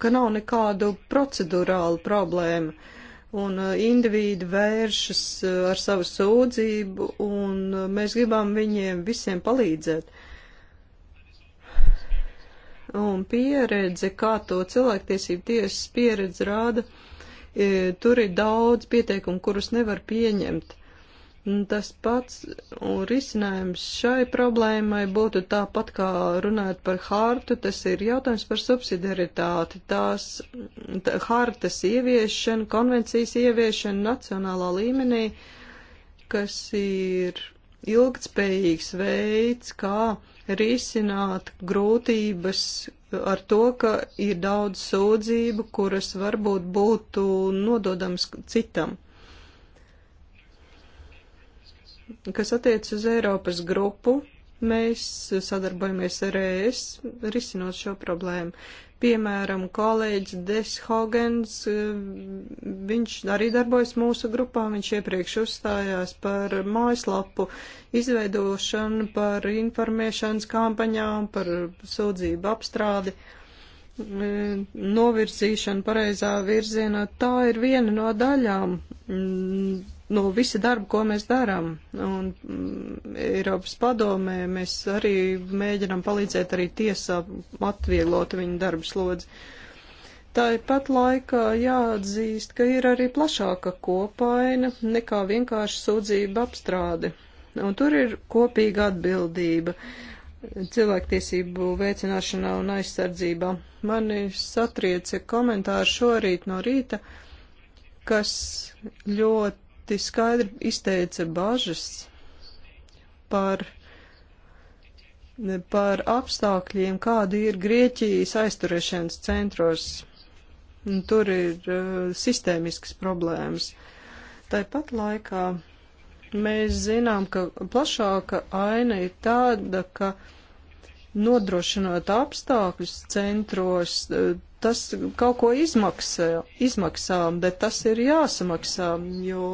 ka nav nekādu procedurālu problēmu, un eh, indivīdi vēršas eh, ar savu sūdzību, un eh, mēs gribam viņiem visiem palīdzēt. Un pieredze, kā to cilvēktiesību tiesas pieredze rāda, uh, E, tur ir daudz pieteikumu, kurus nevar pieņemt. Tas pats risinājums šai problēmai būtu tāpat kā runājot par hārtu, tas ir jautājums par subsidiaritāti, tās tā, hārtas ieviešana, konvencijas ieviešana nacionālā līmenī, kas ir ilgtspējīgs veids, kā risināt grūtības, ar to, ka ir daudz sūdzību, kuras varbūt būtu nododams citam. Kas attiec uz Eiropas grupu, mēs sadarbojamies ar ES, risinot šo problēmu. Piemēram, kolēģis Deshogens, e, viņš arī darbojas mūsu grupā, viņš iepriekš uzstājās par mājaslapu izveidošanu, par informēšanas kampaņām, par sūdzību apstrādi, e, novirzīšanu pareizā virzienā. Tā ir viena no daļām no nu, visa darba, ko mēs darām. Un mm, Eiropas padomē mēs arī mēģinām palīdzēt arī tiesā atvieglot viņu darbu slodzi. Tāpat laikā jāatzīst, ka ir arī plašāka kopaina nekā vienkārši sūdzība apstrāde. Un tur ir kopīga atbildība cilvēktiesību veicināšanā un aizsardzībā. Mani satrieca komentāri šorīt no rīta, kas ļoti ļoti skaidri izteica bažas par, par apstākļiem, kādi ir Grieķijas aizturēšanas centros. Un tur ir uh, sistēmiskas problēmas. Tāpat laikā mēs zinām, ka plašāka aina ir tāda, ka uh, nodrošināt apstākļus centros, tas kaut ko izmaksā, izmaksā, bet tas ir jāsamaksā, jo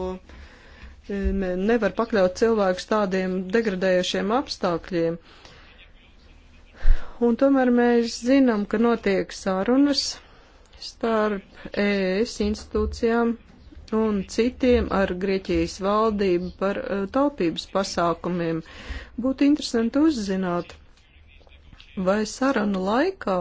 e, nevar pakļaut cilvēkus tādiem degradējušiem apstākļiem. Un tomēr mēs zinām, ka notiek sarunas starp ES institūcijām un citiem ar Grieķijas valdību par e, taupības pasākumiem. Būtu interesanti uzzināt, Vai sarunu laikā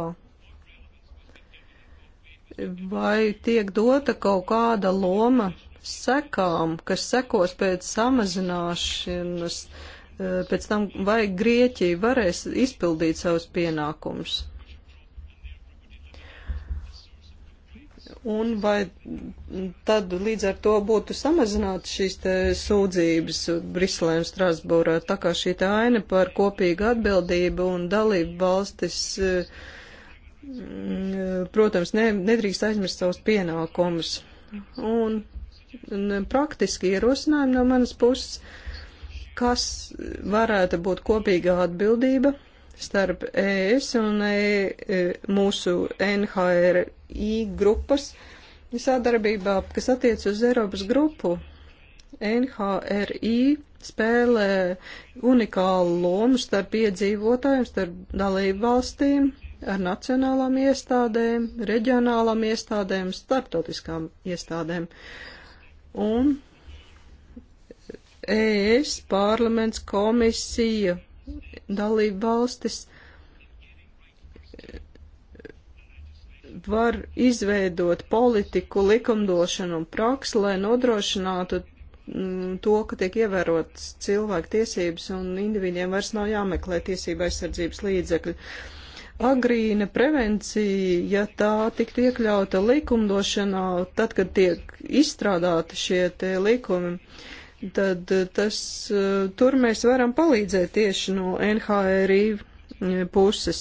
vai tiek dota kaut kāda loma sekām, kas sekos pēc samazināšanas, eh, pēc tam vai Grieķija varēs izpildīt savus pienākumus? Un vai tad līdz ar to būtu samazināts šīs te sūdzības Briselē un Strasbūrā, tā kā šī tā aina par kopīgu atbildību un dalību valstis, mm, protams, ne, nedrīkst aizmirst savus pienākumus. Un praktiski ierosinājumi no manas puses, kas varētu būt kopīga atbildība starp ES un e, e mūsu NHRI grupas sadarbībā, kas attiec uz Eiropas grupu. NHRI spēlē unikālu lomu starp iedzīvotājiem, starp dalību valstīm, ar nacionālām iestādēm, reģionālām iestādēm, starptautiskām iestādēm. Un ES parlaments komisija dalību valstis var izveidot politiku, likumdošanu un praksi, lai nodrošinātu mm, to, ka tiek ievērotas cilvēku tiesības un individiem vairs nav jāmeklē tiesība aizsardzības līdzekļi. Agrīna prevencija, ja tā tiktu iekļauta likumdošanā, tad, kad tiek izstrādāti šie te likumi, uh, tad eh, tas, eh, tur mēs varam palīdzēt tieši no NHRI eh, puses.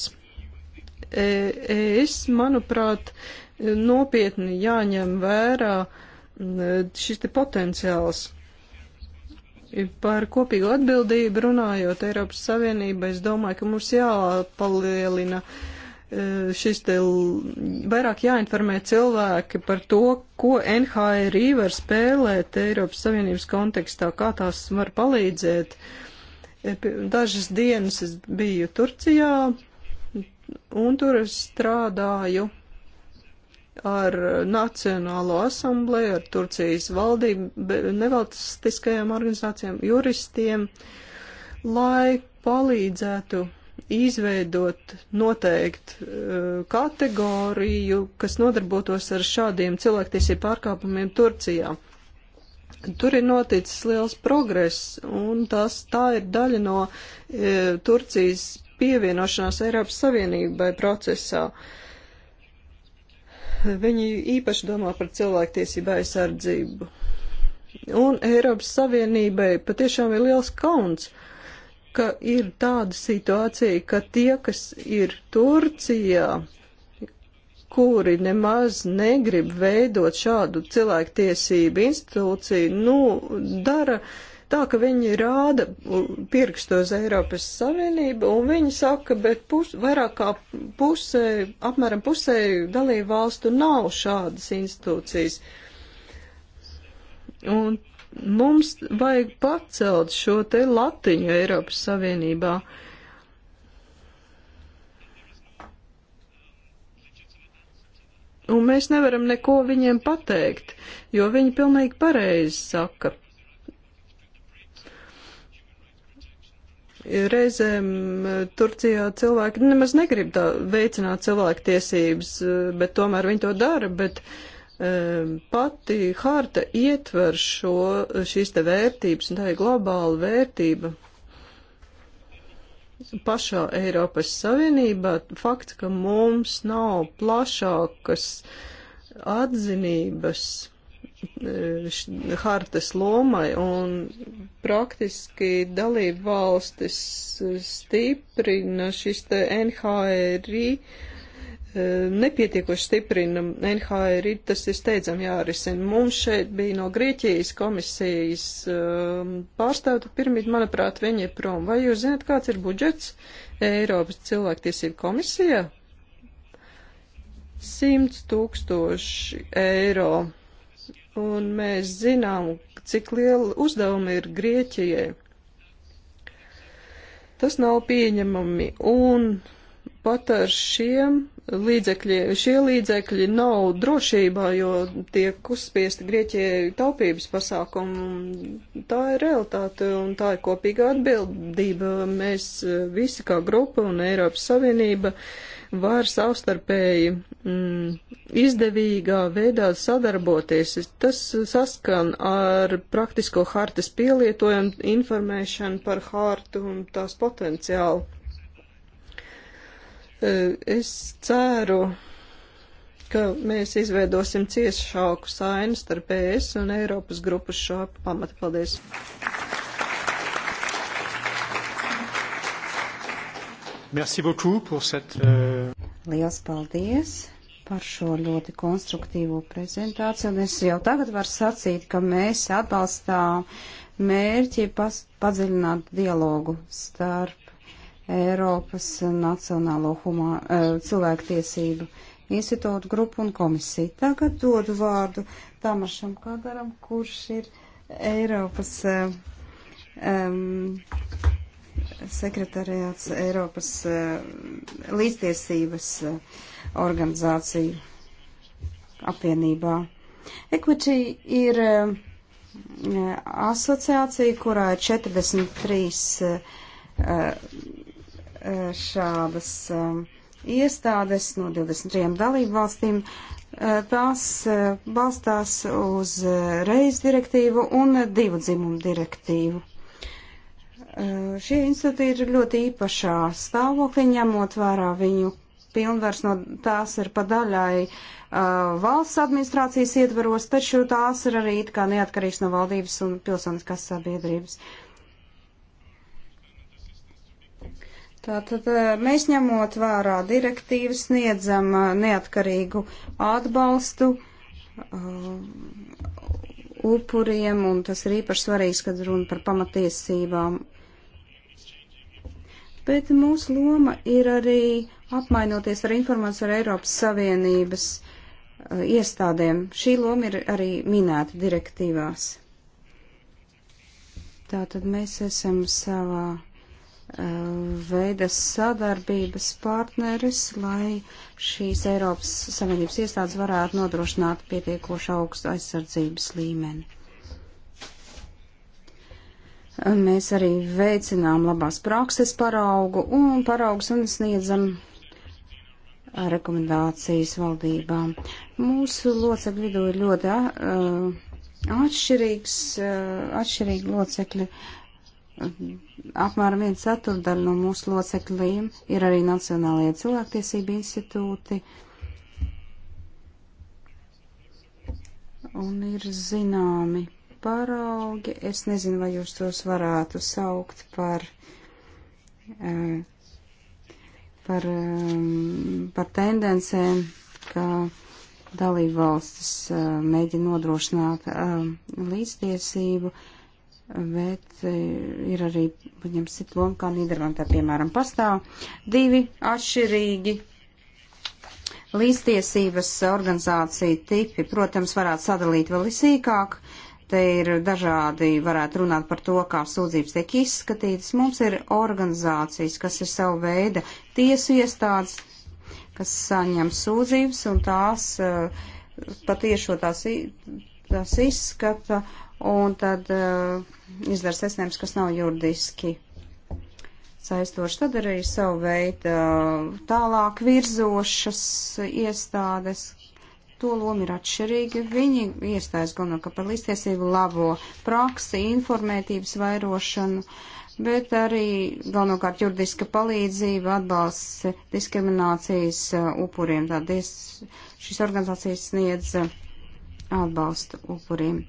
E, es, manuprāt, nopietni jāņem vērā šis te potenciāls. Par kopīgu atbildību runājot Eiropas Savienība, es domāju, ka mums jāpalielina uh, Eh, šis te vairāk jāinformē cilvēki par to, ko NHRI var spēlēt Eiropas Savienības kontekstā, kā tās var palīdzēt. Eh, dažas dienas es biju Turcijā un tur es strādāju ar Nacionālo asambleju, ar Turcijas valdību, nevalstiskajām organizācijām, juristiem, lai palīdzētu izveidot noteikti eh, kategoriju, kas nodarbotos ar šādiem cilvēktiesību pārkāpumiem Turcijā. Tur ir noticis liels progress, un tas tā ir daļa no e, Turcijas pievienošanās Eiropas Savienībai procesā. Viņi īpaši domā par cilvēktiesību aizsardzību. Un Eiropas Savienībai patiešām ir liels kauns, e, ka ir tāda situācija, ka tie, kas ir Turcijā, kuri nemaz negrib veidot šādu cilvēktiesību institūciju, nu, dara tā, ka viņi rāda pirkstu uz Eiropas Savienību, un viņi saka, bet pus, vairāk kā pusē, apmēram pusē dalību valstu nav šādas institūcijas. Un Mums vajag pacelt šo te latiņu Eiropas Savienībā. Un mēs nevaram neko viņiem pateikt, jo viņi pilnīgi pareizi saka. Reizēm eh, Turcijā cilvēki nemaz negrib tā veicināt cilvēku tiesības, eh, bet tomēr viņi to dara, bet uh, Ehm, pati harta ietver šo, šīs te vērtības, un tā ir globāla vērtība pašā Eiropas Savienībā. Fakts, ka mums nav plašākas atzinības ehm, hartas lomai un praktiski dalību valstis stiprina šis te NHRI uh, Eh, nepietiekoši stiprinam NHR, tas ir steidzam jārisina. Mums šeit bija no Grieķijas komisijas ehm, pārstāvta pirmīt, manuprāt, viņi ir prom. Vai jūs zināt, kāds ir budžets Eiropas cilvēktiesību komisijā? 100 tūkstoši eiro. Un mēs zinām, cik liela uzdevuma ir Grieķijai. Tas nav pieņemami. Un pat ar šiem līdzekļi, šie līdzekļi nav drošībā, jo tiek uzspiesti Grieķijai taupības pasākumi. Tā ir realitāte un tā ir kopīga atbildība. Mēs eh, visi kā grupa un Eiropas Savienība var savstarpēji mm, izdevīgā veidā sadarboties. Tas saskan ar praktisko hartas pielietojumu, informēšanu par hartu un tās potenciālu Eh, es ceru, ka mēs izveidosim ciešāku saini starp ES un Eiropas grupas šā pamata. Paldies! Merci beaucoup pour cette. Euh... Liels paldies par šo ļoti konstruktīvo prezentāciju. Un es jau tagad varu sacīt, ka mēs atbalstām mērķi pas, padziļināt dialogu starp Eiropas Nacionālo humā, e, cilvēktiesību institūtu grupu un komisiju. Tagad dodu vārdu Tamašam Kadaram, kurš ir Eiropas um, sekretariāts Eiropas uh, līdztiesības uh, organizāciju apvienībā. Equity ir uh, asociācija, kurā ir 43 uh, šādas um, iestādes no 23 dalību valstīm. Uh, tās uh, balstās uz uh, reiz direktīvu un divu dzimumu direktīvu. Šie institūti ir ļoti īpašā stāvoklī, ņemot vērā viņu pilnvars no tās ir pa daļai uh, valsts administrācijas ietvaros, taču tās ir arī it kā neatkarīgs no valdības un pilsoniskās sabiedrības. Uh, Tātad eh, mēs ņemot vērā direktīvu sniedzam eh, neatkarīgu atbalstu uh, upuriem, un tas ir īpaši svarīgs, kad runa par pamatiesībām. Bet mūsu loma ir arī apmainoties ar informāciju ar Eiropas Savienības uh, iestādēm. Šī loma ir arī minēta direktīvās. Tātad mēs esam savā Uh, veida sadarbības partneris, lai šīs Eiropas Savienības iestādes varētu nodrošināt pietiekoši augstu aizsardzības līmeni. Mēs arī veicinām labās prakses paraugu un paraugus un sniedzam rekomendācijas valdībām. Mūsu locekļu vidū ir ļoti uh, atšķirīgs, uh, atšķirīgi locekļi. Uh, apmēram viena ceturdaļa no mūsu locekļiem ir arī Nacionālajie cilvēktiesība institūti. Un ir zināmi paraugi. Es nezinu, vai jūs tos varētu saukt par, eh, par, eh, par tendencēm, ka dalībvalstis eh, mēģina nodrošināt līdztiesību. Uh, bet e, ir arī, paņemsit lomu, kā Nīderlandā, piemēram, pastāv divi atšķirīgi līdztiesības organizācija tipi. Protams, varētu sadalīt vēl sīkāk. Te ir dažādi, varētu runāt par to, kā sūdzības tiek izskatītas. Mums ir organizācijas, kas ir savu veidu tiesu iestādes, kas saņem sūdzības un tās e, patiešo tās, tās izskata un tad uh, eh, izdara sesnēms, kas nav juridiski saistoši. Tad arī savu veidu uh, tālāk virzošas iestādes, to lomu ir atšķirīgi. Viņi iestājas galvenokārt par līdztiesību labo praksi, informētības vairošanu, bet arī galvenokārt juridiska palīdzība, atbalsts diskriminācijas eh, upuriem. Tādēļ šīs organizācijas sniedz atbalstu upuriem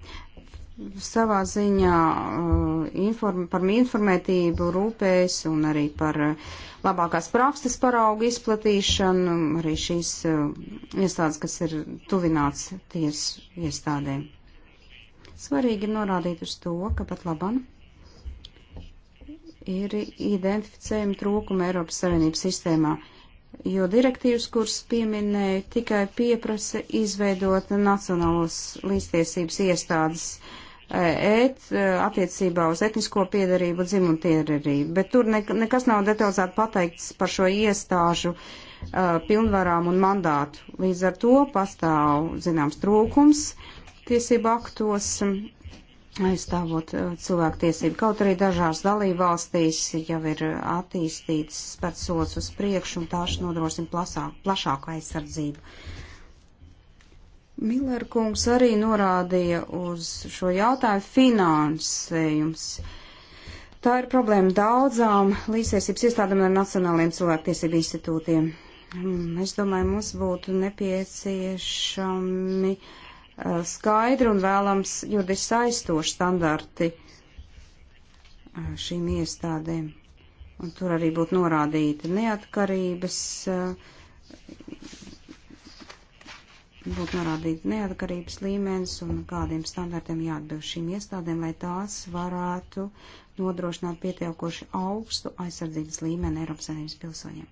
savā ziņā uh, inform, par informētību rūpējas un arī par uh, labākās prakses paraugu izplatīšanu, arī šīs uh, iestādes, kas ir tuvināts tiesu iestādēm. Svarīgi ir norādīt uz to, ka pat laban ir identificējumi trūkumi Eiropas Savienības sistēmā, jo direktīvas, kuras pieminēju, tikai pieprasa izveidot nacionālos līdztiesības iestādes uh, ēt, attiecībā uz etnisko piedarību, dzimumu piedarību, bet tur ne, nekas nav detalizēti pateikts par šo iestāžu uh, pilnvarām un mandātu. Līdz ar to pastāv, zināms, trūkums tiesību aktos aizstāvot uh, cilvēku tiesību. Kaut arī dažās dalībvalstīs jau ir attīstīts spēc solis uz priekšu un tāšu nodrošina plašāku aizsardzību Miller kungs arī norādīja uz šo jautājumu finansējums. Tā ir problēma daudzām līdzsiesības iestādēm ar nacionāliem cilvēktiesību institūtiem. Hmm, es domāju, mums būtu nepieciešami eh, skaidri un vēlams juridiski saistoši standarti eh, šīm iestādēm. Un tur arī būtu norādīta neatkarības eh, būtu norādīti neatkarības līmenis un kādiem standartiem jāatbilst šīm iestādēm, lai tās varētu nodrošināt pietiekoši augstu aizsardzības līmeni Eiropas Savienības pilsoņiem.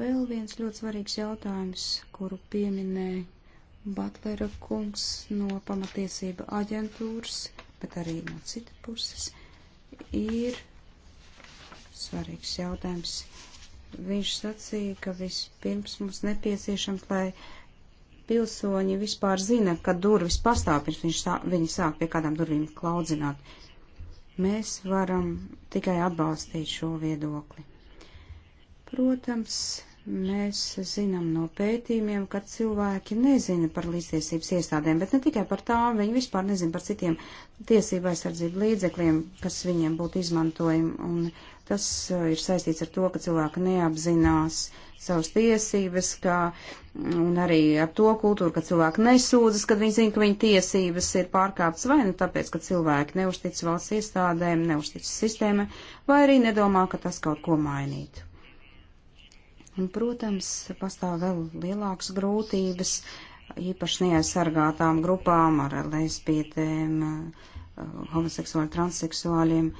Vēl viens ļoti svarīgs jautājums, kuru pieminēja Batlera kungs no pamatiesība aģentūras, bet arī no citas puses, ir svarīgs jautājums viņš sacīja, ka vispirms mums nepieciešams, lai pilsoņi vispār zina, ka durvis pastāv, pirms viņš sā, viņi sāk pie kādām durvīm klaudzināt. Mēs varam tikai atbalstīt šo viedokli. Protams, mēs zinām no pētījumiem, ka cilvēki nezina par līdztiesības iestādēm, bet ne tikai par tām, viņi vispār nezina par citiem tiesību aizsardzību līdzekļiem, kas viņiem būtu izmantojami, un Tas eh, ir saistīts ar to, ka cilvēki neapzinās savas tiesības, kā, un arī ar to kultūru, ka cilvēki nesūdzas, kad viņi zina, ka viņu tiesības ir pārkāptas vai nu tāpēc, ka cilvēki neuztic valsts iestādēm, neuztic sistēmai, vai arī nedomā, ka tas kaut ko mainītu. Un, protams, pastāv vēl lielākas grūtības, īpaši neaizsargātām grupām ar lesbietēm, eh, homoseksuāli, transseksuāļiem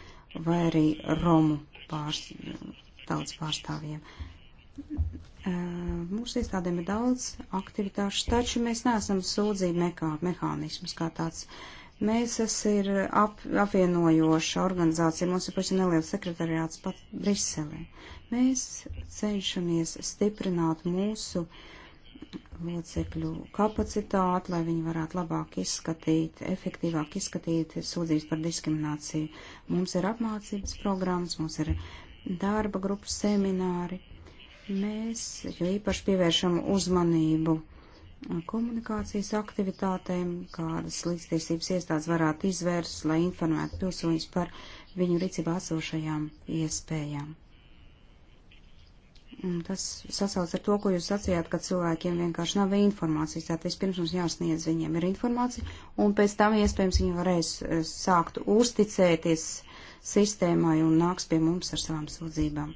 vai arī romu pārs, tautas pārstāvjiem. Mūsu iestādēm ir daudz aktivitāšu, taču mēs neesam sūdzību mekā, mehānismus kā tāds. Mēs esam ir ap, apvienojoša organizācija, mums ir paši neliels sekretariāts pat Briselē. Mēs cenšamies stiprināt mūsu uh, locekļu kapacitāti, lai viņi varētu labāk izskatīt, efektīvāk izskatīt sūdzības par diskrimināciju. Mums ir apmācības programmas, mums ir darba grupas semināri. Mēs jo īpaši pievēršam uzmanību komunikācijas aktivitātēm, kādas līdztiesības iestādes varētu izvērst, lai informētu pilsoņus par viņu rīcībā esošajām iespējām. Un mm, tas sasauc ar to, ko jūs sacījāt, ka cilvēkiem vienkārši nav informācijas. Tātad vispirms mums jāsniedz viņiem ir informācija, un pēc tam iespējams viņi varēs eh, sākt uzticēties sistēmai un nāks pie mums ar savām sūdzībām.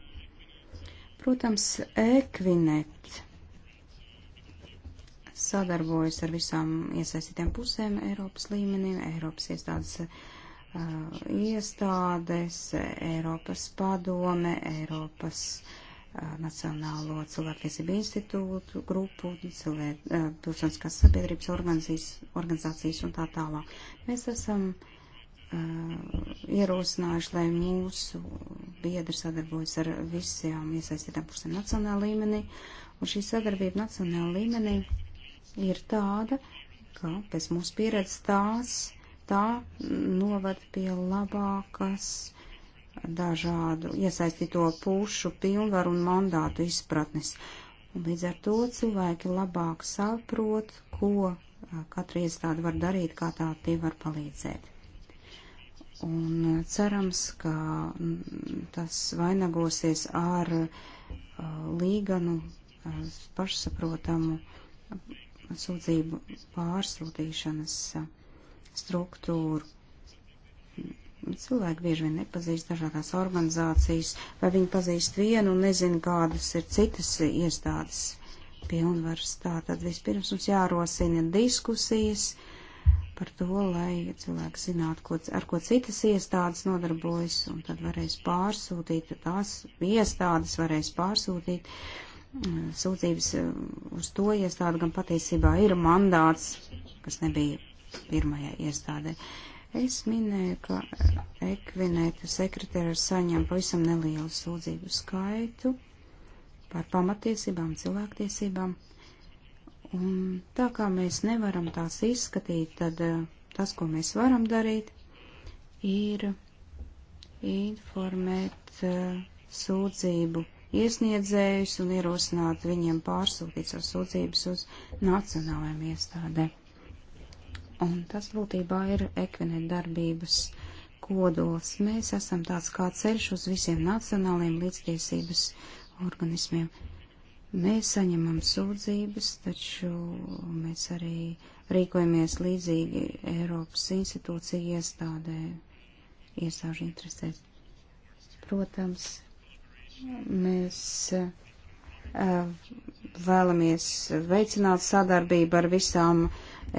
Protams, Ekvinet sadarbojas ar visām iesaistītām pusēm Eiropas līmenī, Eiropas iestādes uh, iestādes, Eiropas padome, Eiropas uh, Nacionālo cilvēktiesību institūtu grupu, cilvēku, uh, pilsoniskās sabiedrības organizācijas un tā tālāk. Mēs esam uh, ierosinājuši, lai mūsu biedri sadarbojas ar visām iesaistītām pusēm nacionāla līmenī, un šī sadarbība nacionāla līmenī ir tāda, ka pēc mūsu pieredzes tās tā novad pie labākas dažādu iesaistīto pušu pilnvaru un mandātu izpratnes. Un līdz ar to cilvēki labāk saprot, ko katra iestāde var darīt, kā tā tie var palīdzēt. Un cerams, ka tas vainagosies ar līganu pašsaprotamu sūdzību pārsūtīšanas struktūru Cilvēki bieži vien nepazīst dažādās organizācijas, vai viņi pazīst vienu un nezinu, kādas ir citas iestādes pilnvaras. Tā tad vispirms mums jārosina diskusijas par to, lai cilvēki zinātu, ko, ar ko citas iestādes nodarbojas, un tad varēs pārsūtīt, tās iestādes varēs pārsūtīt mm, sūdzības mm, uz to iestādi, gan patiesībā ir mandāts, kas nebija pirmajai iestādē. Es minēju, ka ekvinēta sekretāra saņem pavisam nelielu sūdzību skaitu par pamatiesībām, cilvēktiesībām. Un tā kā mēs nevaram tās izskatīt, tad eh, tas, ko mēs varam darīt, ir informēt eh, sūdzību iesniedzējus un ierosināt viņiem pārsūtīt savu sūdzības uz nacionālajiem iestādēm. Un tas būtībā ir ekvinēt darbības kodols. Mēs esam tāds kā ceļš uz visiem nacionāliem līdztiesības organismiem. Mēs saņemam sūdzības, taču mēs arī rīkojamies līdzīgi Eiropas institūciju iestādē, iestāžu interesēs. Protams, mēs uh, vēlamies veicināt sadarbību ar visām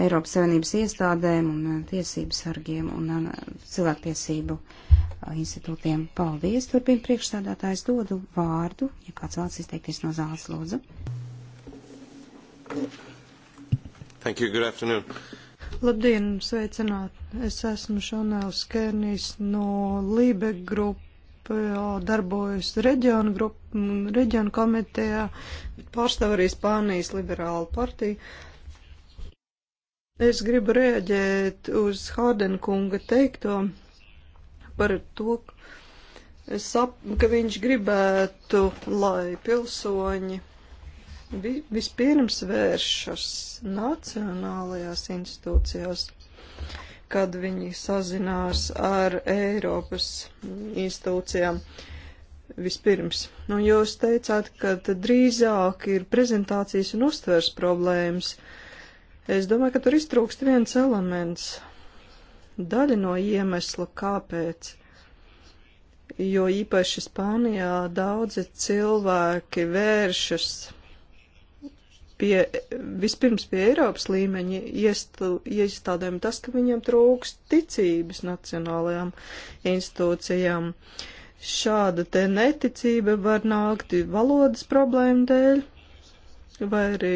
Eiropas Savienības iestādēm un uh, tiesību sargiem un uh, cilvēktiesību uh, institūtiem. Paldies, turpina priekšstādātājs dodu vārdu, ja kāds vēlas izteikties no zāles, lūdzu. Thank you, good afternoon. Labdien, sveicināt! Es esmu Šanēls Kērnīs no Lībe grupas darbojas reģionu, grup, reģionu komitejā, bet pārstāv arī Spānijas liberālu partiju. Es gribu reaģēt uz Hārdenkunga teikto par to, es sap, ka viņš gribētu, lai pilsoņi vi, vispirms vēršas nacionālajās institūcijās kad viņi sazinās ar Eiropas institūcijām vispirms. Un nu, jūs teicāt, ka drīzāk ir prezentācijas un uztvers problēmas. Es domāju, ka tur iztrūkst viens elements. Daļa no iemesla, kāpēc jo īpaši Spānijā daudzi cilvēki vēršas pie, vispirms pie Eiropas līmeņa iestādēm tas, ka viņiem trūks ticības nacionālajām institūcijām. Šāda te neticība var nākt valodas problēmu dēļ, vai arī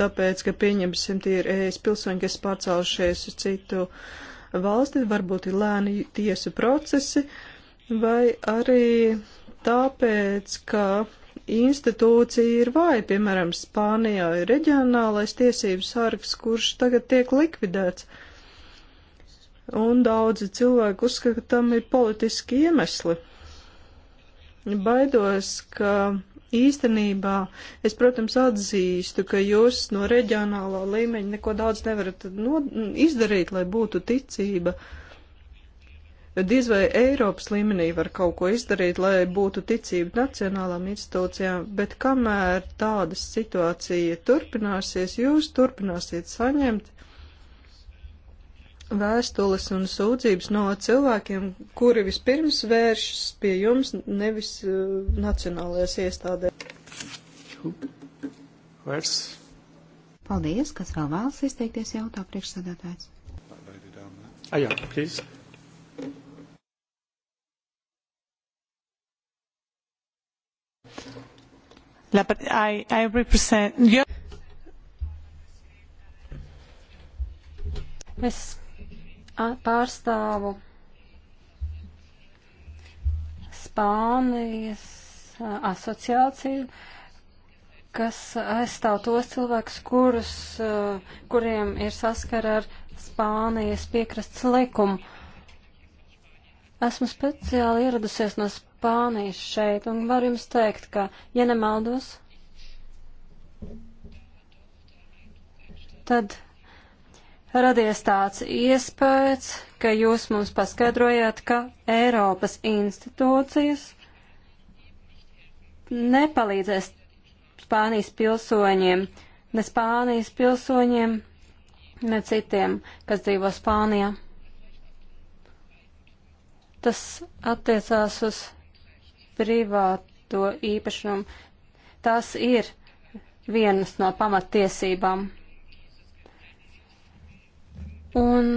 tāpēc, ka pieņemsim tie ir ēs pilsoņi, kas pārcēlušies uz citu valsti, varbūt ir lēni tiesu procesi, vai arī tāpēc, ka institūcija ir vāja, piemēram, Spānijā ir reģionālais tiesību sargs, kurš tagad tiek likvidēts. Un daudzi cilvēki uzskata, ka tam ir politiski iemesli. Baidos, ka īstenībā es, protams, atzīstu, ka jūs no reģionālā līmeņa neko daudz nevarat no, izdarīt, lai būtu ticība uh, Diz vai Eiropas līmenī var kaut ko izdarīt, lai būtu ticība nacionālām institūcijām, bet kamēr tāda situācija turpināsies, jūs turpināsiet saņemt vēstules un sūdzības no cilvēkiem, kuri vispirms vēršas pie jums, nevis uh, nacionālajās iestādēs. Vairs. Paldies, kas vēl vēlas izteikties jautā priekšsēdētājs. Ah, jā, please. La, I, I represent, yo... Es pārstāvu Spānijas asociāciju, kas aizstāv tos cilvēkus, kurus, kuriem ir saskara ar Spānijas piekrastes likumu. Esmu speciāli ieradusies no Spānijas šeit un varu jums teikt, ka, ja nemaldos, tad radies tāds iespējas, ka jūs mums paskaidrojāt, ka Eiropas institūcijas nepalīdzēs Spānijas pilsoņiem, ne Spānijas pilsoņiem, ne citiem, kas dzīvo Spānijā. Tas attiecās uz privāto īpašumu. Tas ir vienas no pamatiesībām. Un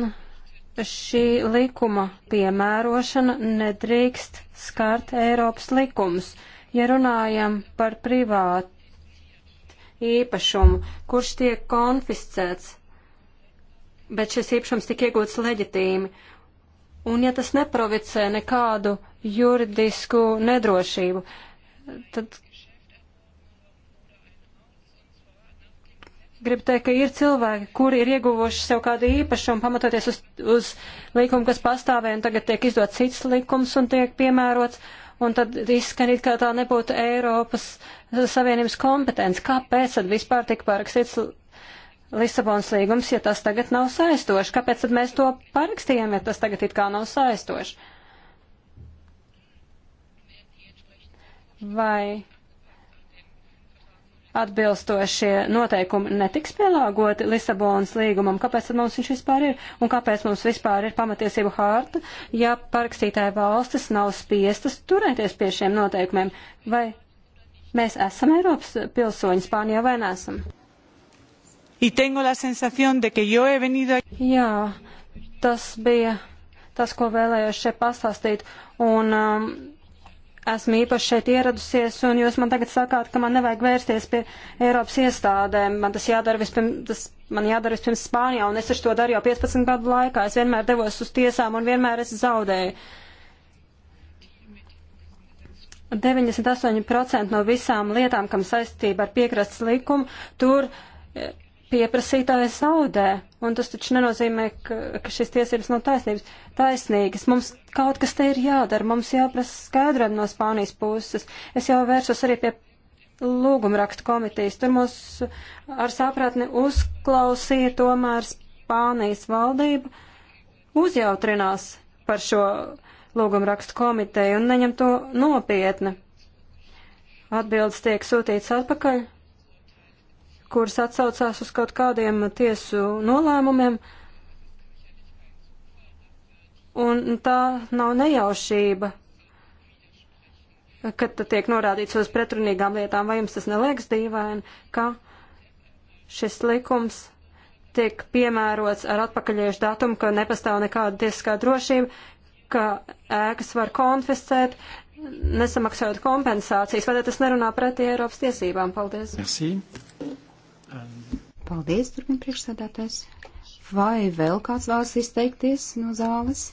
šī likuma piemērošana nedrīkst skart Eiropas likumus. Ja runājam par privātu īpašumu, kurš tiek konfiscēts, bet šis īpašums tika iegūts leģitīmi, un ja tas neprovicē nekādu juridisku nedrošību, tad gribu teikt, ka ir cilvēki, kuri ir ieguvuši sev kādu īpašumu, pamatoties uz, uz likumu, kas pastāvēja, un tagad tiek izdots cits likums un tiek piemērots, un tad izskanīt, ka tā nebūtu Eiropas Savienības kompetence. Kāpēc tad vispār tika pārakstīts Lisabonas līgums, ja tas tagad nav saistošs? Kāpēc tad mēs to parakstījām, ja tas tagad it kā nav saistošs? Vai atbilstošie noteikumi netiks pielāgoti Lisabonas līgumam? Kāpēc tad mums viņš vispār ir? Un kāpēc mums vispār ir pamatiesību hārta, ja parakstītāja valstis nav spiestas turēties pie šiem noteikumiem? Vai mēs esam Eiropas pilsoņi Spānijā vai nesam? y tengo la sensación de que yo he venido Jā, tas bija tas, ko vēlējos šeit pastāstīt. Un, um, esmu īpaši šeit ieradusies, un jūs man tagad sakāt, ka man nevajag vērsties pie Eiropas iestādēm. Man tas jādara vispirms, tas man jādara vispirms Spānijā, un es taču to daru jau 15 gadu laikā. Es vienmēr devos uz tiesām, un vienmēr es zaudēju. 98% no visām lietām, kam saistība ar piekrastes likumu, tur eh, pieprasītājs zaudē, un tas taču nenozīmē, ka, ka šīs tiesības nav taisnības. taisnīgas. Mums kaut kas te ir jādara, mums jāprasa skaidrība no Spānijas puses. Es jau vērsos arī pie lūgumrakstu komitejas. Tur mūs ar sāprātni uzklausīja tomēr Spānijas valdība uzjautrinās par šo lūgumrakstu komiteju un neņem to nopietni. Atbildes tiek sūtīts atpakaļ kuras atsaucās uz kaut kādiem tiesu nolēmumiem. Un tā nav nejaušība, kad tiek norādīts uz pretrunīgām lietām, vai jums tas neliekas dīvaini, ka šis likums tiek piemērots ar atpakaļiešu datumu, ka nepastāv nekāda tiesiskā drošība, ka ēkas var konfiscēt, nesamaksājot kompensācijas, vai tas nerunā pretī Eiropas tiesībām? Paldies! Merci. Paldies, turpin priekšsēdētājs. Vai vēl kāds vēlas izteikties no zāles?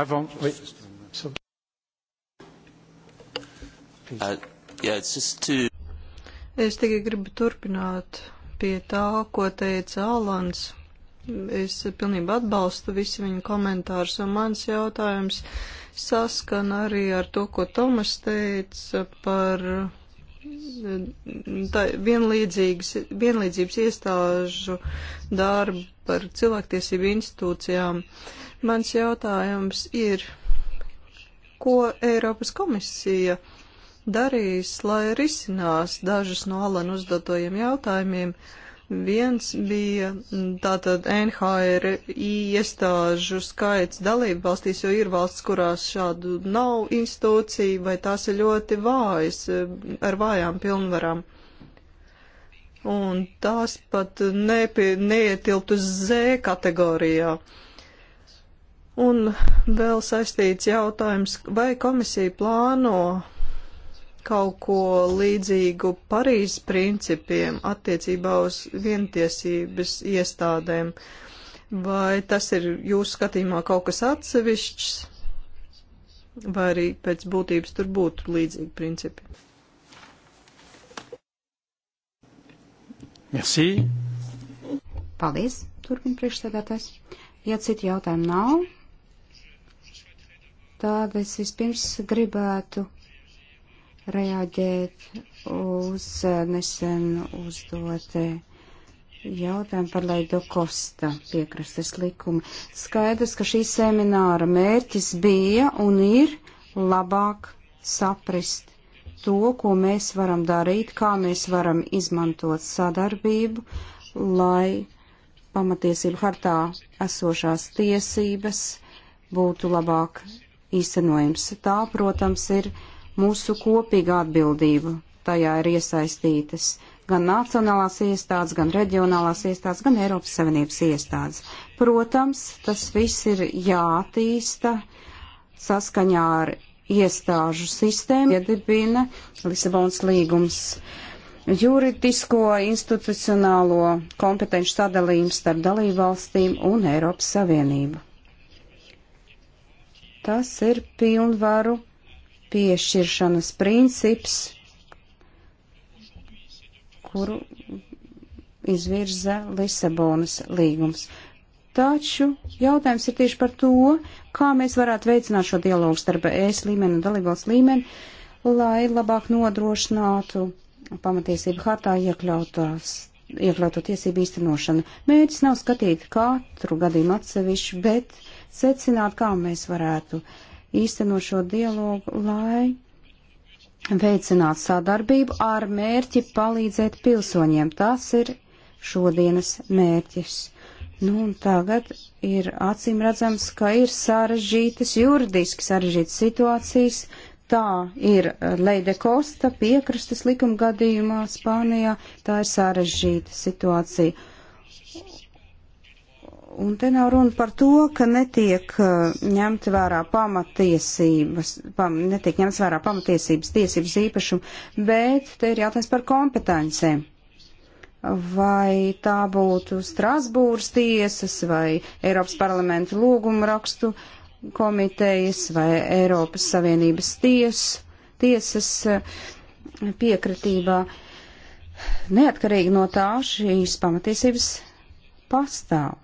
Avant, oui. so, uh, yeah, to... Es tikai gribu turpināt pie tā, ko teica Alans. Es pilnībā atbalstu visu viņu komentārus, un mans jautājums ir, saskana arī ar to, ko Tomas teica par tā, vienlīdzības iestāžu darbu par cilvēktiesību institūcijām. Mans jautājums ir, ko Eiropas komisija darīs, lai risinās dažus no Alan uzdotajiem jautājumiem? Uh, Viens bija mm, tātad NHRI iestāžu skaits dalību valstīs, jo ir valsts, kurās šādu nav institūciju vai tās ir ļoti vājas, mm, ar vājām pilnvarām. Un tās pat nepie, neietilpt uz Z kategorijā. Un vēl saistīts jautājums, vai komisija plāno kaut ko līdzīgu Parīzes principiem attiecībā uz vientiesības iestādēm. Vai tas ir jūsu skatījumā kaut kas atsevišķs, vai arī pēc būtības tur būtu līdzīgi principi? Merci. Paldies, turpina priekšsēdētājs. Ja citu jautājumu nav, tad es vispirms gribētu reaģēt uz nesen uzdotē jautājumu par Laido Kosta piekrastes likumu. Skaidrs, ka šī semināra mērķis bija un ir labāk saprast to, ko mēs varam darīt, kā mēs varam izmantot sadarbību, lai pamatiesību hartā esošās tiesības būtu labāk īstenojams. Tā, protams, ir mūsu kopīga atbildība. Tajā ir iesaistītas gan nacionālās iestādes, gan reģionālās iestādes, gan Eiropas Savienības iestādes. Protams, tas viss ir jātīsta saskaņā ar iestāžu sistēmu, iedibina Lisabonas līgums juridisko institucionālo kompetenci sadalījumu starp dalībvalstīm un Eiropas Savienību. Tas ir pilnvaru piešķiršanas princips, kuru izvirza Lisabonas līgums. Taču jautājums ir tieši par to, kā mēs varētu veicināt šo dialogu starp ES līmeni un dalībvalsts līmeni, lai labāk nodrošinātu pamatiesību hartā iekļautās iekļautu tiesību īstenošanu. Mērķis nav skatīt katru gadījumu atsevišķi, bet secināt, kā mēs varētu uh, īstenot šo dialogu, lai veicināt sadarbību ar mērķi palīdzēt pilsoņiem. Tas ir šodienas mērķis. Nu, un tagad ir acīm redzams, ka ir sarežģītas, juridiski sarežģītas situācijas. Tā ir Leide Kosta piekrastes likuma gadījumā Spānijā. Tā ir sarežģīta situācija. Un te nav runa par to, ka netiek uh, ņemta vērā pamatiesības, pam, netiek ņemts vērā pamatiesības, tiesības īpašumu, bet te ir jautājums par kompetencēm. Vai tā būtu Strasbūras tiesas vai Eiropas parlamenta lūguma rakstu komitejas vai Eiropas Savienības ties, tiesas uh, piekritībā. Neatkarīgi no tā šīs pamatiesības pastāv.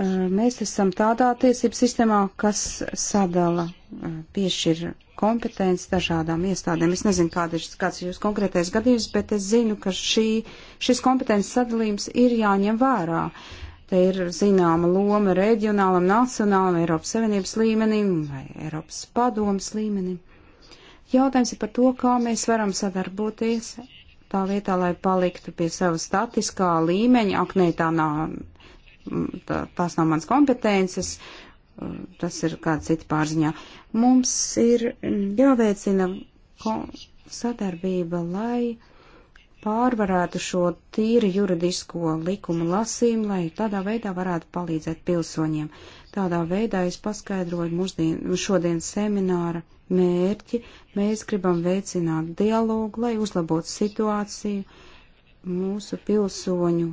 Eh, mēs esam tādā tiesību sistēmā, kas sadala, eh, piešķir kompetenci dažādām iestādēm. Es nezinu, kāda ir, kāds ir jūsu konkrētais gadījums, bet es zinu, ka šī, šis kompetences sadalījums ir jāņem vērā. Te ir zināma loma reģionālam, nacionālam, Eiropas Savienības līmenim vai Eiropas padomas līmenim. Jautājums ir par to, kā mēs varam sadarboties tā vietā, lai paliktu pie sava statiskā līmeņa, ak, nē, tā nav tā, tās nav manas kompetences, tas ir kāda cita pārziņā. Mums ir jāveicina sadarbība, lai pārvarētu šo tīri juridisko likumu lasījumu, lai tādā veidā varētu palīdzēt pilsoņiem. Tādā veidā es paskaidroju mūsdien, šodien semināra mērķi. Mēs gribam veicināt dialogu, lai uzlabotu situāciju mūsu pilsoņu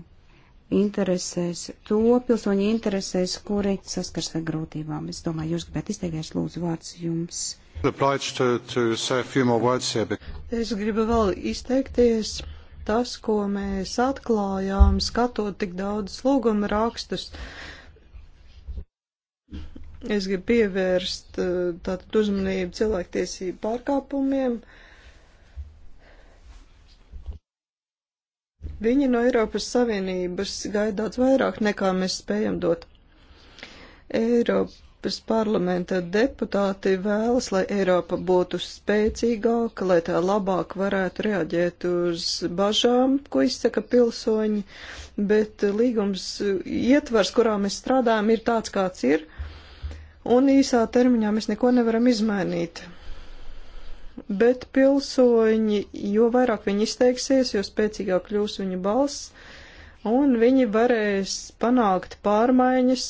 interesēs, to pilsoņu interesēs, kuri saskars ar grūtībām. Es domāju, jūs gribētu izteikties, lūdzu, vārds jums. Es gribu vēl izteikties tas, ko mēs atklājām, skatot tik daudz lūguma rakstus. Es gribu pievērst eh, tātad uzmanību cilvēktiesību pārkāpumiem. Uh, Viņi no Eiropas Savienības gaida daudz vairāk nekā mēs spējam dot. Eiropas parlamenta deputāti vēlas, lai Eiropa būtu spēcīgāka, lai tā labāk varētu reaģēt uz bažām, ko izsaka pilsoņi, bet līgums ietvars, kurā mēs strādājam, ir tāds, kāds ir, un īsā termiņā mēs neko nevaram izmainīt bet pilsoņi, jo vairāk viņi izteiksies, jo spēcīgāk kļūs viņu balss, un viņi varēs panākt pārmaiņas,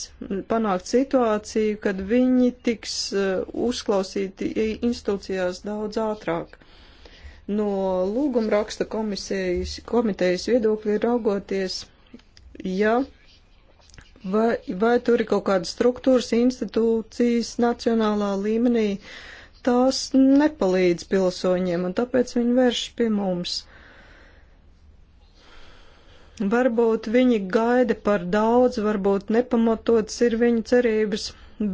panākt situāciju, kad viņi tiks uh, uzklausīti institūcijās daudz ātrāk. No lūguma raksta komisijas, komitejas viedokļa raugoties, ja vai, vai tur ir kaut kādas struktūras, institūcijas nacionālā līmenī, uh, tās nepalīdz pilsoņiem, un tāpēc viņi vēršas pie mums. Varbūt viņi gaida par daudz, varbūt nepamatots ir viņu cerības,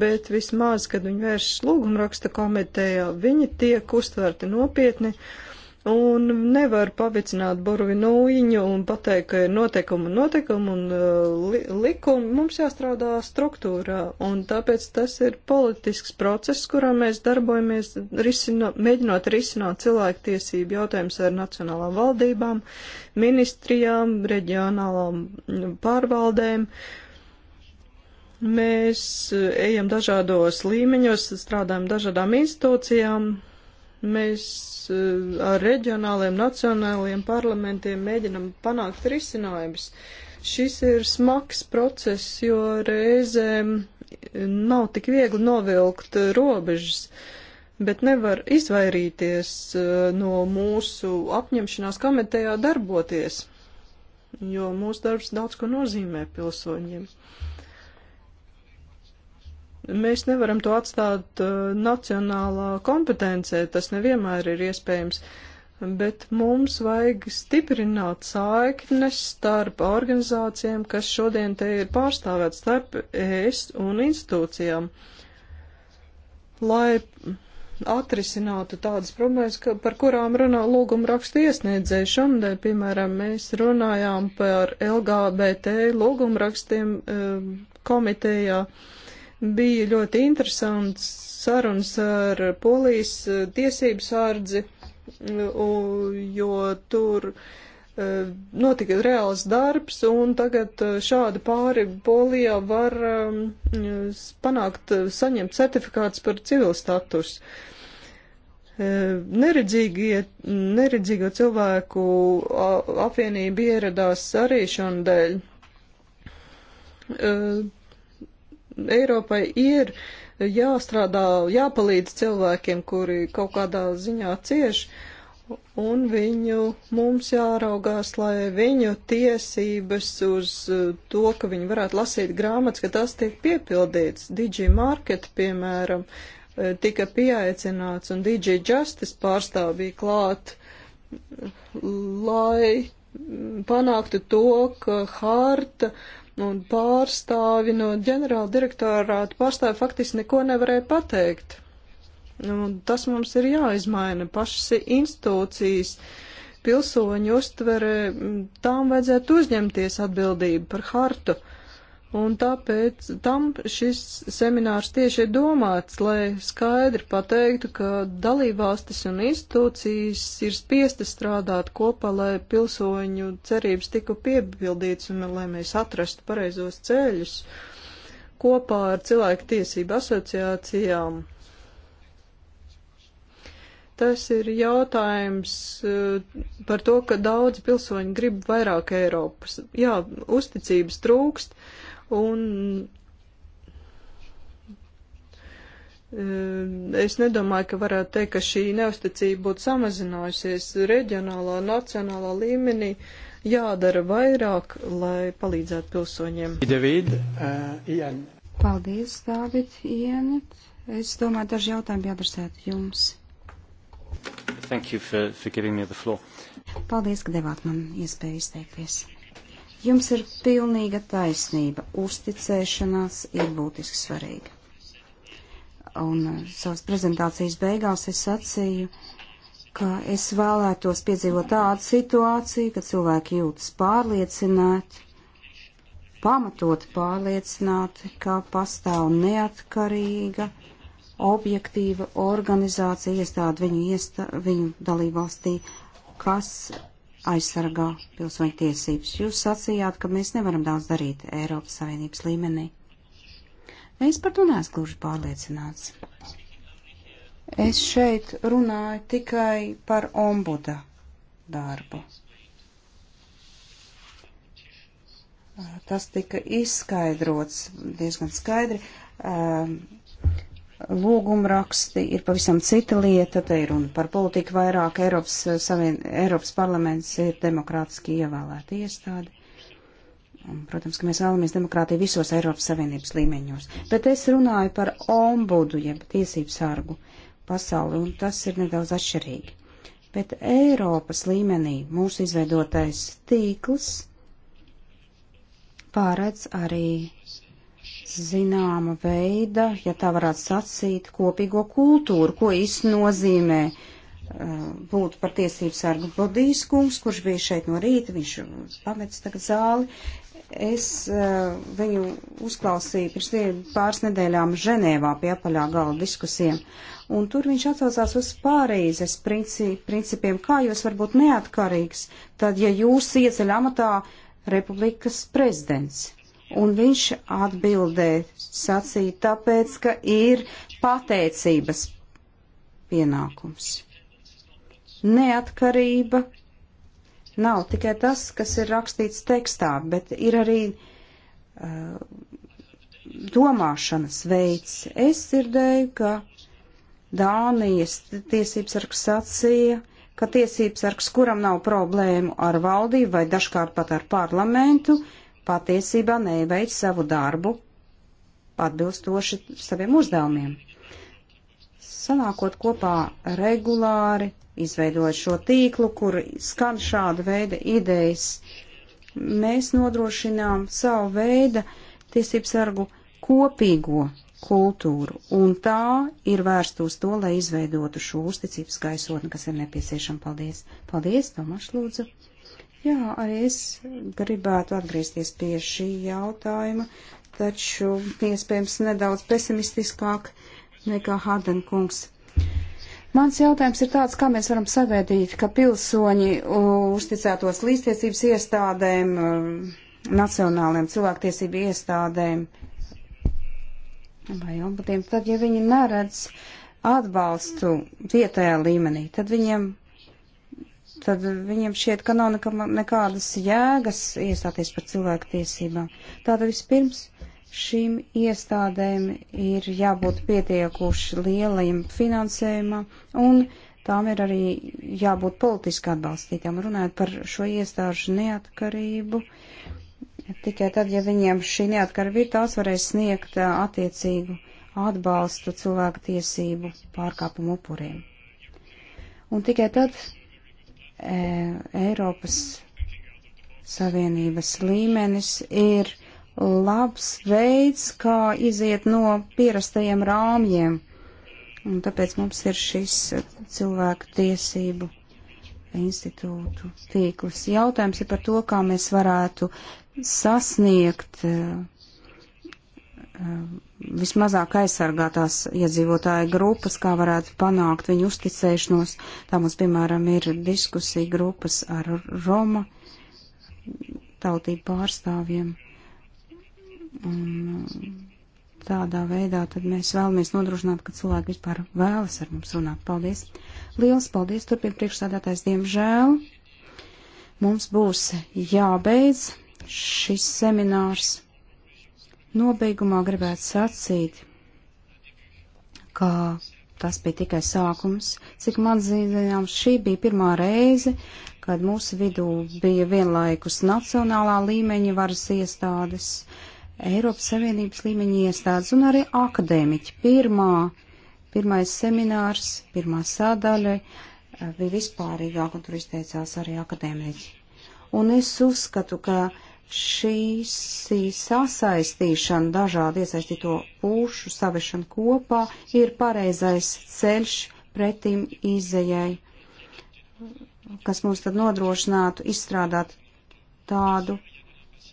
bet vismaz, kad viņi vēršas lūgumraksta komitejā, viņi tiek uztverti nopietni, uh, Un nevar pavicināt burvinojiņu un pateikt, ka ir noteikumi un noteikumi un uh, li likumi. Mums jāstrādā struktūrā, un tāpēc tas ir politisks process, kurā mēs darbojamies, risino, mēģinot risināt cilvēktiesību jautājumus ar nacionālām valdībām, ministrijām, reģionālām mm, pārvaldēm. Mēs uh, ejam dažādos līmeņos, strādājam dažādām institūcijām, Mēs eh, ar reģionāliem, nacionāliem parlamentiem mēģinam panākt risinājumus. Šis ir smags process, jo reizēm nav tik viegli novilkt robežas, bet nevar izvairīties eh, no mūsu apņemšanās komitejā darboties, jo mūsu darbs daudz ko nozīmē pilsoņiem. Uh, Mēs nevaram to atstāt uh, nacionālā kompetencē, tas nevienmēr ir iespējams, bet mums vajag stiprināt saiknes starp organizācijām, kas šodien te ir pārstāvēt starp ES un institūcijām, lai atrisinātu tādas problēmas, ka, par kurām runā lūguma rakstu iesniedzēji. Šonadēļ, piemēram, mēs runājām par LGBT lūguma rakstiem um, komitejā. Uh, Bija ļoti interesants sarunas ar polijas eh, tiesību sārdzi, jo tur eh, notika reāls darbs, un tagad eh, šādi pāri polijā var ehm, panākt, saņemt certifikāts par civil status. Neredzīgie, neredzīgo cilvēku apvienība ieradās arī šonadēļ Eiropai ir jāstrādā, jāpalīdz cilvēkiem, kuri kaut kādā ziņā cieši, un viņu mums jāraugās, lai viņu tiesības uz uh, to, ka viņi varētu lasīt grāmatas, ka tas tiek piepildīts. Digi Market, piemēram, uh, tika pieaicināts un Digi Justice pārstāv bija klāt, uh, lai mm, panāktu to, ka harta un pārstāvi no ģenerāla direktorāta pārstāvi faktiski neko nevarēja pateikt. Un tas mums ir jāizmaina. Pašas institūcijas, pilsoņu uztvere, tām vajadzētu uzņemties atbildību par hartu. Uh, Un tāpēc tam šis seminārs tieši ir domāts, lai skaidri pateiktu, ka dalībvalstis un institūcijas ir spiestas strādāt kopā, lai pilsoņu cerības tiku piepildīts un lai mēs atrastu pareizos ceļus kopā ar cilvēku tiesību asociācijām. Tas ir jautājums eh, par to, ka daudzi pilsoņi grib vairāk Eiropas. Jā, uzticības trūkst. Uh, Un eh, Es nedomāju, ka varētu teikt, ka šī neusticība būtu samazinājusies reģionālā, nacionālā līmenī. Jādara vairāk, lai palīdzētu pilsoņiem. David, uh, Paldies, Dāvid, Ienet. Es domāju, daži jautājumi jāadresētu jums. Thank you for, for giving me the floor. Paldies, ka devāt man iespēju izteikties. Jums ir pilnīga taisnība. Uzticēšanās ir būtiski svarīga. Un uh, savas prezentācijas beigās es sacīju, ka es vēlētos piedzīvot tādu situāciju, ka cilvēki jūtas pārliecināti, pamatot pārliecināti, ka pastāv neatkarīga, objektīva organizācija iestāde viņu, iestā, viņu dalībvalstī, kas aizsargā pilsoņu tiesības. Jūs sacījāt, ka mēs nevaram daudz darīt Eiropas Savienības līmenī. Es par to neesmu gluži pārliecināts. Es šeit runāju tikai par ombuda darbu. Tas tika izskaidrots diezgan skaidri. Um, lūgumraksti ir pavisam cita lieta, te ir runa par politiku vairāk, Eiropas, eh, savien, Eiropas parlaments ir demokrātiski ievēlēta iestāde. Un, protams, ka mēs vēlamies demokrātiju visos Eiropas Savienības līmeņos. Bet es runāju par ombudu, jeb tiesību sargu pasauli, un tas ir nedaudz atšķirīgi. Bet Eiropas līmenī mūsu izveidotais tīkls pārēc arī zināma veida, ja tā varētu sacīt, kopīgo kultūru, ko īsti nozīmē uh, būt par tiesību sargu Bodīs kungs, kurš bija šeit no rīta, viņš pamets tagad zāli. Es uh, viņu uzklausīju pirms pāris nedēļām Ženēvā pie apaļā galda diskusijām, un tur viņš atsaucās uz pārīzes princi principiem, kā jūs varat būt neatkarīgs, tad, ja jūs ieceļ amatā republikas prezidents Un viņš atbildē sacīja, tāpēc, ka ir pateicības pienākums. Neatkarība nav tikai tas, kas ir rakstīts tekstā, bet ir arī uh, domāšanas veids. Es dzirdēju, ka Dānijas tiesības sargs sacīja, ka tiesības sargs, kuram nav problēmu ar valdību vai dažkārt pat ar parlamentu, uh, patiesībā neveic savu darbu atbilstoši saviem uzdevumiem. Sanākot kopā regulāri, izveidojot šo tīklu, kur skan šāda veida idejas, mēs nodrošinām savu veidu tiesību sargu kopīgo kultūru, un tā ir vērsta uz to, lai izveidotu šo uzticības gaisotni, kas ir nepieciešama. Paldies! Paldies, Tomaš, lūdzu! Jā, arī es gribētu atgriezties pie šī jautājuma, taču iespējams nedaudz pesimistiskāk nekā Hardenkungs. Mans jautājums ir tāds, kā mēs varam sagaidīt, ka pilsoņi uzticētos līdztiesības iestādēm, nacionāliem cilvēktiesību iestādēm vai ombudiem, tad ja viņi neredz atbalstu vietējā līmenī, tad viņiem tad viņiem šķiet, ka nav nekādas jēgas iestāties par cilvēku tiesībām. Tātad vispirms šīm iestādēm ir jābūt pietiekuši lielajam finansējumam, un tām ir arī jābūt politiski atbalstītām. Runājot par šo iestāžu neatkarību, tikai tad, ja viņiem šī neatkarība ir, tās varēs sniegt attiecīgu atbalstu cilvēku tiesību pārkāpumu upuriem. Un tikai tad E, Eiropas Savienības līmenis ir labs veids, kā iziet no pierastajiem rāmjiem. Un tāpēc mums ir šis cilvēku tiesību institūtu tīkls. Jautājums ir par to, kā mēs varētu sasniegt uh, Um, vismazāk aizsargātās iedzīvotāju grupas, kā varētu panākt viņu uzticēšanos. Tā mums, piemēram, ir diskusija grupas ar Roma tautību pārstāvjiem. Un um, tādā veidā tad mēs vēlamies nodrošināt, ka cilvēki vispār vēlas ar mums runāt. Paldies! Liels paldies! Turpin priekšsādātājs, diemžēl mums būs jābeidz šis seminārs. Nobeigumā gribētu sacīt, ka tas bija tikai sākums. Cik man zinām, šī bija pirmā reize, kad mūsu vidū bija vienlaikus nacionālā līmeņa varas iestādes, Eiropas Savienības līmeņa iestādes un arī akadēmiķi. Pirmā, pirmais seminārs, pirmā sadaļa eh, bija vispārīgāk, un tur izteicās arī akadēmiķi. Un es uzskatu, ka šīs sasaistīšana dažādu iesaistīto pušu savešana kopā ir pareizais ceļš pretim izējai, kas mums tad nodrošinātu izstrādāt tādu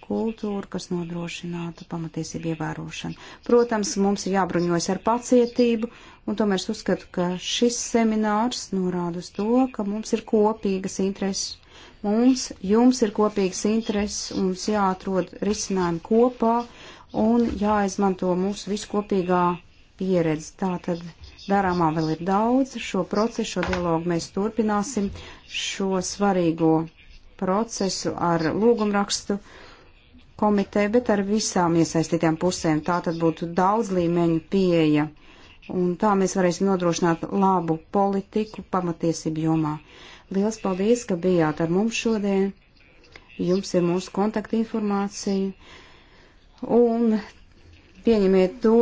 kultūru, kas nodrošinātu pamatiesību ievērošanu. Protams, mums ir jābruņojas ar pacietību, un tomēr es uzskatu, ka šis seminārs norāda uz to, ka mums ir kopīgas intereses Mums, jums ir kopīgs intereses, mums jāatrod risinājumi kopā un jāizmanto mūsu viskopīgā pieredze. Tātad darāmā vēl ir daudz. Šo procesu, šo dialogu mēs turpināsim, šo svarīgo procesu ar lūgumrakstu komiteju, bet ar visām iesaistītām pusēm. Tā tad būtu daudz līmeņu pieeja. Un tā mēs varēsim nodrošināt labu politiku pamatiesību jomā. Liels paldies, ka bijāt ar mums šodien. Jums ir mūsu kontaktinformācija. Un pieņemiet to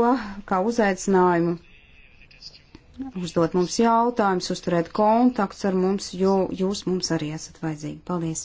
kā uzaicinājumu uzdot mums jautājumus, uzturēt kontakts ar mums, jo jūs mums arī esat vajadzīgi. Paldies!